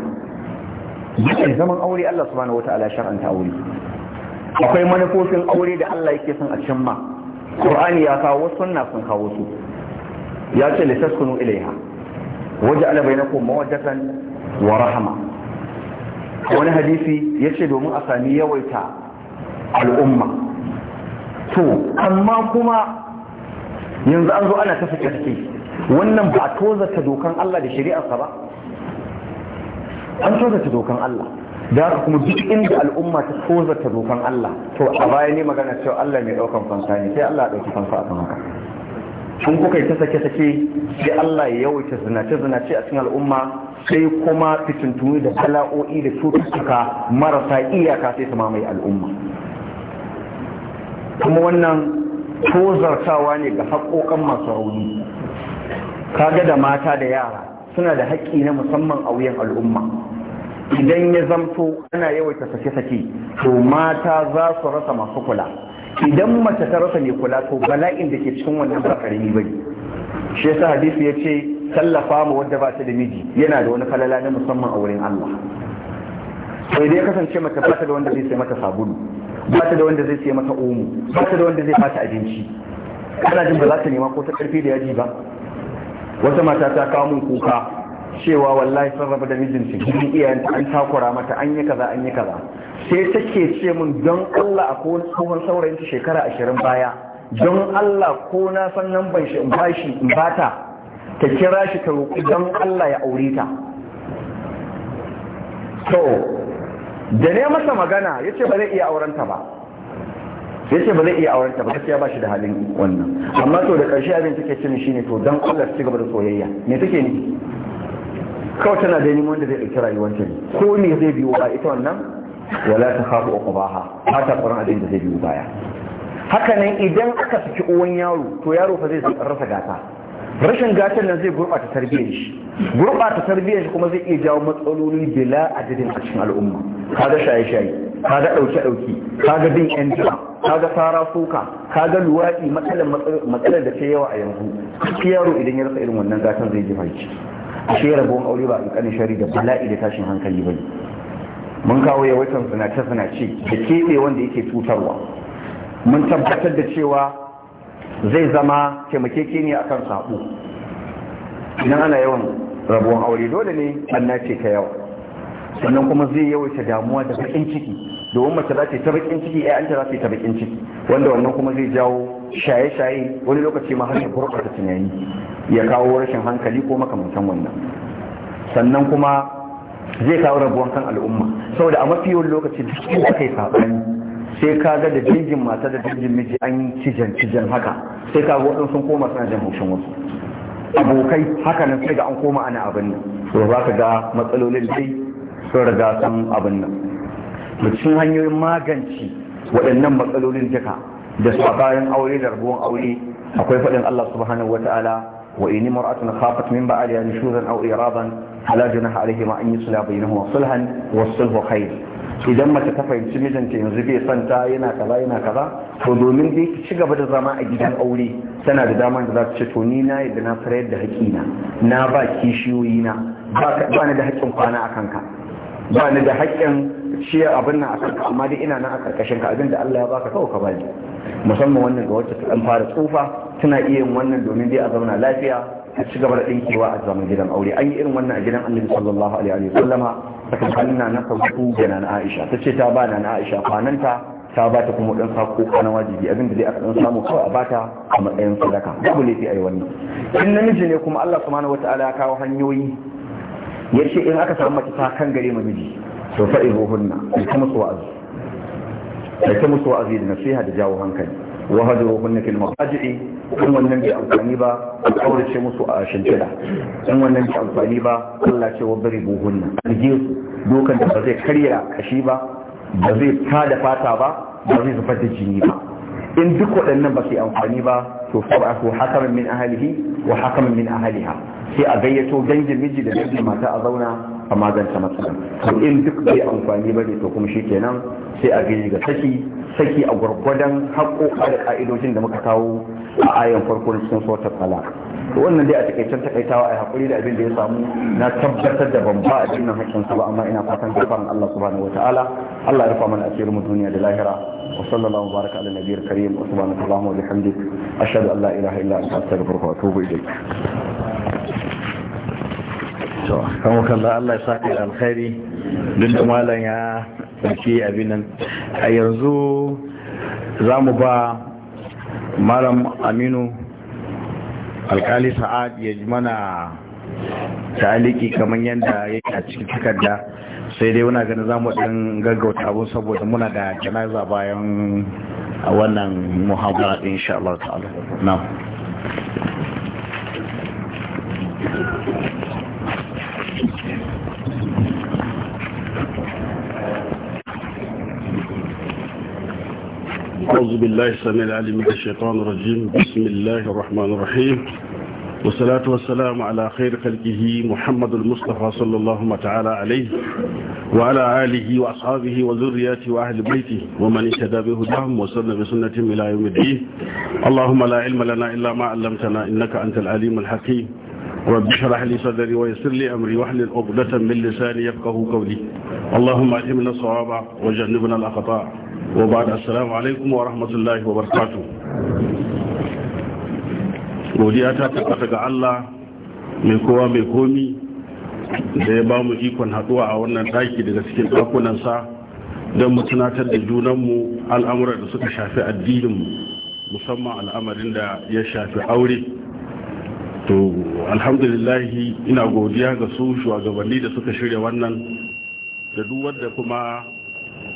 yakan zaman aure Allah subhanahu wata'ala shar'anta aure akwai manufofin aure da Allah yake son a ma. Qur'ani ya kawo sunna sun kawo su ya ce litaskunu ilaiha waja'ala bainakum mawaddatan wa rahama wani hadisi ya ce domin a sami yawaita al'umma to amma kuma yanzu an zo ana ta sake take wannan ba a tozarta dokan Allah da shari'arsa ba an tozarta dokan Allah da haka kuma duk inda al'umma ta tozarta dokan Allah to a baya ne magana cewa Allah mai daukan fansa ne sai Allah ya dauki fansa a kan haka in kuka yi ta sake-sake sai Allah ya yawaita zinace-zinace a cikin al'umma sai kuma fitintunu da bala'o'i da cututtuka marasa iyaka sai su mamaye al'umma kuma wannan ko zartawa ne ga haƙoƙan masu rauni kaga da mata da yara suna da haƙƙi na musamman a wuyan al'umma idan ya zamto ana yawaita sake-sake to mata za su rasa masu kula idan mace ta rasa mai kula to bala'in da ke cikin wannan ba karami ne shi yasa hadisi ya ce tallafa mu wadda ba ta da miji yana da wani falala na musamman a wurin Allah sai dai kasance mace ba ta da wanda zai sai mata sabulu ba da wanda zai sai mata omo ba da wanda zai bata abinci kana jin ba za ta nema ko ta karfi da yaji ba wata mata ta kawo min kuka cewa wallahi sun raba da mijinta gidan iyayen an takura mata an yi kaza an yi kaza sai take ce min don Allah a ko tsohon saurayin ta shekara ashirin baya don Allah ko na san nan ban shi in bashi in bata ta kira shi ta roƙi don Allah ya aure ta da ne masa magana ya ce ba zai iya aurenta ba ya ce ba zai iya aurenta ba gaskiya ba shi da halin wannan amma to da ƙarshe abin take cin shi ne to don Allah ci gaba da soyayya me take ni kawai tana da neman wanda zai ɗauki rayuwarta ne ko ne zai biyo ba ita wannan wala ta khafu uqbaha ba ta tsoron abin da zai biyo baya haka nan idan aka saki uwan yaro to yaro fa zai rasa gata rashin gatan nan zai gurɓata tarbiyyar shi gurɓata tarbiyyar shi kuma zai iya jawo matsaloli bila adadin a cikin al'umma kaga shaye shaye kaga ɗauke ɗauki kaga bin yan jira ga fara soka ga luwaɗi matsalar da ta yawa a yanzu shi yaro idan ya rasa irin wannan gatan zai ji haici a shi rabon aure ba a ƙanin shari da bala'i da tashin hankali ba mun kawo yawaitan zinace zinace da keɓe wanda yake cutarwa mun tabbatar da cewa zai zama ne akan sabu idan ana yawan rabuwan aure dole ne Allah ce ta yawa sannan kuma zai yawaita damuwa da bakin ciki domin mace za ta ta bakin ciki ai ta za ta ta bakin ciki wanda wannan kuma zai jawo shaye-shaye wani lokaci ma har ya gurɓata tunani ya kawo rashin hankali ko makamantan wannan sannan kuma zai kawo rabuwan kan al'umma saboda a mafi yawan lokaci duk inda kai sabani sai ka ga da dangin mata da dangin miji an yi cijan cijan haka sai ka ga sun koma suna jan haushin wasu abokai haka nan sai ga an koma ana abin nan to za ka ga matsalolin dai sun riga sun abin nan mutum hanyoyin magance waɗannan matsalolin duka da su bayan aure da rabuwan aure akwai faɗin Allah subhanahu wata'ala wa ini mar'atun khafat min ba'aliha nushuzan aw iradan fala alayhi ma an yusla bainahuma sulhan wa sulhu khair idan mace ta fahimci mijinta yanzu bai son ta yana kaza yana kaza to domin dai ci gaba da zama a gidan aure tana da dama da za ta ce to ni na yadda na fara yadda haƙina na ba kishiyoyi na ba ni da haƙƙin kwana a kanka ba ni da haƙƙin ciyar abin nan a kanka amma dai ina nan a ƙarƙashin ka abin da Allah ya baka kawai ka bani musamman wannan ga wacce ta dan fara tsufa tana iya yin wannan domin dai a zauna lafiya a ci gaba da ɗinkewa a zaman gidan aure an yi irin wannan a gidan annabi sallallahu alaihi wa sallama tsakankanin na sauku da na aisha ta ce ta ba na aisha kwananta ta ba ta kuma ɗan sako kwanan wajibi abin da dai aka ɗan samu kawai a bata a matsayin sadaka babu laifi a yi wannan in namiji ne kuma Allah subhanahu wataala ya kawo hanyoyi ya ce in aka samu mace ta kan gare miji to fa'iruhunna kuma su wa'azi musu wa'azi da nasiha da jawo hankali wa hajuruhunna fil mafaji'i in wannan bai amfani ba a kaurace musu a shimfiɗa in wannan bai amfani ba Allah ce wa bari buhunna alje su dokan da ba zai karya kashi ba ba zai tada fata ba ba zai zubar da jini ba in duk waɗannan ba su amfani ba to haka hakaman min ahlihi wa hakaman min ahliha sai a gayyato dangin miji da dangin mata a zauna a magance matsalar to in duk bai amfani ba ne to kuma shi kenan sai a gani ga saki saki a gwargwadon haƙoƙa da ƙa'idojin da muka kawo a ayan farko na cikin sautar talak wannan dai a takaicen takaitawa a haƙuri da abin da ya samu na tabbatar da ban ba a nan haƙƙin ba amma ina fatan gafarin Allah subhanahu wataala Allah ya rufa mana a mu duniya da lahira wa sallallahu baraka ala nabiyil karim wa subhanallahi wa bihamdihi ashhadu an la ilaha illa anta astaghfiruka wa atubu ilayk to kalla Allah ya saka alkhairi duk da malam ya ɗauki abinan a yanzu za mu ba malam aminu alkali sa'ad ya ji mana taliki kamar yadda yake a cikin takarda sai dai muna gani za mu ɗan gaggauta abun saboda muna da janaza bayan wannan muhabbara ɗin Allah ta'ala na أعوذ بالله السميع العليم من الشيطان الرجيم بسم الله الرحمن الرحيم والصلاة والسلام على خير خلقه محمد المصطفى صلى الله تعالى عليه وعلى آله وأصحابه وذرياته وأهل بيته ومن اهتدى بهداهم وسن بسنتهم إلى يوم الدين اللهم لا علم لنا إلا ما علمتنا إنك أنت العليم الحكيم رب اشرح لي صدري ويسر لي امري واحلل عقدة من لساني يفقهوا قولي اللهم علمنا الصواب وجنبنا الاخطاء wa السلام Godiya ta الله وبركاته Allah mai kowa mai komi da ya ba mu ikon haɗuwa a wannan ɗaki daga cikin ɗakunansa don mu tunatar da junanmu al'amuran da suka shafi addininmu musamman al'amarin da ya shafi aure to alhamdulillahi ina godiya ga su shugabanni da suka shirya wannan da duk kuma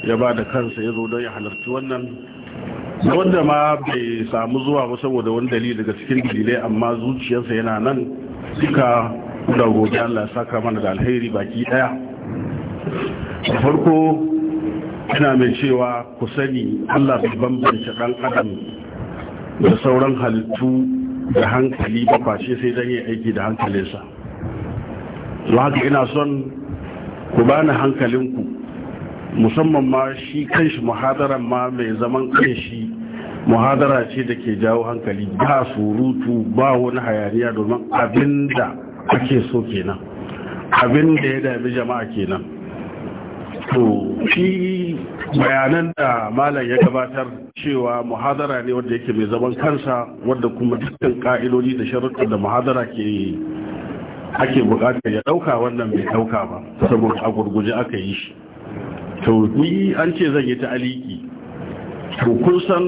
ya ba da kansa ya zo don ya halarci wannan na wanda ma bai samu zuwa ba saboda wani dalili daga cikin dalilai amma zuciyarsa yana nan suka da gobe Allah saka mana da alheri baki daya da farko ina mai cewa ku sani Allah bai bambance dan adam da sauran halittu da hankali ba face sai dan yi aiki da hankalinsa don haka ina son ku bani hankalinku musamman ma shi kanshi muhadaran ma mai zaman kanshi muhadara ce da ke jawo hankali ba surutu ba wani hayaniya domin abin da ake so kenan abin da ya dami jama'a kenan to shi bayanan da malam ya gabatar cewa muhadara ne wanda yake mai zaman kansa wadda kuma dukkan ka'idodi da sharuɗa da muhadara ke ake bukatar ya ɗauka wannan bai ɗauka ba saboda a gurguje aka yi shi to ni an ce zan yi ta aliki to kun san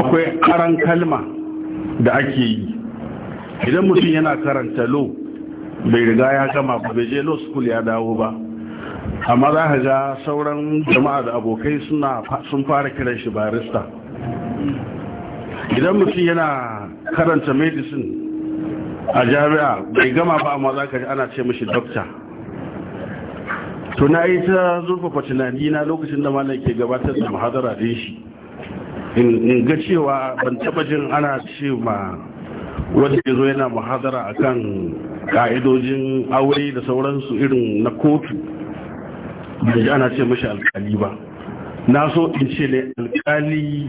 akwai karan kalma da ake yi idan mutum yana karanta lo bai riga ya gama ba bai je law school ya dawo ba amma za ka ga sauran jama'a da abokai suna sun fara kiran shi barista idan mutum yana karanta medicine a jami'a bai gama ba amma za ka ji ana ce mashi doctor to na yi ta zurfafa tunani na lokacin da malam ke gabatar da mahadara da shi in ga cewa ban taba jin ana ce ma wanda ya zo yana a akan ka'idojin aure da sauransu irin na kotu ban ji ana ce mashi alkali ba na so in ce ne alkali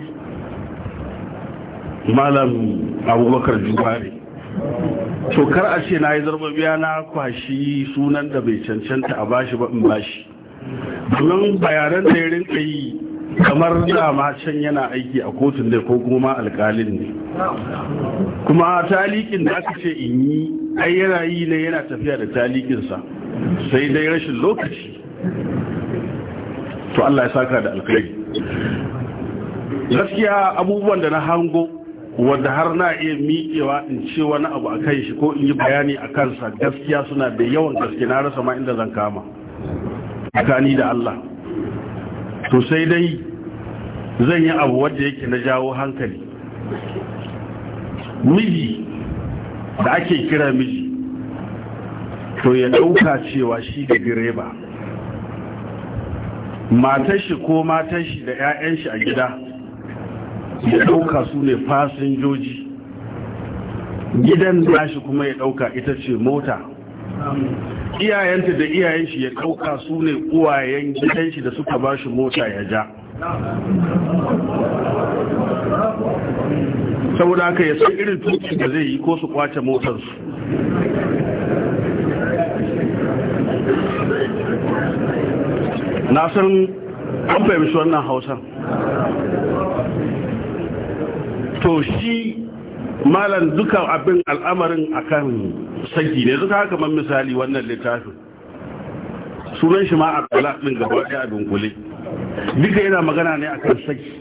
malam abubakar jubari to kar a ce na yi zarbabiya na kwashi sunan da bai cancanta a bashi ba in bashi domin bayanan da ya rinka yi kamar dama can yana aiki a kotun da ko kuma alkalin ne kuma talikin da aka ce in yi ai yana yi ne yana tafiya da talikinsa sai dai rashin lokaci to Allah ya saka da alkalin gaskiya abubuwan da na hango wadda har na iya miƙewa in ce wani abu a kai shi ko in yi bayani a kansa gaskiya suna da yawan gaske na rasa ma inda zan kama tsakani da Allah to sai dai zan yi abu wadda yake na jawo hankali miji da ake kira miji to ya ɗauka cewa shi da direba matar shi ko matar shi da 'ya'yan shi a gida ya ɗauka su ne fasinjoji gidan shi kuma ya ɗauka ita ce mota iyayenta da iyayen shi ya ɗauka su ne uwayen gidan shi da suka ba shi mota ya ja saboda haka ya san irin tuki da zai yi ko su kwace motarsu na san an fahimci wannan hausa to shi malam duka abin al'amarin akan saki ne duka haka misali wannan littafin sunan shi ma abdullah din gaba ɗaya a kule duka yana magana ne akan saki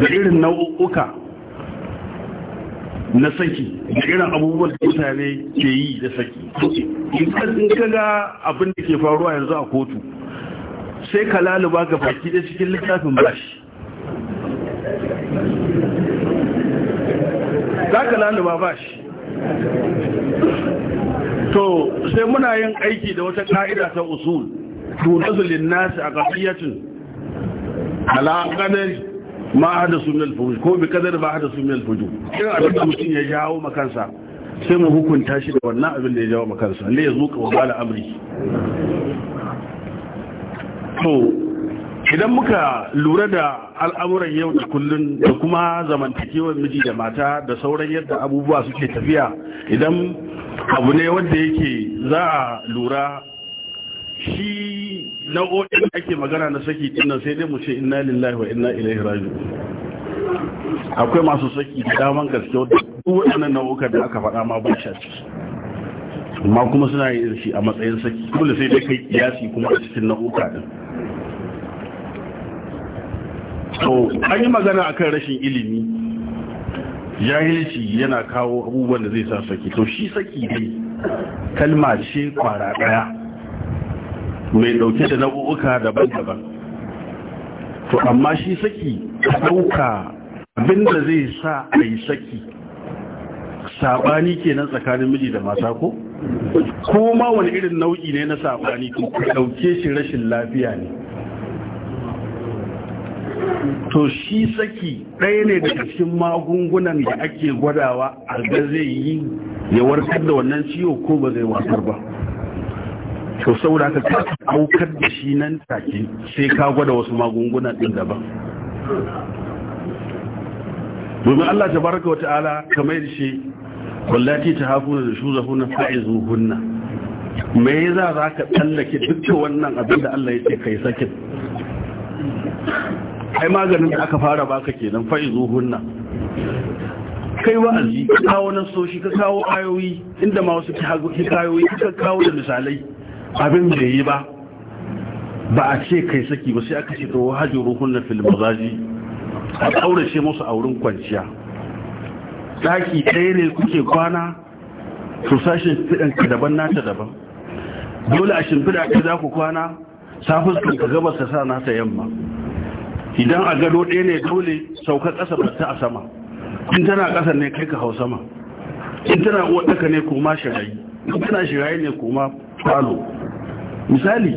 da irin nau'uka na saki da irin abubuwan da mutane ke yi da saki in ga abin da ke faruwa yanzu a kotu sai ka laluba ga baki da cikin littafin bashi za ka laluba ba shi to sai muna yin aiki da wata ka'ida ta usul tunazu linnasi a kafiyatin ala qadari ma hadasu min al-fujur ko bi kadari ba hadasu min alfujur irin abin da mutun ya jawo makansa sai mu hukunta shi da wannan abin da ya jawo makansa ne ya zuka wa bala amri to idan muka lura da al'amuran yau da kullun da kuma zamantakewar miji da mata da sauran yadda abubuwa suke tafiya idan abu ne wanda yake za a lura shi nau'o'in ake magana na saki dinnan sai dai mu ce inna lillahi wa inna ilaihi raji'un akwai masu saki da daman gaske wanda duk waɗannan da aka faɗa ma ba shi amma kuma suna yin shi a matsayin saki dole sai dai kai kiyasi kuma a cikin nau'uka din to an yi magana akan rashin ilimi jahilci yana kawo abubuwan da zai sa saki to shi saki dai kalma ce kwara daya mai dauke da nau'uka daban-daban to amma shi saki dauka da zai sa a yi saki sabani kenan tsakanin miji da mata ko kuma ma wani irin nau'i ne na sabani to dauke shi rashin lafiya ne to shi saki ɗaya ne daga cikin magungunan da ake gwadawa a ga zai yi ya warkar da wannan ciwo ko ba zai warkar ba to saboda haka ka aukar da shi nan take sai ka gwada wasu magunguna ɗin daban domin Allah ta baraka wa ta'ala kamar da shi wallati ta hafu da shu zafu na fa'izu hunna me yasa za ka tsallake dukkan wannan abin da Allah ya ce kai sakin ai maganin da aka fara baka kenan fa'izu hunna kai wa'azi ka kawo nasoshi ka kawo ayoyi inda ma wasu kayoyi ka kawo da misalai abin da yi ba ba a ce kai saki ba sai aka ce to hajjuru hunna fil mazaji a kaurace musu a wurin kwanciya daki ɗaya ne kuke kwana to sashin fidan ka daban nata daban dole a shimfida ka za ku kwana safin ka gabas ka sa ta yamma idan a gado ɗaya ne dole sauka ƙasa ba ta a sama in tana ƙasa ne kai ka hau sama in tana waɗaka ne kuma shirayi in tana shirayi ne kuma falo misali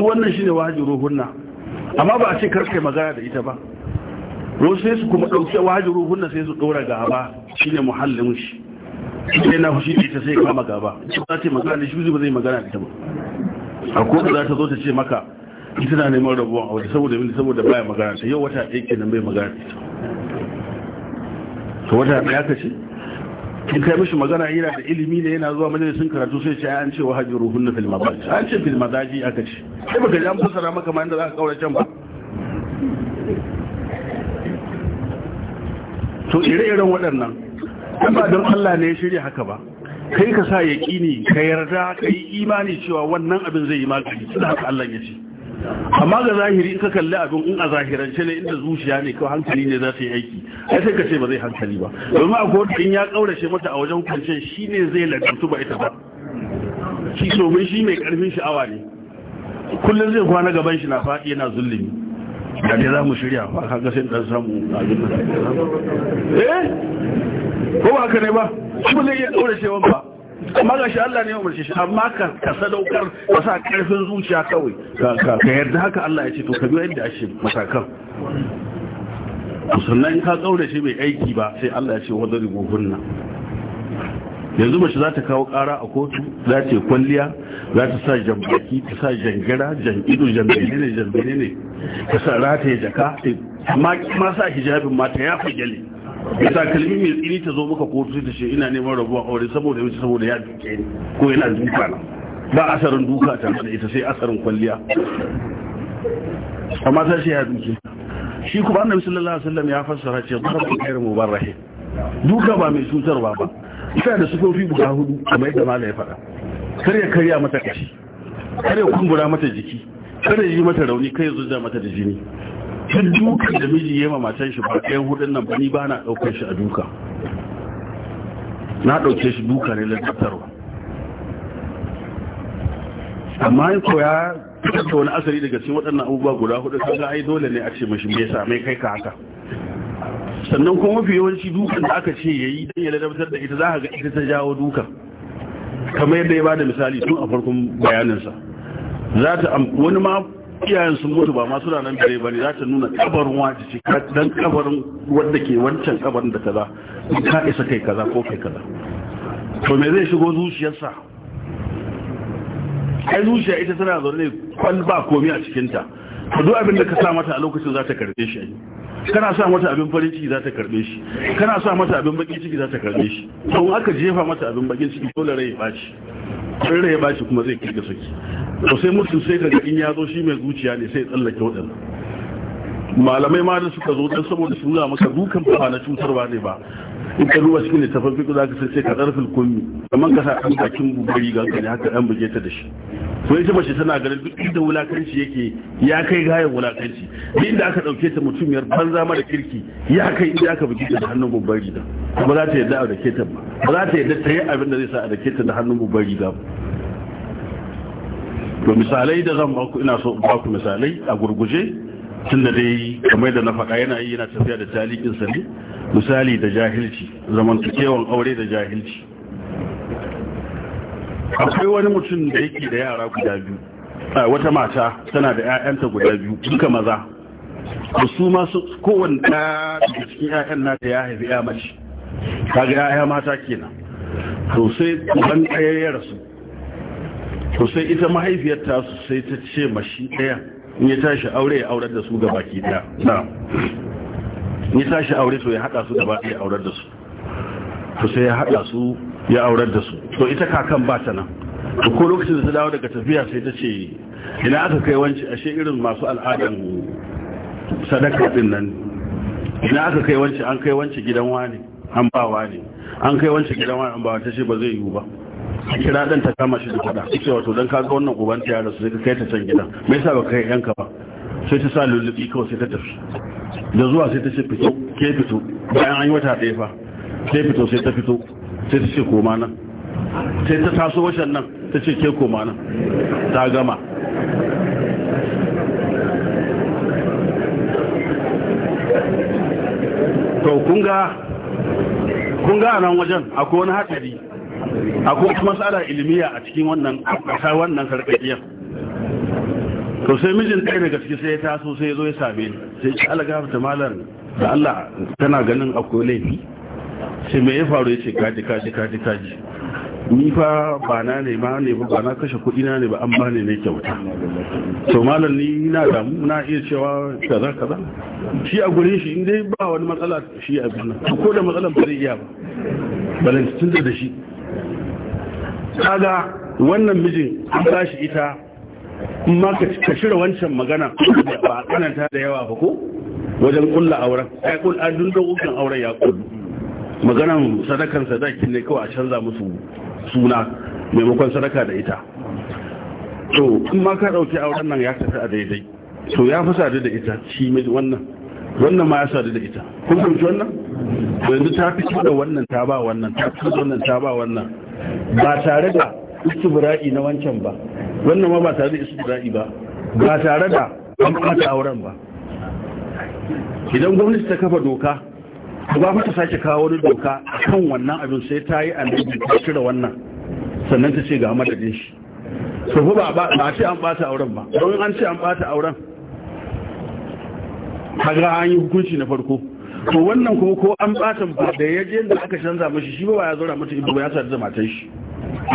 wannan shi ne wahajin ruhunna amma ba a ce karfe magana da ita ba ruwan sai su kuma ɗauki wahajin ruhunna sai su ɗora gaba shi ne muhallin shi ne na fushi ita sai kama gaba ita ba ta magana da shi ba zai magana da ita ba a kotu za ta zo ta ce maka ita na neman rabuwan aure saboda mini saboda baya magana ta yau wata ɗaya kenan bai magana ta wata ɗaya ka ce in kai mishi magana yana da ilimi ne yana zuwa majalisun karatu sai ce an ce wa hajji ruhun na filma ba an ce filma daji aka ce sai baka ji an fassara maka ma inda za ka kaura can ba to ire-iren waɗannan in ba don Allah ne ya shirya haka ba kai ka sa yaƙini ka yarda ka yi imani cewa wannan abin zai yi magani suna haka Allah ya ce amma ga zahiri ka kalli abin in a zahirance ne inda zuciya ne kawai hankali ne za su yi aiki ai sai ka ce ba zai hankali ba domin a kowace in ya kaurace mata a wajen kwanciyar shi ne zai lantarki ba ita ba shi domin shi mai karfin sha'awa ne kullum zai kwana gaban shi na faɗi yana zulumi da dai za mu shirya ba ka ga sai dan samu abin da eh ko ba haka ne ba shi ba zai iya kaurace ba amma ga shi Allah ne ya umarce shi amma ka ka sadaukar ka sa karfin zuciya kawai ka ka yarda haka Allah ya ce to ka biyo yadda ashe matakan sannan ka kaura shi mai aiki ba sai Allah ya ce wadda rigogunna yanzu mace za ta kawo kara a kotu za ta yi kwalliya za ta sa jambaki ta sa jangira jan ido jambene ne jambene ne ta sa rataye jaka amma ma sa hijabin mata ya fi gyale ya kalmi mai tsini ta zo muka kotu ta ce ina neman rabuwa aure saboda yawanci saboda ya duke ni ko yana duka na ba asarin duka ta da ita sai asarin kwalliya amma ta Shi ya duke shi ba annabi sallallahu alaihi wasallam ya fassara ce zarbu khair mubarrahi duka ba mai cutarwa ba ita da sufofi guda hudu kamar yadda mala ya faɗa kar ya karya mata kashi kar ya kumbura mata jiki kar ya yi mata rauni kai ya zuzza mata da jini duk dukan da miji yema matan shi ba ɗayan hudun nan ba ni ba na ɗaukar shi a duka na ɗauke shi duka ne lantarwa amma ko ya fitar wani asali daga cikin waɗannan abubuwa guda hudu ga ai dole ne a ce mashi me yasa mai kai ka haka sannan kuma mafi yawanci dukan da aka ce yayi dan ya ladabtar da ita za ka ga ita ta jawo dukan kamar yadda ya bada misali tun a farkon bayaninsa za ta wani ma iyayen sun mutu ba masu ranar dare ba ne za ta nuna kabarin waje ce don kabarin wanda ke wancan kabarin da kaza ka isa kai kaza ko kai kaza to me zai shigo zuciyarsa ai zuciya ita tana zaune ba komi a cikinta ka duk abin da ka sa mata a lokacin za ta karbe shi kana sa mata abin farin ciki za ta karbe shi kana sa mata abin bakin ciki za ta karbe shi don aka jefa mata abin bakin ciki dole rai ya baci rere ya bashi kuma zai kirga saki to sai mutum sai kaga in ya zo shi mai zuciya ne sai tsallake waɗanda malamai ma da suka zo don saboda su nuna maka dukan ba na cutarwa ne ba in ka ruwa cikin littafin fiƙo za ka san sai ka ƙarfin kunni kamar ka sa ɗan bakin bubari ga hankali haka ɗan buge ta da shi to ita mace tana ganin duk inda wulakanci yake ya kai gayan wulakanci duk inda aka ɗauke ta mutumiyar banza mara kirki ya kai inda aka buge ta da hannun bubari riga ba za ta yarda a rake ta ba ba za ta yarda ta yi abin da zai sa a rake ta da hannun bubari riga ba to misalai da zan baku ina so baku misalai a gurguje tun da dai kamar da na faɗa yana yi yana tafiya da talikinsa ne misali da jahilci zamantakewan aure da jahilci akwai wani mutum da yake da yara guda biyu wata mata tana da 'ya'yanta guda biyu duka maza da su masu kowane ɗaya da cikin 'ya'yan nata ya haifi 'ya mace kaga 'ya'ya mata kenan to sai ban ɗaya ya rasu to sai ita mahaifiyar su sai ta ce mashi ɗaya Ni ya tashi aure ya aurar da su ga baki daya in ya tashi aure so ya hada su gaba ya aurar da su to sai ya hada su ya aurar da su to ita kakan ba ta nan to ko lokacin da ta dawo daga tafiya sai ta ce ina aka kai wanci ashe irin masu al'adan sadaka din nan ina aka kai wanci an kai wanci gidan wani an ba wani an kai wanci gidan wani an ba ta ce ba zai yiwu ba a kira ɗan ta kama shi da fada ita wato ka kaga wannan uban ta yara su sai ka kai ta can gidan me yasa ba kai yanka ba sai ta sa lullubi kawai sai ta tafi da zuwa sai ta ce fito ke fito bayan an yi wata ɗaya fa sai fito sai ta fito sai ta ce koma nan sai ta taso wacan nan ta ce ke koma nan ta gama to kunga ga a nan wajen akwai wani hatsari akwai wata matsala ilimiya a cikin wannan ƙasa wannan sarƙaƙiyar to sai mijin ɗaya daga ciki sai ya taso sai ya zo ya same ni sai ya ala gafata malar da Allah tana ganin akwai laifi sai me ya faru ya ce kaji kaji kaji kaji ni fa ba na ne ma ne ba na kashe kuɗi na ne ba an bani ne kyauta to malam ni na damu na iya cewa kaza kaza shi a gurin shi in dai ba wani matsala shi a nan, ko da matsalan ba zai iya ba balance tun da shi kaga wannan mijin an bashi ita ma ka shirya wancan magana ba a kananta da yawa ba ko wajen kulla auren ai kul an dundun ukan auren ya kullu maganan sadakan sadaki ne kawai a canza musu suna maimakon sadaka da ita to in ma ka dauki auren nan ya tafi a daidai to ya fi sadu da ita shi mai wannan wannan ma ya sadu da ita kun fahimci wannan to yanzu ta fi da wannan ta ba wannan ta fi wannan ta ba wannan ba tare da istibra'i na wancan ba wannan ma ba tare da istibra'i ba ba tare da an bata auren ba idan gwamnati ta kafa doka ba mata sake kawo wani doka a kan wannan abin sai ta yi annabi ta cire wannan sannan ta ce ga madadin shi so ba ba ce an bata auren ba don an ce an bata auren kaga an yi hukunci na farko to wannan ko ko an batan ba da yaje da aka canza mashi shi ba ya zura mata ido ba ya sa da matan shi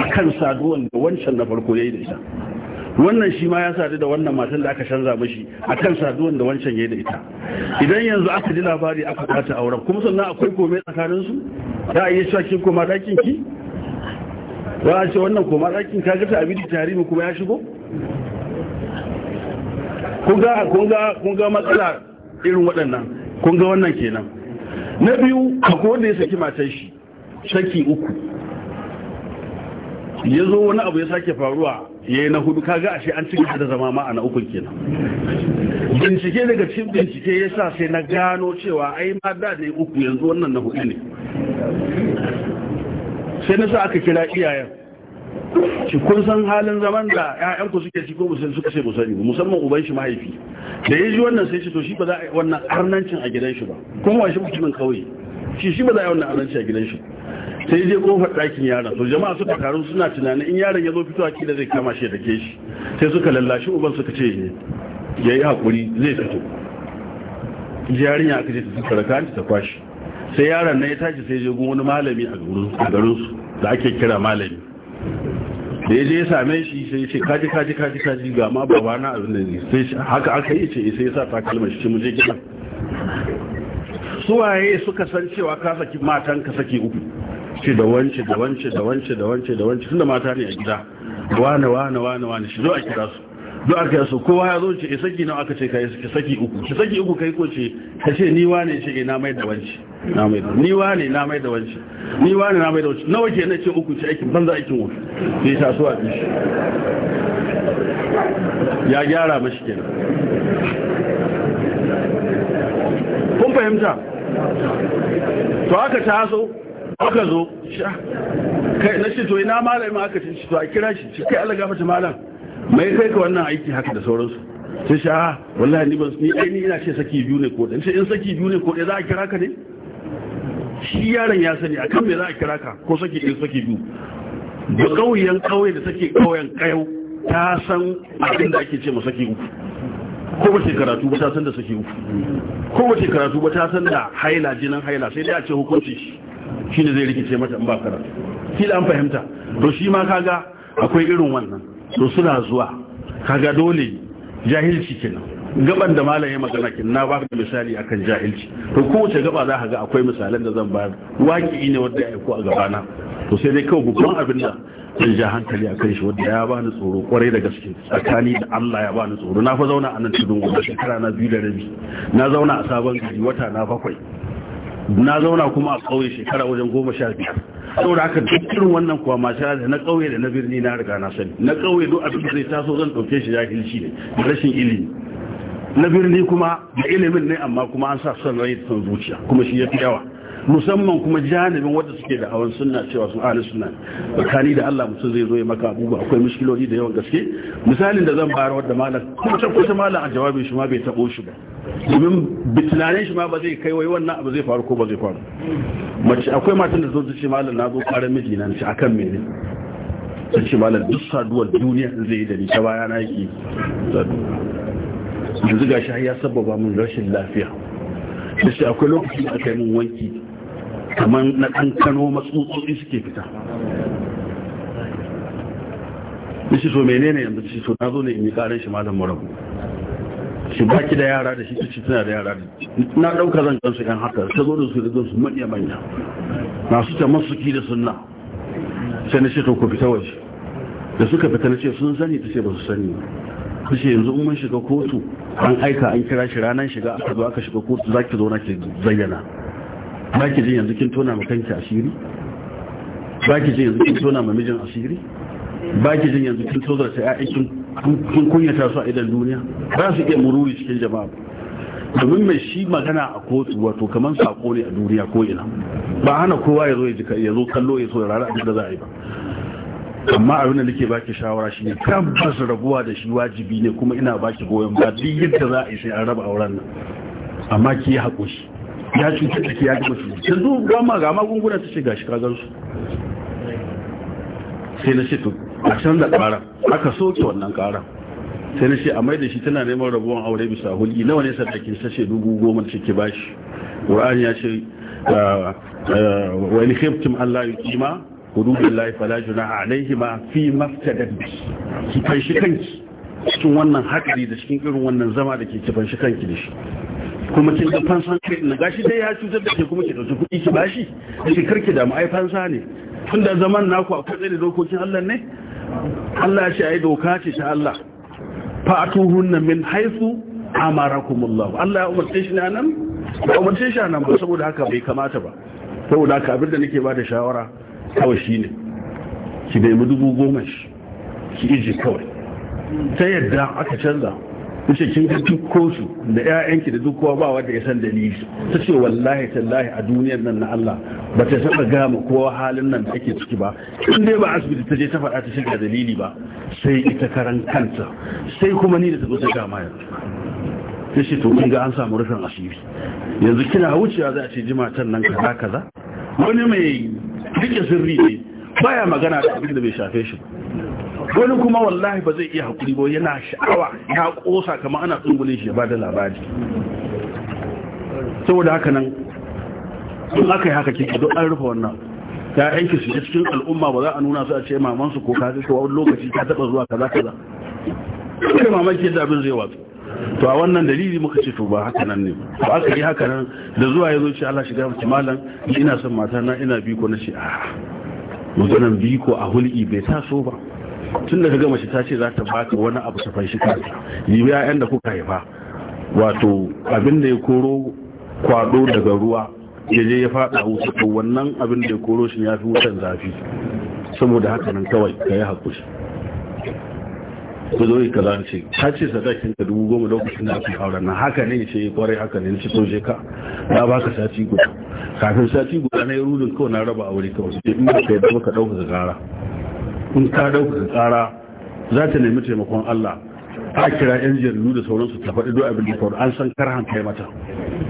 akan saduwan da wancan na farko yayi da ita wannan shi ma ya sadu da wannan matan da aka canza mashi akan saduwan da wancan yayi da ita idan yanzu aka ji labari aka kwata auren kuma sannan akwai komai tsakanin su za a yi shakin koma dakin ki ba a ce wannan koma dakin ka ga ta abin tarihi kuma ya shigo kun ga kun ga kun ga matsala irin waɗannan kun ga wannan kenan na biyu ka wanda ya saki matar shi saki uku ya zo wani abu ya sake faruwa ya yi na hudu kaga ashe an cika da zama ma a na uku kenan bincike daga cikin bincike ya sa sai na gano cewa ai ma da ne uku yanzu wannan na hudu ne sai na sa aka kira iyayen shi kun san halin zaman da ƴaƴanku suke ci ko musulmi suka ce musani musamman uban shi mahaifi da ya ji wannan sai shi to shi ba za a yi wannan arnancin a gidan shi ba kuma wa shi mutumin kauye shi shi ba za a yi wannan arnancin a gidan shi sai je kofar ɗakin yaron to jama'a suka taru suna tunanin in yaron ya zo fitowa kila zai kama shi da ke shi sai suka lallashi uban suka ce ya yi haƙuri zai fito yarinya aka ce ta suka raka ta kwashi sai yaron na ya tashi sai je gun wani malami a garinsu da ake kira malami da ya je ya same shi sai ya ce kaji kaji kaji kaji ga ma ba na abin da ne sai haka aka yi ce sai ya sa takalma shi mu je gidan suwaye suka san cewa ka saki matan ka saki uku ce da wance da wance da wance da wance da wance da mata ne a gida wane wane wane wane shi zo a kira su duk aka yaso kowa ya zo ce eh, saki nawa aka ce kai saki uku ki saki uku kai ko ce ka ce ni wane ce eh, na mai da wanci na mai da ni na mai da wanci ni ne na mai da wanci nawa ke na ce uku ce aikin banza aikin wuce ne ta so a bi ya gyara mashi kenan kun fahimta to aka so aka zo kai na ce to ina malamin aka ce to a kira shi kai Allah gafarta malam mai kai ka wannan aiki haka da sauransu sai shi a ah, wallahi ni ban ni ni ina ce saki biyu ne ko ɗaya sai in saki biyu ne ko ɗaya za a kira ka ne shi yaron ya sani akan me za a kira ka ko saki ɗaya saki biyu da kauyen ƙauye da saki kauyen ƙayau ta san abin da ake ce ma saki uku ko ba karatu ba ta san da saki uku ko ba karatu ba ta san da haila jinan haila sai dai a ce hukunci shi ne zai rikice mata in ba karatu kila an fahimta to shi ma kaga akwai irin wannan to suna zuwa kaga dole jahilci kenan gaban da malam ya magana kin na baka da misali akan jahilci to kowace gaba za ka ga akwai misalan da zan bayar waki ne wanda ya aiko a gabana to sai dai kawai babban abin da zan ja hankali akan shi wanda ya bani tsoro kwarai da gaske tsakani da Allah ya bani tsoro na fa zauna a nan tudun wata shekara na biyu da rabi na zauna a sabon gari wata na bakwai na zauna kuma a kauye shekara wajen goma sha biyar saboda haka duk wannan kuwa masu da na kauye da na birni na riga na sani na kauye duk abin da zai taso zan ɗauke shi jahilci ne da rashin ilimi na birni kuma da ilimin ne amma kuma an sa son rai da son zuciya kuma shi ya fi yawa musamman kuma janibin wanda suke da hawan sunna cewa sun ahli sunna bakani da Allah mutum zai zo ya maka abubuwa akwai mushkiloli da yawan gaske misalin da zan bayar wanda malam kusa kusa malam a jawabin shi ma bai tabo shi ba domin bitinanen shi ma ba zai kai wai wannan abu zai faru ko ba zai faru mace akwai matan da zo ta ce malam na zo karan miji na ce akan mene ta ce malam duk saduwar duniya zai yi da ni ta baya na yake yanzu gashi har ya sababa min rashin lafiya da shi akwai lokaci da aka yi mun wanki kamar na kankano matsutsotsi suke fita da shi so menene yanzu shi so na zo ne in yi karin shi malam marabu shi baki da yara da shi ta tana da yara da na ɗauka zan kansu yan haka ta zo da su da su manya manya masu ta masu ki da sunna sai na ce to ku fita waje da suka fita na ce sun sani ta ce ba su sani kushe yanzu in mun shiga kotu an aika an kira shi ranar shiga aka zo aka shiga kotu za ki zo na ki zayyana za ki ji yanzu kin tona ma kanki asiri ba ki jin yanzu kin tona ma mijin asiri ba ki jin yanzu kin tozar ta ƴaƴan kin kunyata su a idan duniya ba su iya mururi cikin jama'a domin mai shi magana a kotu wato kamar sako ne a duniya ko ina ba hana kowa ya zo ya ji ya zo kallo ya so ya rara abin da za a yi ba amma abin da nake baki shawara shine kan bas rabuwa da shi wajibi ne kuma ina baki goyon ba duk yadda za a yi sai an raba auren nan amma ki yi haƙoshi ya cuta da ki ya gaba su yanzu gama ga magunguna ta ce ga shi kagar su sai na ce to a can da ƙara aka soke wannan ƙara sai na ce a mai da shi tana neman rabuwan aure bisa hulɗi nawa ne sadakin sashe dubu goma da ke bashi ƙur'ani ya ce ah, ah, wani in Allah yi kima juna a alaihi ma fi maftadat bi ki shi kanki cikin wannan hakari da cikin irin wannan zama da ke ki shi kanki da shi kuma kin da fansan kai na gashi dai ya cutar da ke kuma ki dauki kuɗi ki bashi da ki karki da mu fansa ne tunda zaman naku a tsaye da dokokin Allah ne Allah shi yi doka ce ta Allah fa'atuhunna min haythu amarakumullah Allah ya umarce shi nan ba umarce shi nan ba saboda haka bai kamata ba saboda haka abin da nake ba da shawara kawai shi ne ki nemi dubu goma shi ki iji kawai ta yadda aka canza wuce kin ga duk kosu da 'ya'yanki da duk kowa ba wanda ya san dalili ta ce wallahi tallahi a duniyar nan na Allah ba ta saba gama kowa halin nan da ake ciki ba in dai ba asibiti ta je ta faɗa ta shiga dalili ba sai ita karan kanta sai kuma ni da ta ta gama yanzu ta ce to kin ga an samu rufin asiri yanzu kina wucewa za a ce jimatan nan kaza kaza wani mai rike sirri ne baya magana da abin da bai shafe shi wani kuma wallahi ba zai iya haƙuri ba yana sha'awa ya ƙosa kama ana tsungule shi ya ba da labari saboda haka nan in aka yi haka kika don an rufe wannan ya aiki su cikin al'umma ba za a nuna su a ce mamansu ko kaji ko wani lokaci ta taɓa zuwa kaza kaza. Ina mamaki yadda abin zai watsa. to a wannan dalili muka ce to ba haka nan ne to aka yi haka nan da zuwa ya zo ce Allah shiga miki malam ina son mata na ina biko na ce ah, a maganan biko a hulki bai so ba tun da kaga mace ta ce za ta baka wani abu ta fanshi kansa yi yayan da kuka haifa wato abin da ya koro kwado daga ruwa ya je ya fada wuta to wannan abin da ya koro shi ya fi wutan zafi saboda haka nan kawai ka yi hakuri ku zo yi kaza ce ta ce sadakin ka dubu goma lokacin da aka auren nan haka ne ce eh, kwarai haka ne ce soje ka ya baka sati guda kafin sati guda na yi rudin kawai na raba aure kawai su in ka yi dama ka ɗaukaka tsara in ka ɗaukaka tsara za ta nemi taimakon Allah a kira yan jaridu da sauransu ta faɗi do abin da faru an san kar kai mata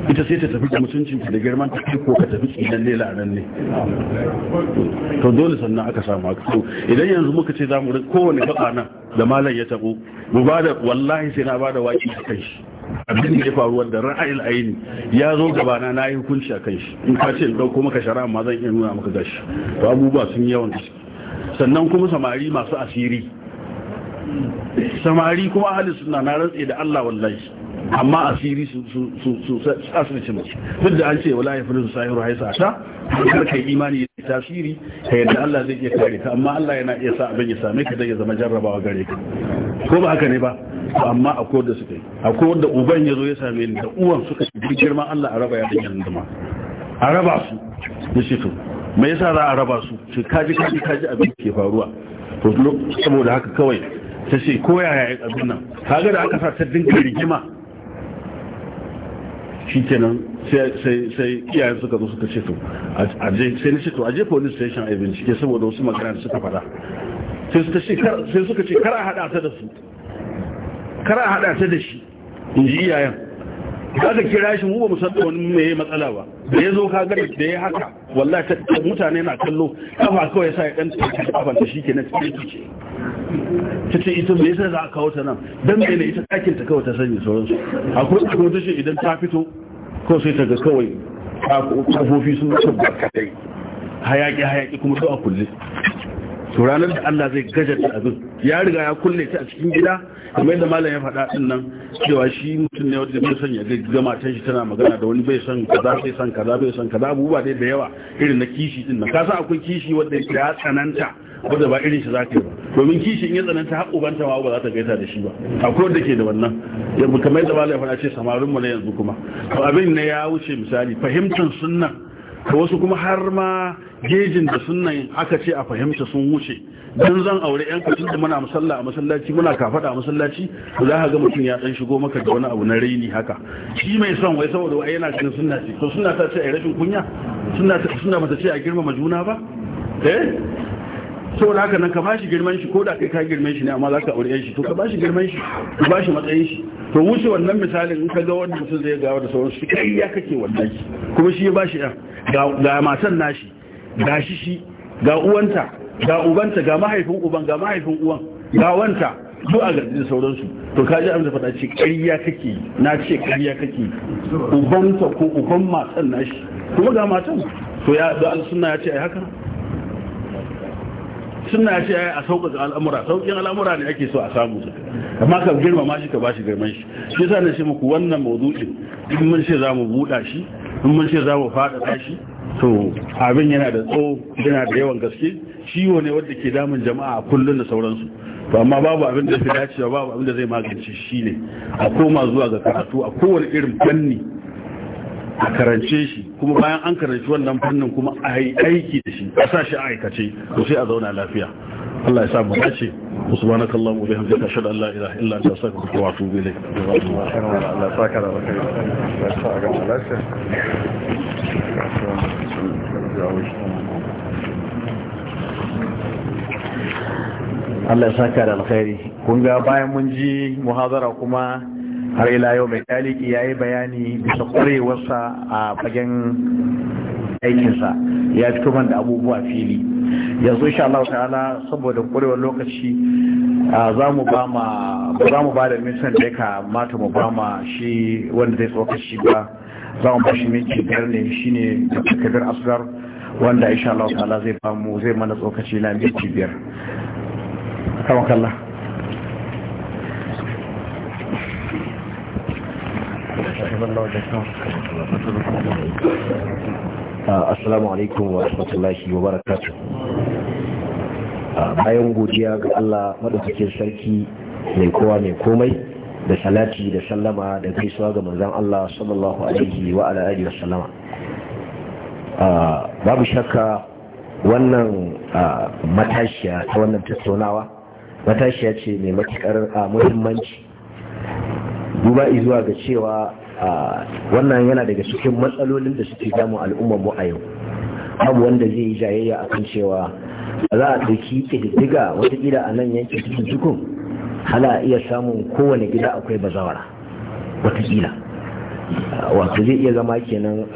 ita sai ta tafi da mutuncinta da girman ta ko ka tafi idan ne la'anan ne to dole sannan aka samu haka to idan yanzu muka ce za mu rin kowane nan da malam ya tabo mu bada wallahi sai na bada waki a kan shi abin da ya faru wanda ra'ayil aini ya zo gabana na yi hukunci a kan shi in ka ce in dauko maka shara amma zan iya nuna maka gashi to abubuwa sun yawan sannan kuma samari masu asiri samari kuma ahli suna na rantse da Allah wallahi amma asiri su su su su duk da an ce wala ya firin sahiru haisa ta har kai imani ya tasiri ta yadda Allah zai iya kare ta amma Allah yana iya sa abin ya same ka zai zama jarrabawa gare ka ko ba haka ne ba amma a kowar da suka yi kowar da uban ya zo ya same ni da uwan suka yi girma Allah a raba ya dinga zama a raba su da shi to me yasa za a raba su ce kaji kaji kaji abin ke faruwa to saboda haka kawai ta ce ko yaya abin nan kaga da aka sa ta dinga rigima shi kenan sai iyayen suka zo suka ce to sai na ce to aje police station a bincike saboda wasu magana da suka fada sai suka ce kara hada ta da su kara hada ta da shi in ji iyayen ka kira shi mu ba mu san wani mai matsala ba da ya zo ka gari da ya haka wallahi mutane na kallo kafa kawai sa ya dan tsaki kafan ta shike na ta ce ita me yasa za a kawo ta nan dan me ne ita dakin ta kawai ta sani sauransu akwai akwai kuma idan ta fito ko sai ta ga kawai kafofi sun tabbata kai hayaki hayaki kuma to a kulle to ranar da Allah zai gajata abin ya riga ya kulle ta a cikin gida kamar yadda malam ya faɗa din nan cewa shi mutum ne wanda bai son ya ga matan shi tana magana da wani bai son kaza bai son kaza bai son kaza abubuwa dai da yawa irin na kishi din nan kasa akwai kishi wanda ya tsananta wanda ba irin shi za ka yi ba domin kishi in ya tsananta har ubanta ma ba za ta gaita da shi ba akwai wanda ke da wannan kamar yadda malam ya faɗa ce samarin mu na yanzu kuma to abin ne ya wuce misali fahimtar sunnah to wasu kuma har ma gejin da sunnan aka ce a fahimta sun wuce dan zan aure yan kacin da muna musalla a masallaci muna kafada a masallaci ko za ka ga mutum ya dan shigo maka da wani abu na raini haka shi mai son wai saboda wai yana cikin sunna ce to sunna ta ce a rashin kunya sunna ta sunna ta ce a girmama juna ba eh saboda haka nan ka ba shi girman shi ko da kai ka girman shi ne amma za ka aure shi to ka ba shi girman shi ka ba shi matsayin shi to wuce wannan misalin in ka ga wannan mutum zai ga da sauransu shi kai ya kake wannan shi kuma shi ya ba shi ga matan nashi ga shi shi ga uwanta ga ubanta ga mahaifin uban ga mahaifin uwan ga wanta duk a gardi sauransu to ka ji amsa faɗa ce ƙarya kake na ce ƙarya kake ubanta ko uban matan nashi kuma ga matan to ya da suna ya ce ai haka suna ya ce a sauƙaƙa al'amura sauƙin al'amura ne ake so a samu su amma ka ma shi ka bashi girman shi shi yasa na ce muku wannan mawdu'in in mun ce za mu buɗa shi in mun ce za mu faɗaɗa shi to abin yana da tsawo yana da yawan gaske ciwo ne wadda ke damun jama'a a kullum da sauransu to amma babu abin da ya fi dacewa babu abin da zai magance shi ne a koma zuwa ga karatu a kowane irin fanni a karance shi kuma bayan an karanci wannan fannin kuma a yi aiki da shi a sa shi a aikace to sai a zauna lafiya Allah ya sa mu dace subhanaka allahumma wa bihamdika ashhadu an la ilaha illa anta astaghfiruka wa atubu ilayk saka da kai ya Allah ya saka da alkhairi kun ga bayan mun ji muhazara kuma har ila yau mai taliki ya yi bayani bisa kwarewarsa a fagen aikinsa ya fito man da abubuwa fili yanzu insha Allah ta'ala saboda kwarewar lokaci za mu ba za mu ba da mintan da ya mata mu ba ma shi wanda zai tsokaci ba za mu ba shi minti biyar ne ne da takardar asgar wanda insha Allah ta'ala zai ba mu zai mana tsokaci na minti biyar Ah, assalamu alaikum wa rahmatullahi wa barakatu ah, bayan godiya ga Allah madaukakin sarki mai kowa mai komai da salati da sallama da gaisuwa ga manzon Allah sallallahu alaihi wa ala wa sallama ah, babu shakka wannan matashiya ta wannan tattaunawa matashiya ce mai matuƙar muhimmanci duba zuwa ga cewa wannan yana daga cikin matsalolin da suke damun al'ummar mu a yau abu wanda zai yi jayayya akan cewa za a ɗauki ƙididdiga watakila a nan yankin cikin cikin hala iya samun kowane gida akwai bazawara watakila wato zai iya zama kenan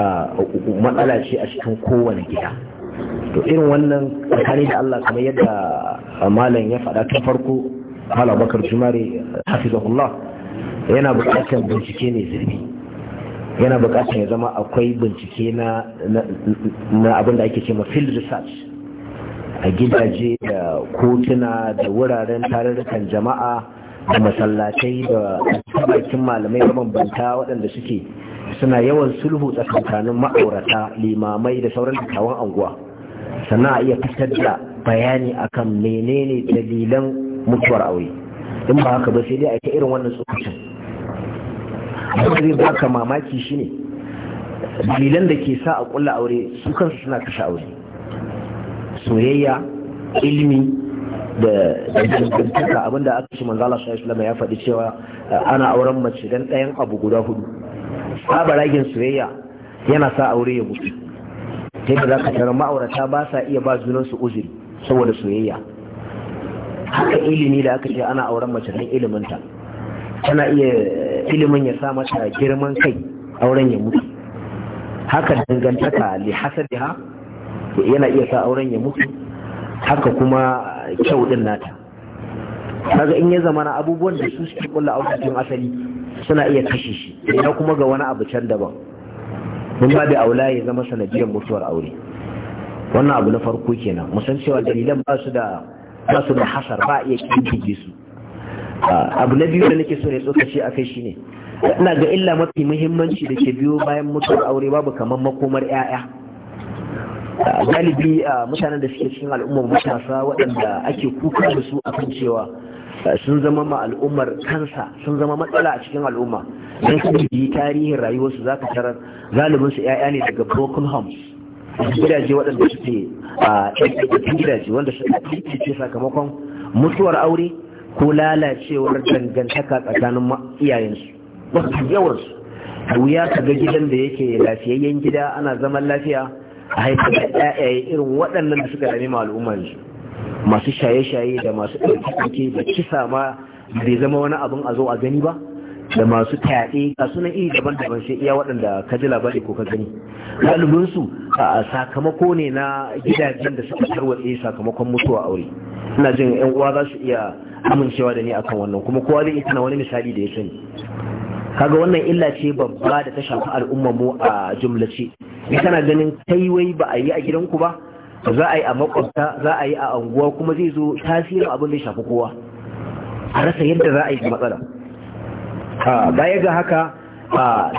matsala ce a cikin kowane gida to irin wannan tsakani da Allah kamar yadda malam ya faɗa ta farko malam bakar jumare hafizahullah yana bukatar bincike ne zirbi yana bukatar ya zama akwai bincike na abin da ake ce ma field research a gidaje da kotuna da wuraren tarurrukan jama'a da masallatai da tabbakin malamai mabambanta waɗanda suke suna yawan sulhu tsakankanin ma'aurata limamai da sauran dattawan anguwa sannan a iya fitar da bayani akan menene dalilan mutuwar aure in ba haka ba sai dai a ta irin wannan tsokacin kuma zai baka mamaki ne, dalilan da ke sa a kulla aure su kansu suna kashe aure soyayya ilimi da dangantaka abinda aka ce manzala sallallahu ya faɗi cewa ana auren mace dan ɗayan abu guda hudu saba ragin soyayya yana sa aure ya mutu yadda za ka tara ma'aurata ba sa iya ba junansu uzuri saboda soyayya haka ilimi da aka ce ana auren mace dan iliminta tana iya ilimin ya sa mata girman kai auren ya mutu haka dangantaka li hasadiha yana iya sa auren ya mutu haka kuma kyau din nata kaga in ya zama na abubuwan da su suke kulla cikin asali suna iya kashe shi ya kuma ga wani abu can daban mun ba da aula ya zama sanadiyar mutuwar aure wannan abu na farko kenan musan cewa dalilan ba su da ba su da hasar ba iya kintige su abu na biyu da nake so ne tsokaci a kai shine ina ga illa mafi muhimmanci da ke biyo bayan mutuwar aure babu kamar makomar 'ya'ya galibi mutanen da suke cikin al'ummar matasa waɗanda ake kuka da su akan cewa sun zama ma al'ummar kansa sun zama matsala a cikin al'umma don su yi tarihin rayuwarsu za ka tarar galibin su 'ya'ya ne daga broken homes gidaje waɗanda suke a gidaje wanda suka sakamakon mutuwar aure ko lalacewar dangantaka tsakanin iyayensu ba wasu yawansu a wuya ka ga gidan da yake lafiyayyen gida ana zaman lafiya a haifar da ɗaya irin waɗannan da suka rami ma masu shaye-shaye da masu ɗauke da kisa ma bai zama wani abin a zo a gani ba da masu fyaɗe a suna iri daban-daban sai iya waɗanda ka ji labari ko ka gani galibinsu a sakamako ne na gidajen da suka tarwatse sakamakon mutuwa aure ina jin yan uwa za su iya amincewa da ni akan wannan kuma kowa zai tana wani misali da ya sani kaga wannan illa ce babba da ta shafi al'umma mu a jumlace Ni kana ganin kai wai ba a yi a gidanku ba za a yi a makwabta za a yi a anguwa kuma zai zo tasirin abin da ya shafi kowa a rasa yadda za a yi matsala baya ga haka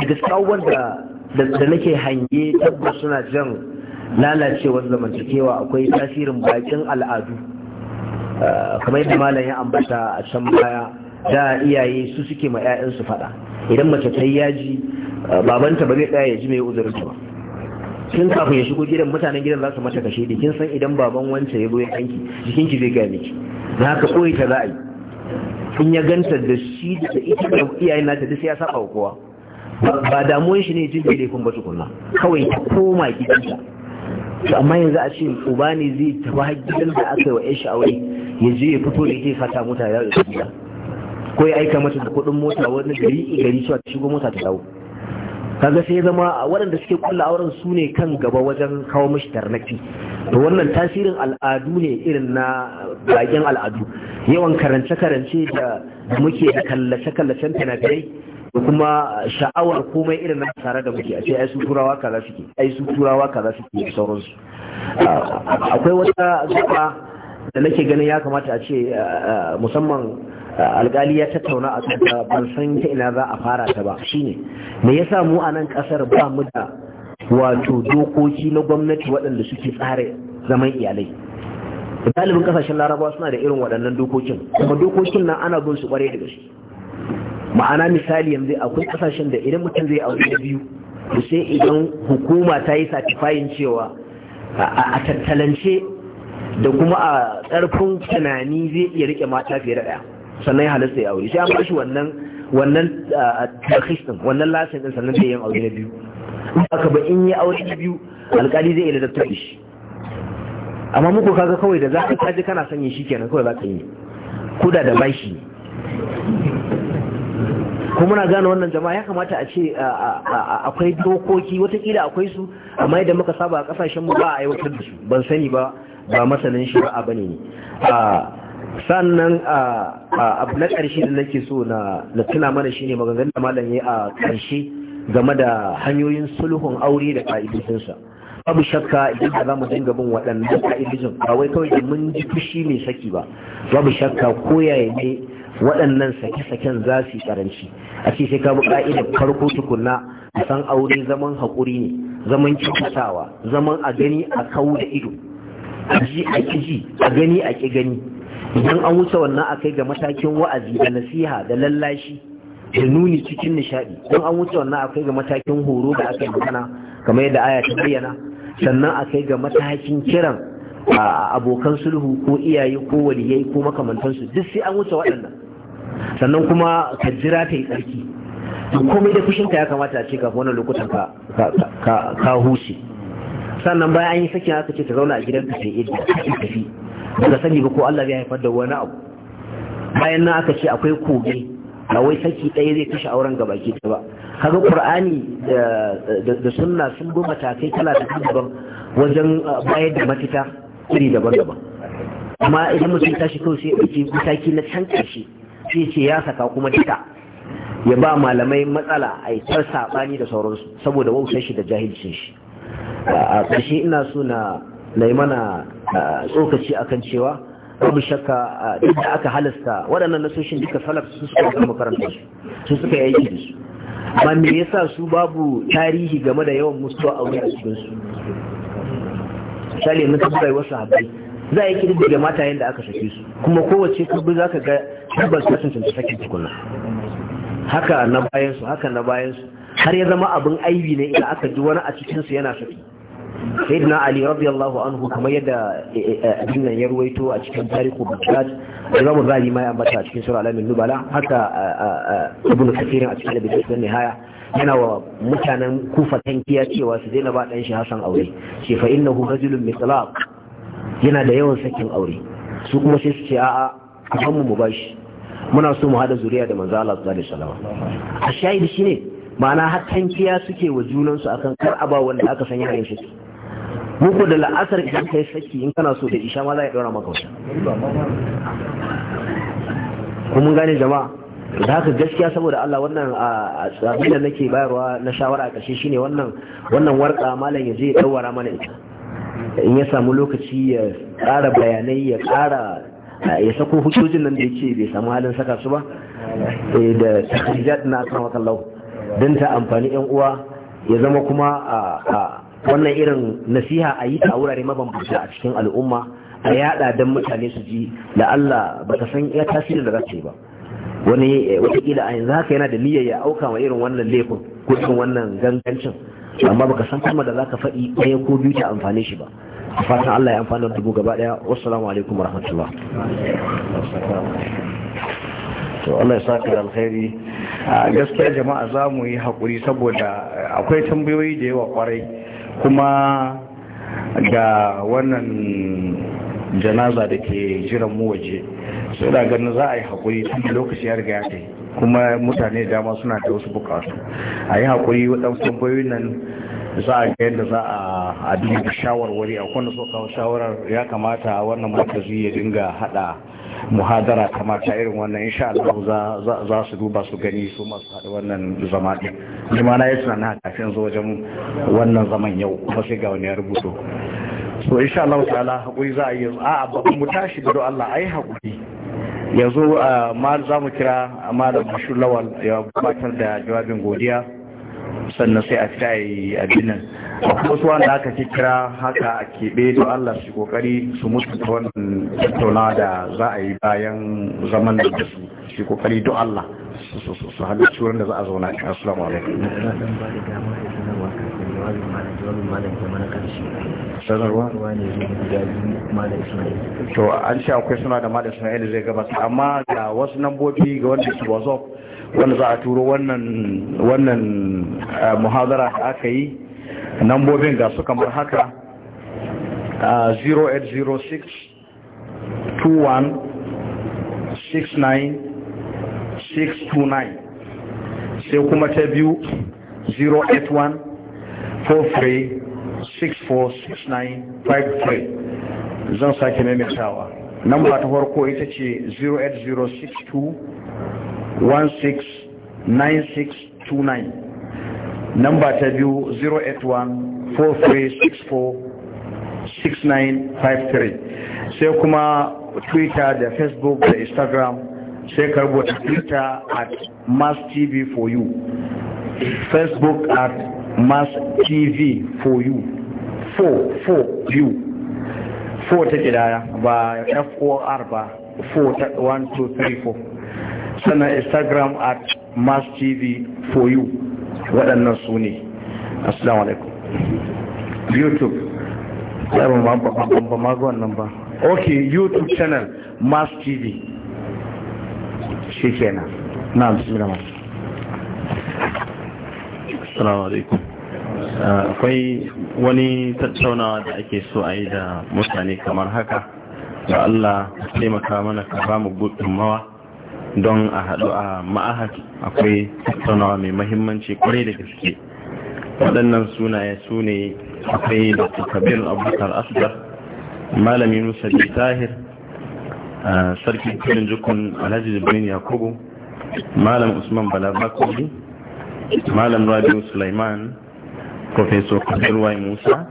daga tsawon da nake hange tabbas suna jan lalacewar zamantakewa akwai tasirin bakin al'adu kamar yadda malam ya ambata a can baya da iyaye su suke ma 'ya'yansu fada idan mace ta yaji babanta ba zai tsaya ya ji mai ta ba tun kafin ya shigo gidan mutanen gidan za su mata kashe da kin san idan baban wancan ya zo ya kanki jikinki zai gane ki na haka koyi ta za a yi kafin ya ganta da shi da ita da iyayen nata da sai ya saba kowa ba damuwan shi ne jin da laifin ba tukunna kawai ta koma gidansa to amma yanzu a ce uba ne zai tafi gidan da aka yi wa yashi aure ya je ya fito da ita fata mota ya da gida ko ya aika mata da kuɗin mota wani gari gari cewa ta shigo mota ta dawo kaga sai ya zama waɗanda suke kulla auren su ne kan gaba wajen kawo mashi tarnaki to wannan tasirin al'adu ne irin na bakin al'adu yawan karance-karance da muke da kallace-kallacen fina-finai da kuma sha'awar komai irin na tare da muke a ce su turawa kaza suke ai su turawa kaza suke sauransu akwai wata gaba da nake ganin ya kamata a ce musamman alkali ya tattauna a kan ban san ta ina za a fara ta ba shine me yasa mu a nan kasar ba mu da wato dokoki na gwamnati waɗanda suke tsare zaman iyalai galibin kasashen larabawa suna da irin waɗannan dokokin kuma dokokin nan ana bin su ƙware da gaske ma'ana misali yanzu akwai kasashen da idan mutum zai aure da biyu to sai idan hukuma ta yi satifayin cewa a tattalance da kuma a ƙarfin tunani zai iya rike mata fiye da ɗaya sannan ya halasta ya aure sai an bashi wannan wannan wannan lasin ɗin sannan zai yin aure na biyu in aka ba in yi aure na biyu alkali zai iya da shi amma muku kaga kawai da za ka kaji kana sanya shi kenan kawai za ka yi kuda da bashi ko muna gane wannan jama'a ya kamata a ce akwai dokoki watakila akwai su amma yadda muka saba a kasashen mu ba a aiwatar da su ban sani ba ba masanin shari'a bane ne sannan abu na karshe da nake so na tuna mana shine maganganun da malam ya a karshe game da hanyoyin sulhun aure da ƙa'idinsa babu shakka idan da za mu dinga bin waɗannan ƙa'idin ba wai kawai da mun ji fushi mai saki ba babu shakka yaya ne waɗannan sake-saken za su yi ƙaranci a ce sai ka bi ƙa'idar farko tukunna san aure zaman haƙuri ne zaman kyautatawa zaman a gani a kawo da ido a ji a ji a gani a ƙi gani idan an wuce wannan a kai ga matakin wa'azi da nasiha da lallashi da nuni cikin nishadi don an wuce wannan akai ga matakin horo da aka yi magana kamar yadda aya ta bayyana sannan akai ga matakin kiran abokan sulhu ko iyaye ko waliyai ko makamantansu duk sai an wuce waɗannan sannan kuma ka jira ta yi tsarki komai da fushinka ya kamata a ce kafin wannan lokutan ka huce sannan bayan an yi sakin aka ce ta zauna a gidanka sai idda ta tafi daga sani ba ko Allah ya haifar da wani abu bayan nan aka ce akwai kogi ba wai saki ɗaya zai kashe auren ga baki ta ba kaga qur'ani da sunna sun bi matakai kala daban wajen uh, bayar da mafita iri daban-daban amma idan mutum tashi kawai sai ɗauki mataki na can ƙarshe sai ce ya saka kuma duka ya ba malamai matsala a tar saɓani da sauransu saboda wautar shi da jahilcin shi a ƙarshe ina so na na yi mana uh, tsokaci akan cewa babu shakka duk da aka halasta waɗannan nasoshin duka salaf su suka yi makaranta su suka yi aiki da su amma me yasa su babu tarihi game da yawan musu a wurin cikin su misali mun tabbata wasu habbi za a yi daga mata yadda aka sake su kuma kowace kubu za ka ga tabbas ta cancanta sakin tukuna haka na bayan su haka na bayan su har ya zama abin aibi ne idan aka ji wani a cikin su yana saki sayyidina ali radiyallahu anhu kamar yadda eh, eh, eh, abin nan ya ruwaito a cikin tarihu bukat zamu zali ma ya ambata a cikin sura alamin nubala haka ibn kathir a cikin libya sun haya yana wa mutanen kufa tankiya cewa su daina ba dan shi hasan aure ce fa innahu rajulun mitlaq yana da yawan sakin aure su kuma sai su ce a'a a kanmu mu bashi muna so mu hada zuriya da manzo Allah sallallahu alaihi wasallam a shahidi shine ma'ana har tankiya suke wa junansu akan kar a ba wanda aka san yayin shi muku da la'asar idan yi saki in kana so da isha ma za a ɗora maka wata kuma gane jama'a da haka gaskiya saboda Allah wannan abin da nake bayarwa na shawara a ƙarshe shine wannan wannan warka malam ya je ya tsawara mana ita in ya samu lokaci ya ƙara bayanai ya ƙara ya sako hujjojin nan da ya ce bai samu halin saka su ba eh, da tafiya na akan wakan lau don ta amfani yan uwa ya zama kuma a. wannan irin nasiha a yi ta wurare mabambanta a cikin al'umma a yada don mutane su ji da Allah ba ta san ya tasirin da za ta ba wani eh, watakila a yanzu haka yana da niyyar ya auka wa irin wannan laifin ko cikin wannan gangancin amma baka san kuma da zaka faɗi ɗaya ko biyu ta amfane shi ba fatan Allah ya amfana da dubu gaba ɗaya wassalamu alaikum rahmatullah to Allah ya saka da alkhairi gaskiya jama'a za mu yi hakuri saboda akwai tambayoyi da yawa kwarai kuma ga wannan janaza da ke jiran mu waje sai da ganin za a yi haƙuri tun lokaci ya riga ya kai kuma mutane dama suna da wasu bukatu a yi haƙuri waɗansu tambayoyin nan za a ga yadda za a duba shawarwari a kwanu so shawarar ya kamata wannan markazi ya dinga haɗa muhadara kamar ta irin wannan insha Allah za su duba su gani su masu haɗa wannan zama ɗin jima na yi na kafin zo wajen wannan zaman yau kuma sai ga wani ya rubuto so insha Allah ta'ala haƙuri za a yi a a mu tashi da Allah ai hakuri. yanzu ah, ma za mu kira malam Bashir Lawal ya bakar da jawabin godiya sannan sai a fita yi abin nan wasu wanda aka ce kira haka a keɓe don Allah su kokari su mutu ta wannan tattauna da za a yi bayan zaman da su su kokari don Allah su su halarci da za a zauna a cikin assalamu alaikum sanarwa to an ce akwai suna da malam ismail zai gabata amma ga wasu nambobi ga wanda su wazo wanda za a turo wannan muhadara da aka yi nambobin ga su kamar haka 0806 21 69 629 sai kuma ta biyu 081 43 646953 zan sake maimaitawa namba ta farko ita ce 08062 169629 namba ta biyu 081-4364-6953 sai kuma twitter da facebook da instagram sai ka rubuta twitter at mass tv for you facebook at mass tv for you 4 for you 4 ta kidaya ba f-o-r ba 4 1 2 3 4 sannan instagram at mass tv for you waɗannan su ne assalamu alaikum youtube yaron ba magon nan ba ok youtube channel mass tv shi kenan na bismillah assalamu alaikum ah, akwai wani tattaunawa da ake so a yi da mutane kamar haka da Allah taimaka mana ka ba mu gudunmawa don a haɗu a ma'ahad akwai tattaunawa mai mahimmanci kwarai da gaske waɗannan sunaye su ne akwai da kabir abubakar asgar malami musa bi tahir sarki kirin jukun alhaji jibrin yakubu malam usman Bala balabakobi malam rabiu sulaiman professor kabir wai musa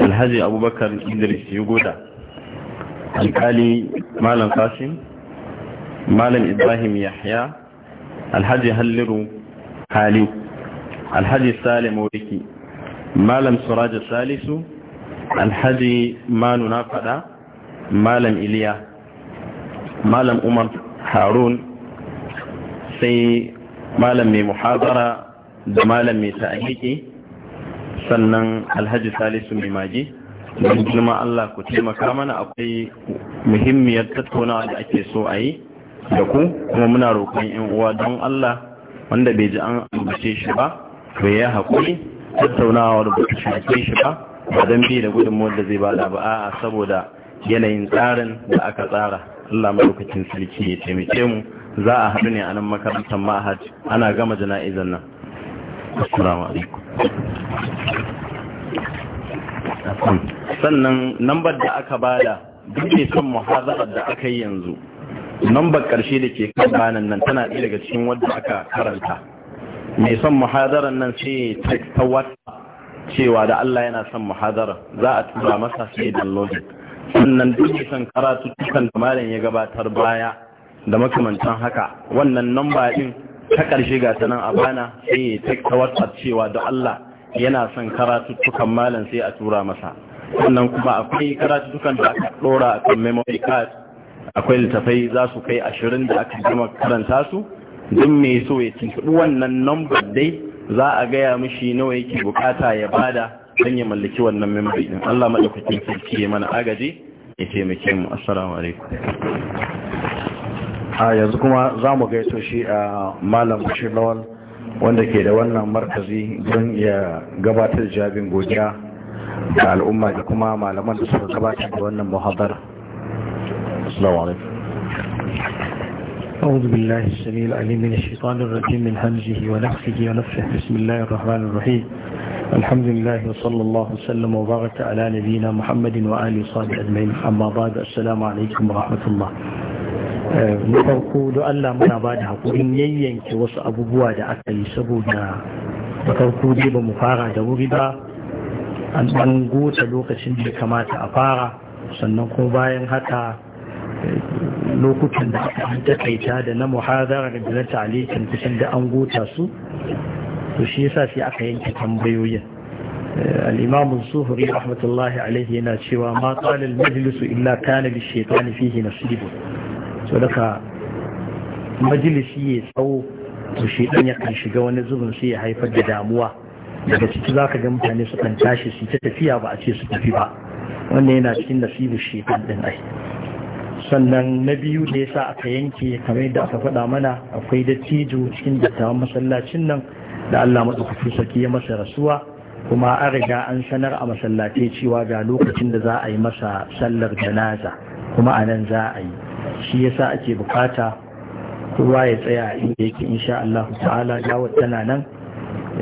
alhaji abubakar idris yugoda alkali malam fashin malam ibrahim yahya alhaji halliru hali alhaji salim wiki malam suraja salisu alhaji manu na fada malam iliya malam umar harun sai malam mai muhabara da malam mai ta'ahiki sannan alhaji salisu mai maji don girma Allah ku taimaka mana akwai muhimmiyar tattaunawa da ake so a yi da ku kuma muna roƙon yan uwa don Allah wanda bai ji an ambace shi ba to ya haƙuri tattaunawa da bata shi ba ba don bi da gudun da zai bada ba a saboda yanayin tsarin da aka tsara Allah madaukakin sarki ya taimake mu za a haɗu ne a nan makarantar ma'ahad ana gama jana'izan nan assalamu alaikum sannan lambar da aka bada duk ne son muhazarar da aka yi yanzu lambar ƙarshe da ke kan banan nan tana ɗaya daga cikin wadda aka karanta mai son muhadarar nan sai ta wata cewa da Allah yana son muhadara za a tura masa sai da lodin. sannan duk son karatu tukan da malam ya gabatar baya da makamantan haka wannan namba din ta ƙarshe ga tanan a bana sai ta wata cewa da Allah yana son karatu tukan malam sai a tura masa sannan kuma akwai karatu tukan da aka ɗora a kan memory card akwai littafai za su kai ashirin da aka gama karanta su don mai so ya tuntuɓi wannan nambar dai za a gaya mashi nawa yake bukata ya bada don ya mallaki wannan member ɗin Allah maɗaukakin sarki ya mana agaji ya taimake mu assalamu alaikum a yanzu kuma za mu gaito shi a malam bashir lawal wanda ke da wannan markazi don ya gabatar da jabin godiya ga al'umma da kuma malaman da suka gabatar da wannan muhabbara السلام عليكم أعوذ بالله السميع العليم من الشيطان الرجيم من همزه ونفسه ونفسه بسم الله الرحمن الرحيم الحمد لله وصلى الله وسلم وبارك على نبينا محمد وآله وصحبه أجمعين أما بعد السلام عليكم ورحمة الله na أه، farko من Allah وإن ba da بواد yayyanke سبونا abubuwa da aka yi saboda da farko dai ba mu fara da sannan kuma bayan haka lokutan da aka an da na muhadarar ibilanta a lekin kusan da an gota su to shi yasa sai aka yanke tambayoyin al'imamun suhuri rahmatullahi alaihi yana cewa ma tsalin majalisu illa kana bi shekani fihi na sulibu daga majalisi ya tsawo to shi ya kan shiga wani zubin sai ya haifar da damuwa daga ciki za ka ga mutane su kan tashi su ta tafiya ba a ce su tafi ba wannan yana cikin nasibu shekan ɗin ai sannan na biyu da ya sa aka yanke kamar yadda aka faɗa mana akwai dattijo cikin dattawan masallacin nan da Allah maɗaukaki saki ya masa rasuwa kuma an riga an sanar a masallace cewa ga lokacin da za a yi masa sallar janaza kuma a nan za a yi shi yasa ake bukata kowa ya tsaya inda yake insha Allah ta'ala gawar tana nan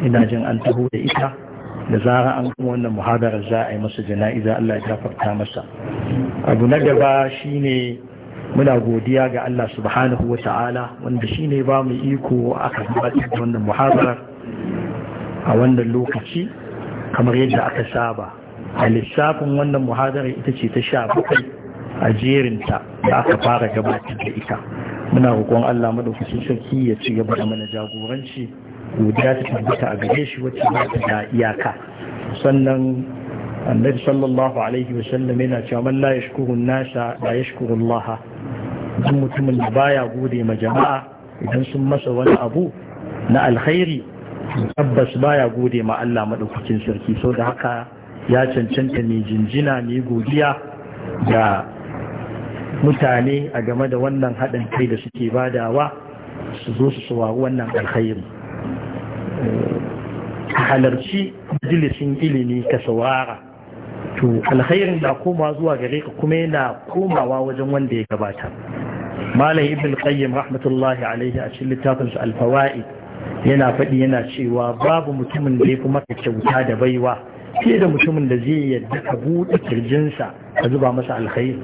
ina jin an taho da ita da zara an kuma wannan muhazarar za a yi masa jana'iza Allah ya gafarta masa abu na gaba shine muna godiya ga Allah subhanahu wa ta'ala wanda shine ba mu iko aka gabatar da wannan muhabara a wannan lokaci kamar yadda aka saba a lissafin wannan muhazarar ita ce ta sha bakwai a jerinta da aka fara gabatar da ita muna roƙon Allah madaukakin sarki ya ci gaba da mana jagoranci godiya ta tabbata a gare shi wacce ba ta da iyaka sannan annabi sallallahu alaihi wasallam yana cewa man la yashkuru nasa la yashkuru Allah dan mutumin da baya gode ma jama'a idan sun masa wani abu na alkhairi tabbas baya gode ma Allah madaukakin sarki so da haka ya cancanta mai jinjina ne godiya da mutane a game da wannan haɗin kai da suke badawa su zo su saurari wannan alkhairi ka halarci majalisin ilimi ka saurara to alkhairin na koma zuwa gare ka kuma yana komawa wajen wanda ya gabata malam ibn qayyim rahmatullahi alaihi a cikin littafin su alfawaid yana faɗi yana cewa babu mutumin da ya fi maka kyauta da baiwa fiye da mutumin da zai yadda ka buɗe kirjinsa ka zuba masa alkhairi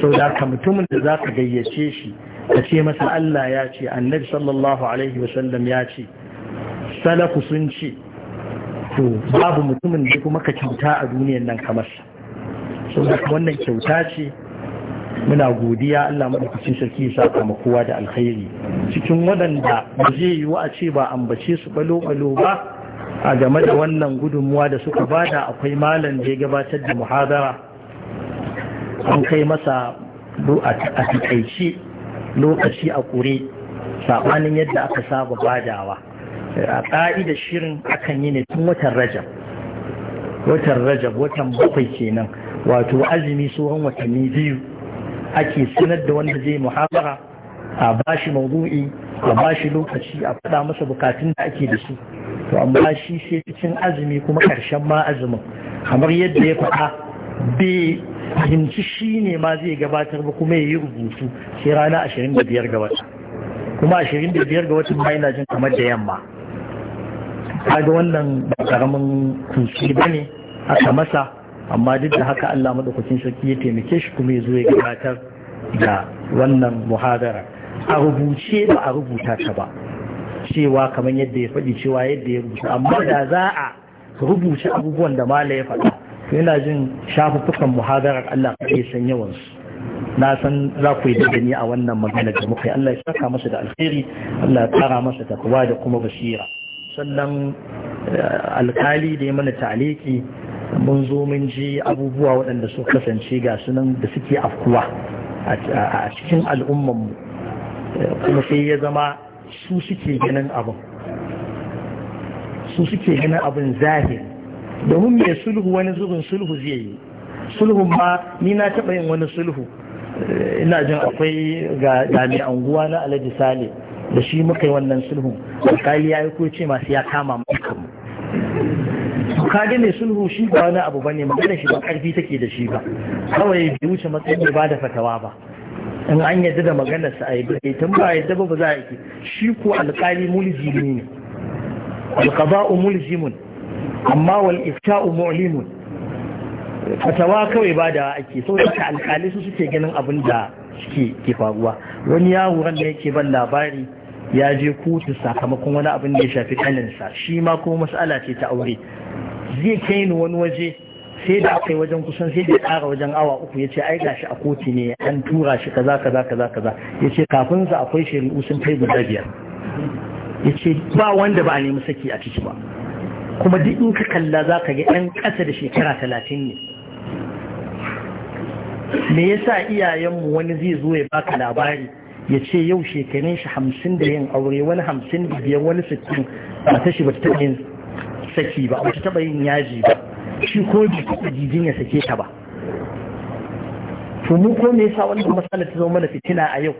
sau da ka mutumin da za ka gayyace shi ka ce masa Allah ya ce annabi sallallahu alaihi wasallam ya ce salafu sun ce to babu mutumin da kuma ka kyauta a duniyan nan kamar saboda wannan kyauta ce muna godiya Allah madaukakin sarki ya saka mu da alkhairi cikin waɗanda ba zai yiwu a ce ba ambace su balo balo ba a game da wannan gudunmuwa da suka bada akwai malam da ya gabatar da muhadara an kai masa a taƙaice lokaci a ƙure sabanin yadda aka saba badawa a ƙa'ida shirin akan yi ne tun watan rajab watan rajab watan bakwai kenan wato azumi tsohon watanni biyu ake sanar da wanda zai muhabara a bashi maudu'i a bashi lokaci a faɗa masa bukatun da ake da su to amma shi sai cikin azumi kuma ƙarshen ma azumin kamar yadda ya faɗa bai fahimci shi ne ma zai gabatar ba kuma ya yi rubutu sai rana 25 ga wata kuma 25 ga watan ma yana jin kamar da yamma kaga wannan ba karamin kunshi ba ne aka masa amma duk da haka Allah madaukakin sarki ya taimake shi kuma ya zo ya gabatar da wannan muhadara a rubuce ba a rubuta ta ba cewa kamar yadda ya faɗi cewa yadda ya rubuta amma da za a rubuce abubuwan da mala ya faɗa yana jin shafuffukan muhadarar Allah kake san yawansu na san za ku yi ni a wannan magana da muka yi Allah ya saka masa da alheri Allah ya kara masa takwa da kuma basira Sallan eh, alkali da ya mana taliki mun zo mun ji abubuwa waɗanda su kasance ga sunan da suke afkuwa a cikin al'ummanmu eh, kuma sai ya zama su suke ganin abin su suke ganin abin zahir domin mai sulhu wani zubin sulhu zai yi sulhun ma ni na taɓa yin wani sulhu eh, ina jin akwai ga mai anguwa na alhaji salih da shi muka yi wannan sulhu alkali ya yi kuce masu ya kama mu kaga mai sulhu shi ba wani abu bane magana shi ba karfi take da shi ba kawai bai wuce matsayin ba da fatawa ba in an yadda da maganar sa ayi bai tun ba yadda ba za a yi shi ko alkali mulzimi ne alqada'u mulzimun amma wal ifta'u mu'limun fatawa kawai ba da ake so da alkali su suke ganin abin da suke ke faruwa wani yawuran da yake ban labari ya je kotu sakamakon wani abin da ya shafi kaninsa shi ma kuma mas'ala ce ta aure zai kai ni wani waje sai da aka yi wajen kusan sai da ya ƙara wajen awa uku ya ce ai gashi a kotu ne an tura shi kaza kaza kaza kaza ya ce kafin su akwai shari'u sun kai guda biyar ya ce ba wanda ba a nemi saki a ciki ba kuma duk in ka kalla za ka ga 'yan ƙasa da shekara talatin ne me yasa iyayenmu wani zai zo ya baka labari ya ce yau shekarun shi hamsin da yin aure wani hamsin da biyar wani sittin ba ta shi ba ta yin saki ba ba ta taba yin yaji ba shi ko bi ta jijin ya sake ta ba to mu ko me yasa wannan matsala ta zama mana fitina a yau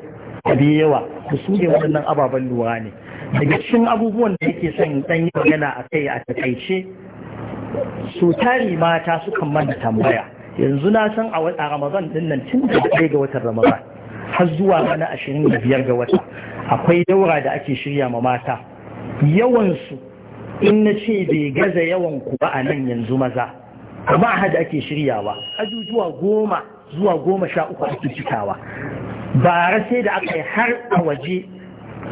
da yawa ku su waɗannan ababen lura ne daga cikin abubuwan da yake son dan yi magana a kai a takaice su tari mata sukan mana tambaya yanzu na san a Ramadan dinnan nan tun da ga watan Ramadan har zuwa rana ashirin da biyar ga wata akwai daura da ake shirya ma mata yawansu in na ce bai gaza yawan ku ba a nan yanzu maza amma hada ake shiryawa ajujuwa goma zuwa goma sha uku ake cikawa bara sai da aka yi har a waje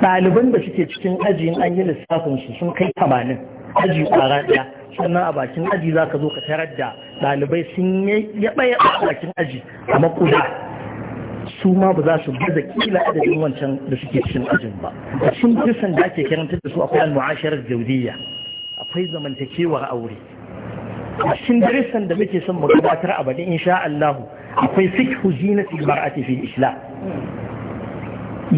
ɗaliban da suke cikin ajiyin an yi lissafin su sun kai tamanin aji ƙwara ɗaya sannan a bakin aji za ka zo ka tarar da ɗalibai sun yi yaɓa a bakin aji a makuda su ma ba za su gaza kila adadin wancan da suke cin ajin ba a cikin dusan da ake karantar da su akwai al-mu'asharar jaudiyya akwai zamantakewar aure a cikin darussan da muke son mu gabatar a baɗi insha Allah akwai fiqhu zinati mar'ati fi islam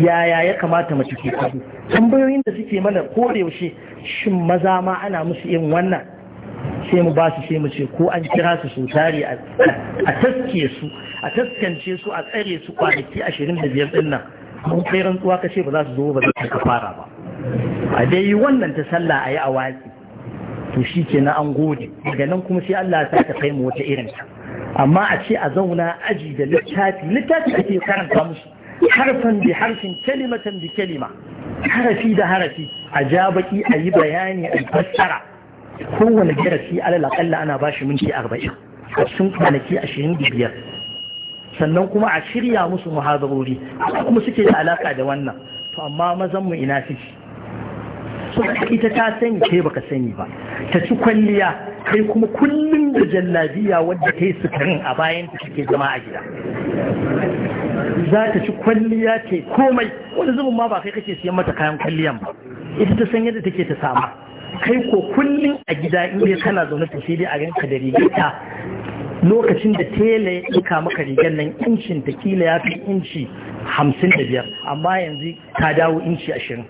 yaya ya kamata mace ke kudu tambayoyin da suke mana ko da yaushe shin maza ma ana musu yin wannan sai mu ba su sai mu ce ko an kira su su tare a taske su a taskance su a tsare su kwanaki ashirin da biyar ɗin nan mun kai rantsuwa ka ce ba za su zo ba za ka fara ba a dai yi wannan ta sallah a yi a watsi to shi ke na an gode daga nan kuma sai Allah ya ta kai mu wata irin ta amma a ce a zauna aji da littafi littafi ake karanta musu harfan bi harfin kalimatan bi kalima harafi da harafi a ja baki a yi bayani a fassara kowane darasi alal akalla ana bashi minti arba'in a cikin kwanaki ashirin da biyar sannan kuma a shirya musu muhadarori haka kuma suke da alaka da wannan to amma mazan mu ina suke so ita ta sanya kai baka sani ba ta ci kwalliya kai kuma kullum da jallabiya wadda ta yi sukarin a bayan ta zama a gida za ta ci kwalliya ta komai wani zubin ma ba kai kake siyan mata kayan kwalliyan ba ita ta san yadda take ta sama kai ko kullum a gida in dai kana zaune ta sai dai a ganka da rigita. lokacin da tela ya ɗika maka rigar nan incin ta kila ya fi inci hamsin da biyar amma yanzu ta dawo inci ashirin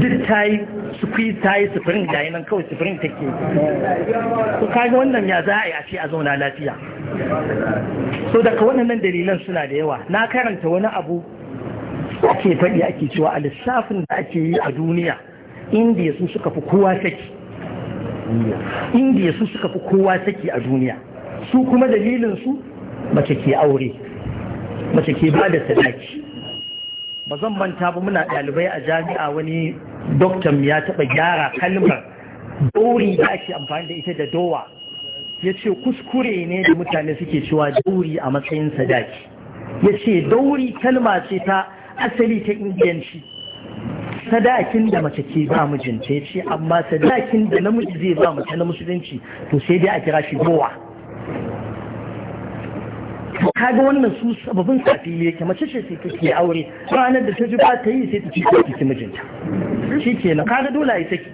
duk ta yi ta yi sufurin da nan kawai sufurin take su kaji wannan ya za a yi a ce a zauna lafiya so daga waɗannan dalilan suna da yawa na karanta wani abu ake faɗi ake cewa a lissafin da ake yi a duniya indiya su suka kowa saki suka fi kowa saki a duniya su kuma dalilin su mace ke aure mace ke ba da sadaki ba zan manta ba muna ɗalibai a jami'a wani doktan ya taɓa gyara kalmar dori da ake amfani da ita da dowa ya ce kuskure ne da mutane suke cewa dauri a matsayin sadaki ya ce dauri kalma ce ta asali ta indiyanci sadakin da mace ke ba mijinta ya ce amma sadakin da namiji zai ba mace na musulunci to sai dai a kira shi dowa to kaga wannan su sababin safi ne yake mace ce sai take aure ranar da ta ji ba ta yi sai ta ci ta mijinta shi na kaga dole ai take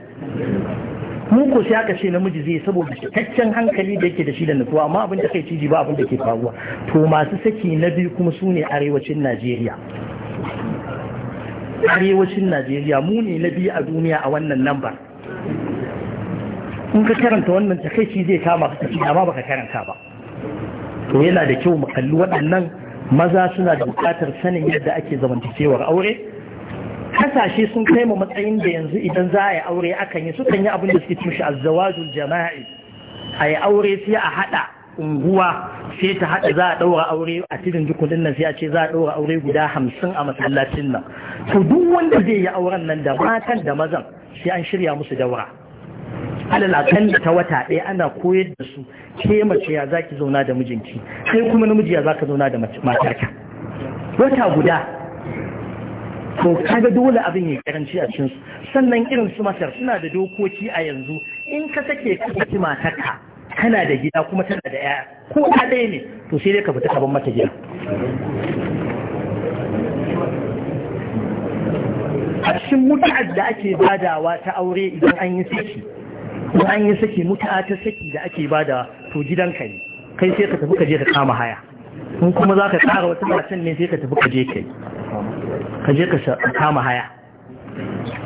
mu ko sai aka ce namiji zai saboda cikakken hankali da yake da shi da nutsuwa amma abin da kai ciji ba abin da ke faruwa to masu saki na biyu kuma su ne arewacin Najeriya arewacin Najeriya mu ne na biyu a duniya a wannan lambar in ka karanta wannan takaici zai kama ka amma baka karanta ba to yana da kyau mu kalli waɗannan maza suna da buƙatar sanin yadda ake zamantakewar aure kasashe sun kai mu matsayin da yanzu idan za a yi aure akan yi sukan yi abin da suke cimshi azzawajul jama'i a yi aure sai a haɗa unguwa sai ta haɗa za a ɗaura aure a cikin jikudin nan sai a ce za a ɗaura aure guda hamsin a masallacin nan to duk wanda zai yi auren nan da matan da mazan sai an shirya musu daura alal akalli ta wata ɗaya ana koyar da su ke mace ya za ki zauna da mijinki kai kuma namiji ya za ka zauna da matarka wata guda to kaga dole abin ya karanci a cikinsu sannan irin su masar suna da dokoki a yanzu in ka sake ka matarka kana da gida kuma tana da yaya ko ta ɗaya ne to sai dai ka fita kaban mata gida a cikin mutu'ad da ake badawa ta aure idan an yi saki in an yi saki mutu'a ta saki da ake bada to gidanka ne kai sai ka tafi ka je ka kama haya kun kuma za ka tsara wata matan ne sai ka tafi ka je kai ka je ka kama haya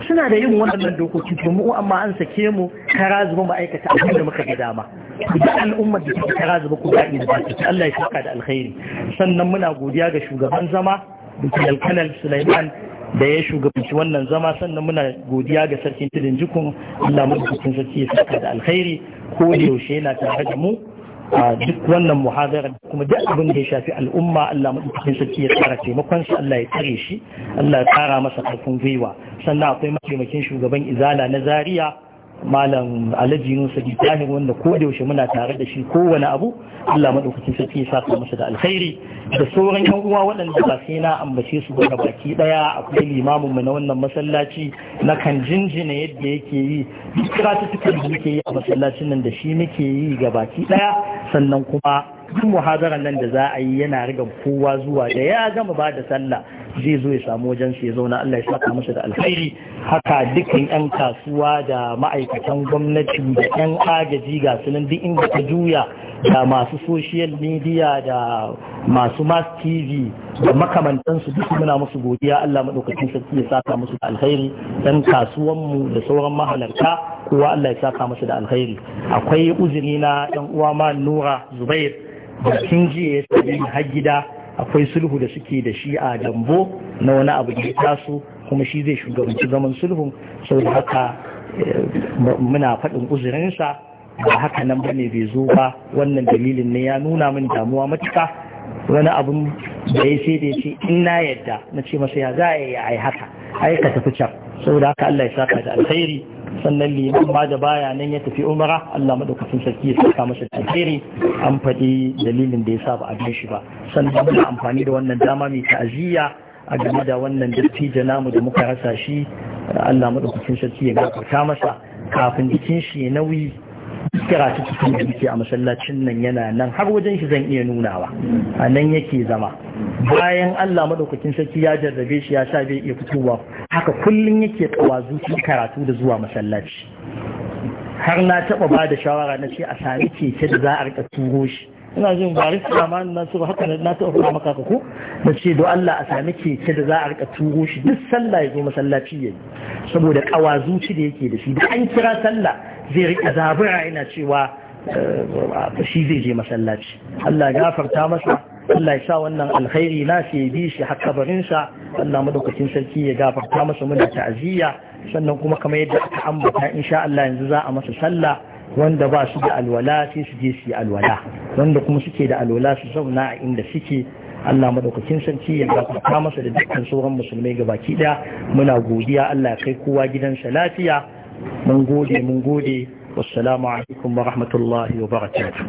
suna da yin waɗannan dokoki domin amma an sake mu kara zuba ma'aikata abin da muka ga dama duk al'ummar da take kara zuba ku daɗi da baki Allah ya saka da alkhairi sannan muna godiya ga shugaban zama da kanal Sulaiman da ya shugabanci wannan zama sannan muna godiya ga sarkin tudun jikun Allah madaukakin sarki ya saka da alkhairi ko da yaushe yana tare da mu a duk wannan muhadara kuma duk abin da ya shafi al'umma Allah madaukakin sarki ya tsara taimakon shi Allah ya tsare shi Allah ya tsara masa karfin gwiwa sannan akwai mataimakin shugaban izala na Zariya. malam alhaji yunus ibrahim wanda ko da yaushe muna tare da shi kowane abu Allah madaukakin sarki ya saka masa da alkhairi da sauran yan uwa waɗanda ba sai na ambace su ba baki daya akwai limamin mu na wannan masallaci na kan jinjina yadda yake yi ta kiratutukan da yake yi a masallacin nan da shi muke yi ga baki daya sannan kuma duk muhadaran nan da za a yi yana riga kowa zuwa da ya gama ba da sallah zai zo ya samu wajen su ya zauna Allah ya saka masa da alkhairi haka dukkan yan kasuwa da ma'aikatan gwamnati da yan agaji ga su nan duk inda ka juya da masu social media da masu mass tv da makamantansu duk muna musu godiya Allah madaukakin sarki ya saka musu da alkhairi dan kasuwan mu da sauran mahalarta kowa Allah ya saka musu da alkhairi akwai uzuri na yan uwa ma Nura Zubair da kin ji ya tafi har gida akwai sulhu da suke da shi a dambo na wani abu da ya taso kuma shi zai shugabanci zaman sulhun da haka eh, muna faɗin uzurinsa ba haka nan bane bai zo ba wannan dalilin ne ya nuna min damuwa matuka wani abu da ya sai da ya ce in na yadda na ce masa ya za a yi haka ai ka tafi can da haka Allah ya saka da alkhairi sannan liman ma da baya nan ya tafi umara Allah madaukakin sarki ya saka masa alheri an faɗi dalilin da ya sa ba a shi ba sannan muna amfani da wannan dama mai ta'aziyya a game da wannan dattijo namu da muka rasa shi Allah madaukakin sarki ya gafarta masa kafin jikin shi ya nauyi karatu cikin yake a masallacin nan yana nan har wajen shi zan iya nunawa a nan yake zama bayan Allah madaukakin sarki ya jarrabe shi ya sha bai iya fitowa haka kullun yake tsawa zuci karatu da zuwa masallaci har na taba ba da shawara na ce a sami keke da za a rika turo shi ina jin baris amanin na ba haka na taba fara maka ko na ce do Allah a sami keke da za a rika turo shi duk sallah ya zo masallaci yayi saboda kawazuci da yake da shi da an kira sallah zai rika zabura ina cewa eh, shi zai je masallaci Allah gafarta masa Allah ya sa wannan alkhairi na shi bi shi har sa Allah madaukakin sarki ya gafarta masa muna ta'aziyya sannan kuma kamar yadda aka ambata insha Allah yanzu za a masa sallah wanda ba su da alwala sai su je su yi alwala wanda kuma suke da alwala su zauna a inda suke Allah madaukakin sarki ya gafarta masa da dukkan sauran musulmai gabaki daya muna godiya Allah ya kai kowa gidansa lafiya منقولي منقولي والسلام عليكم ورحمة الله وبركاته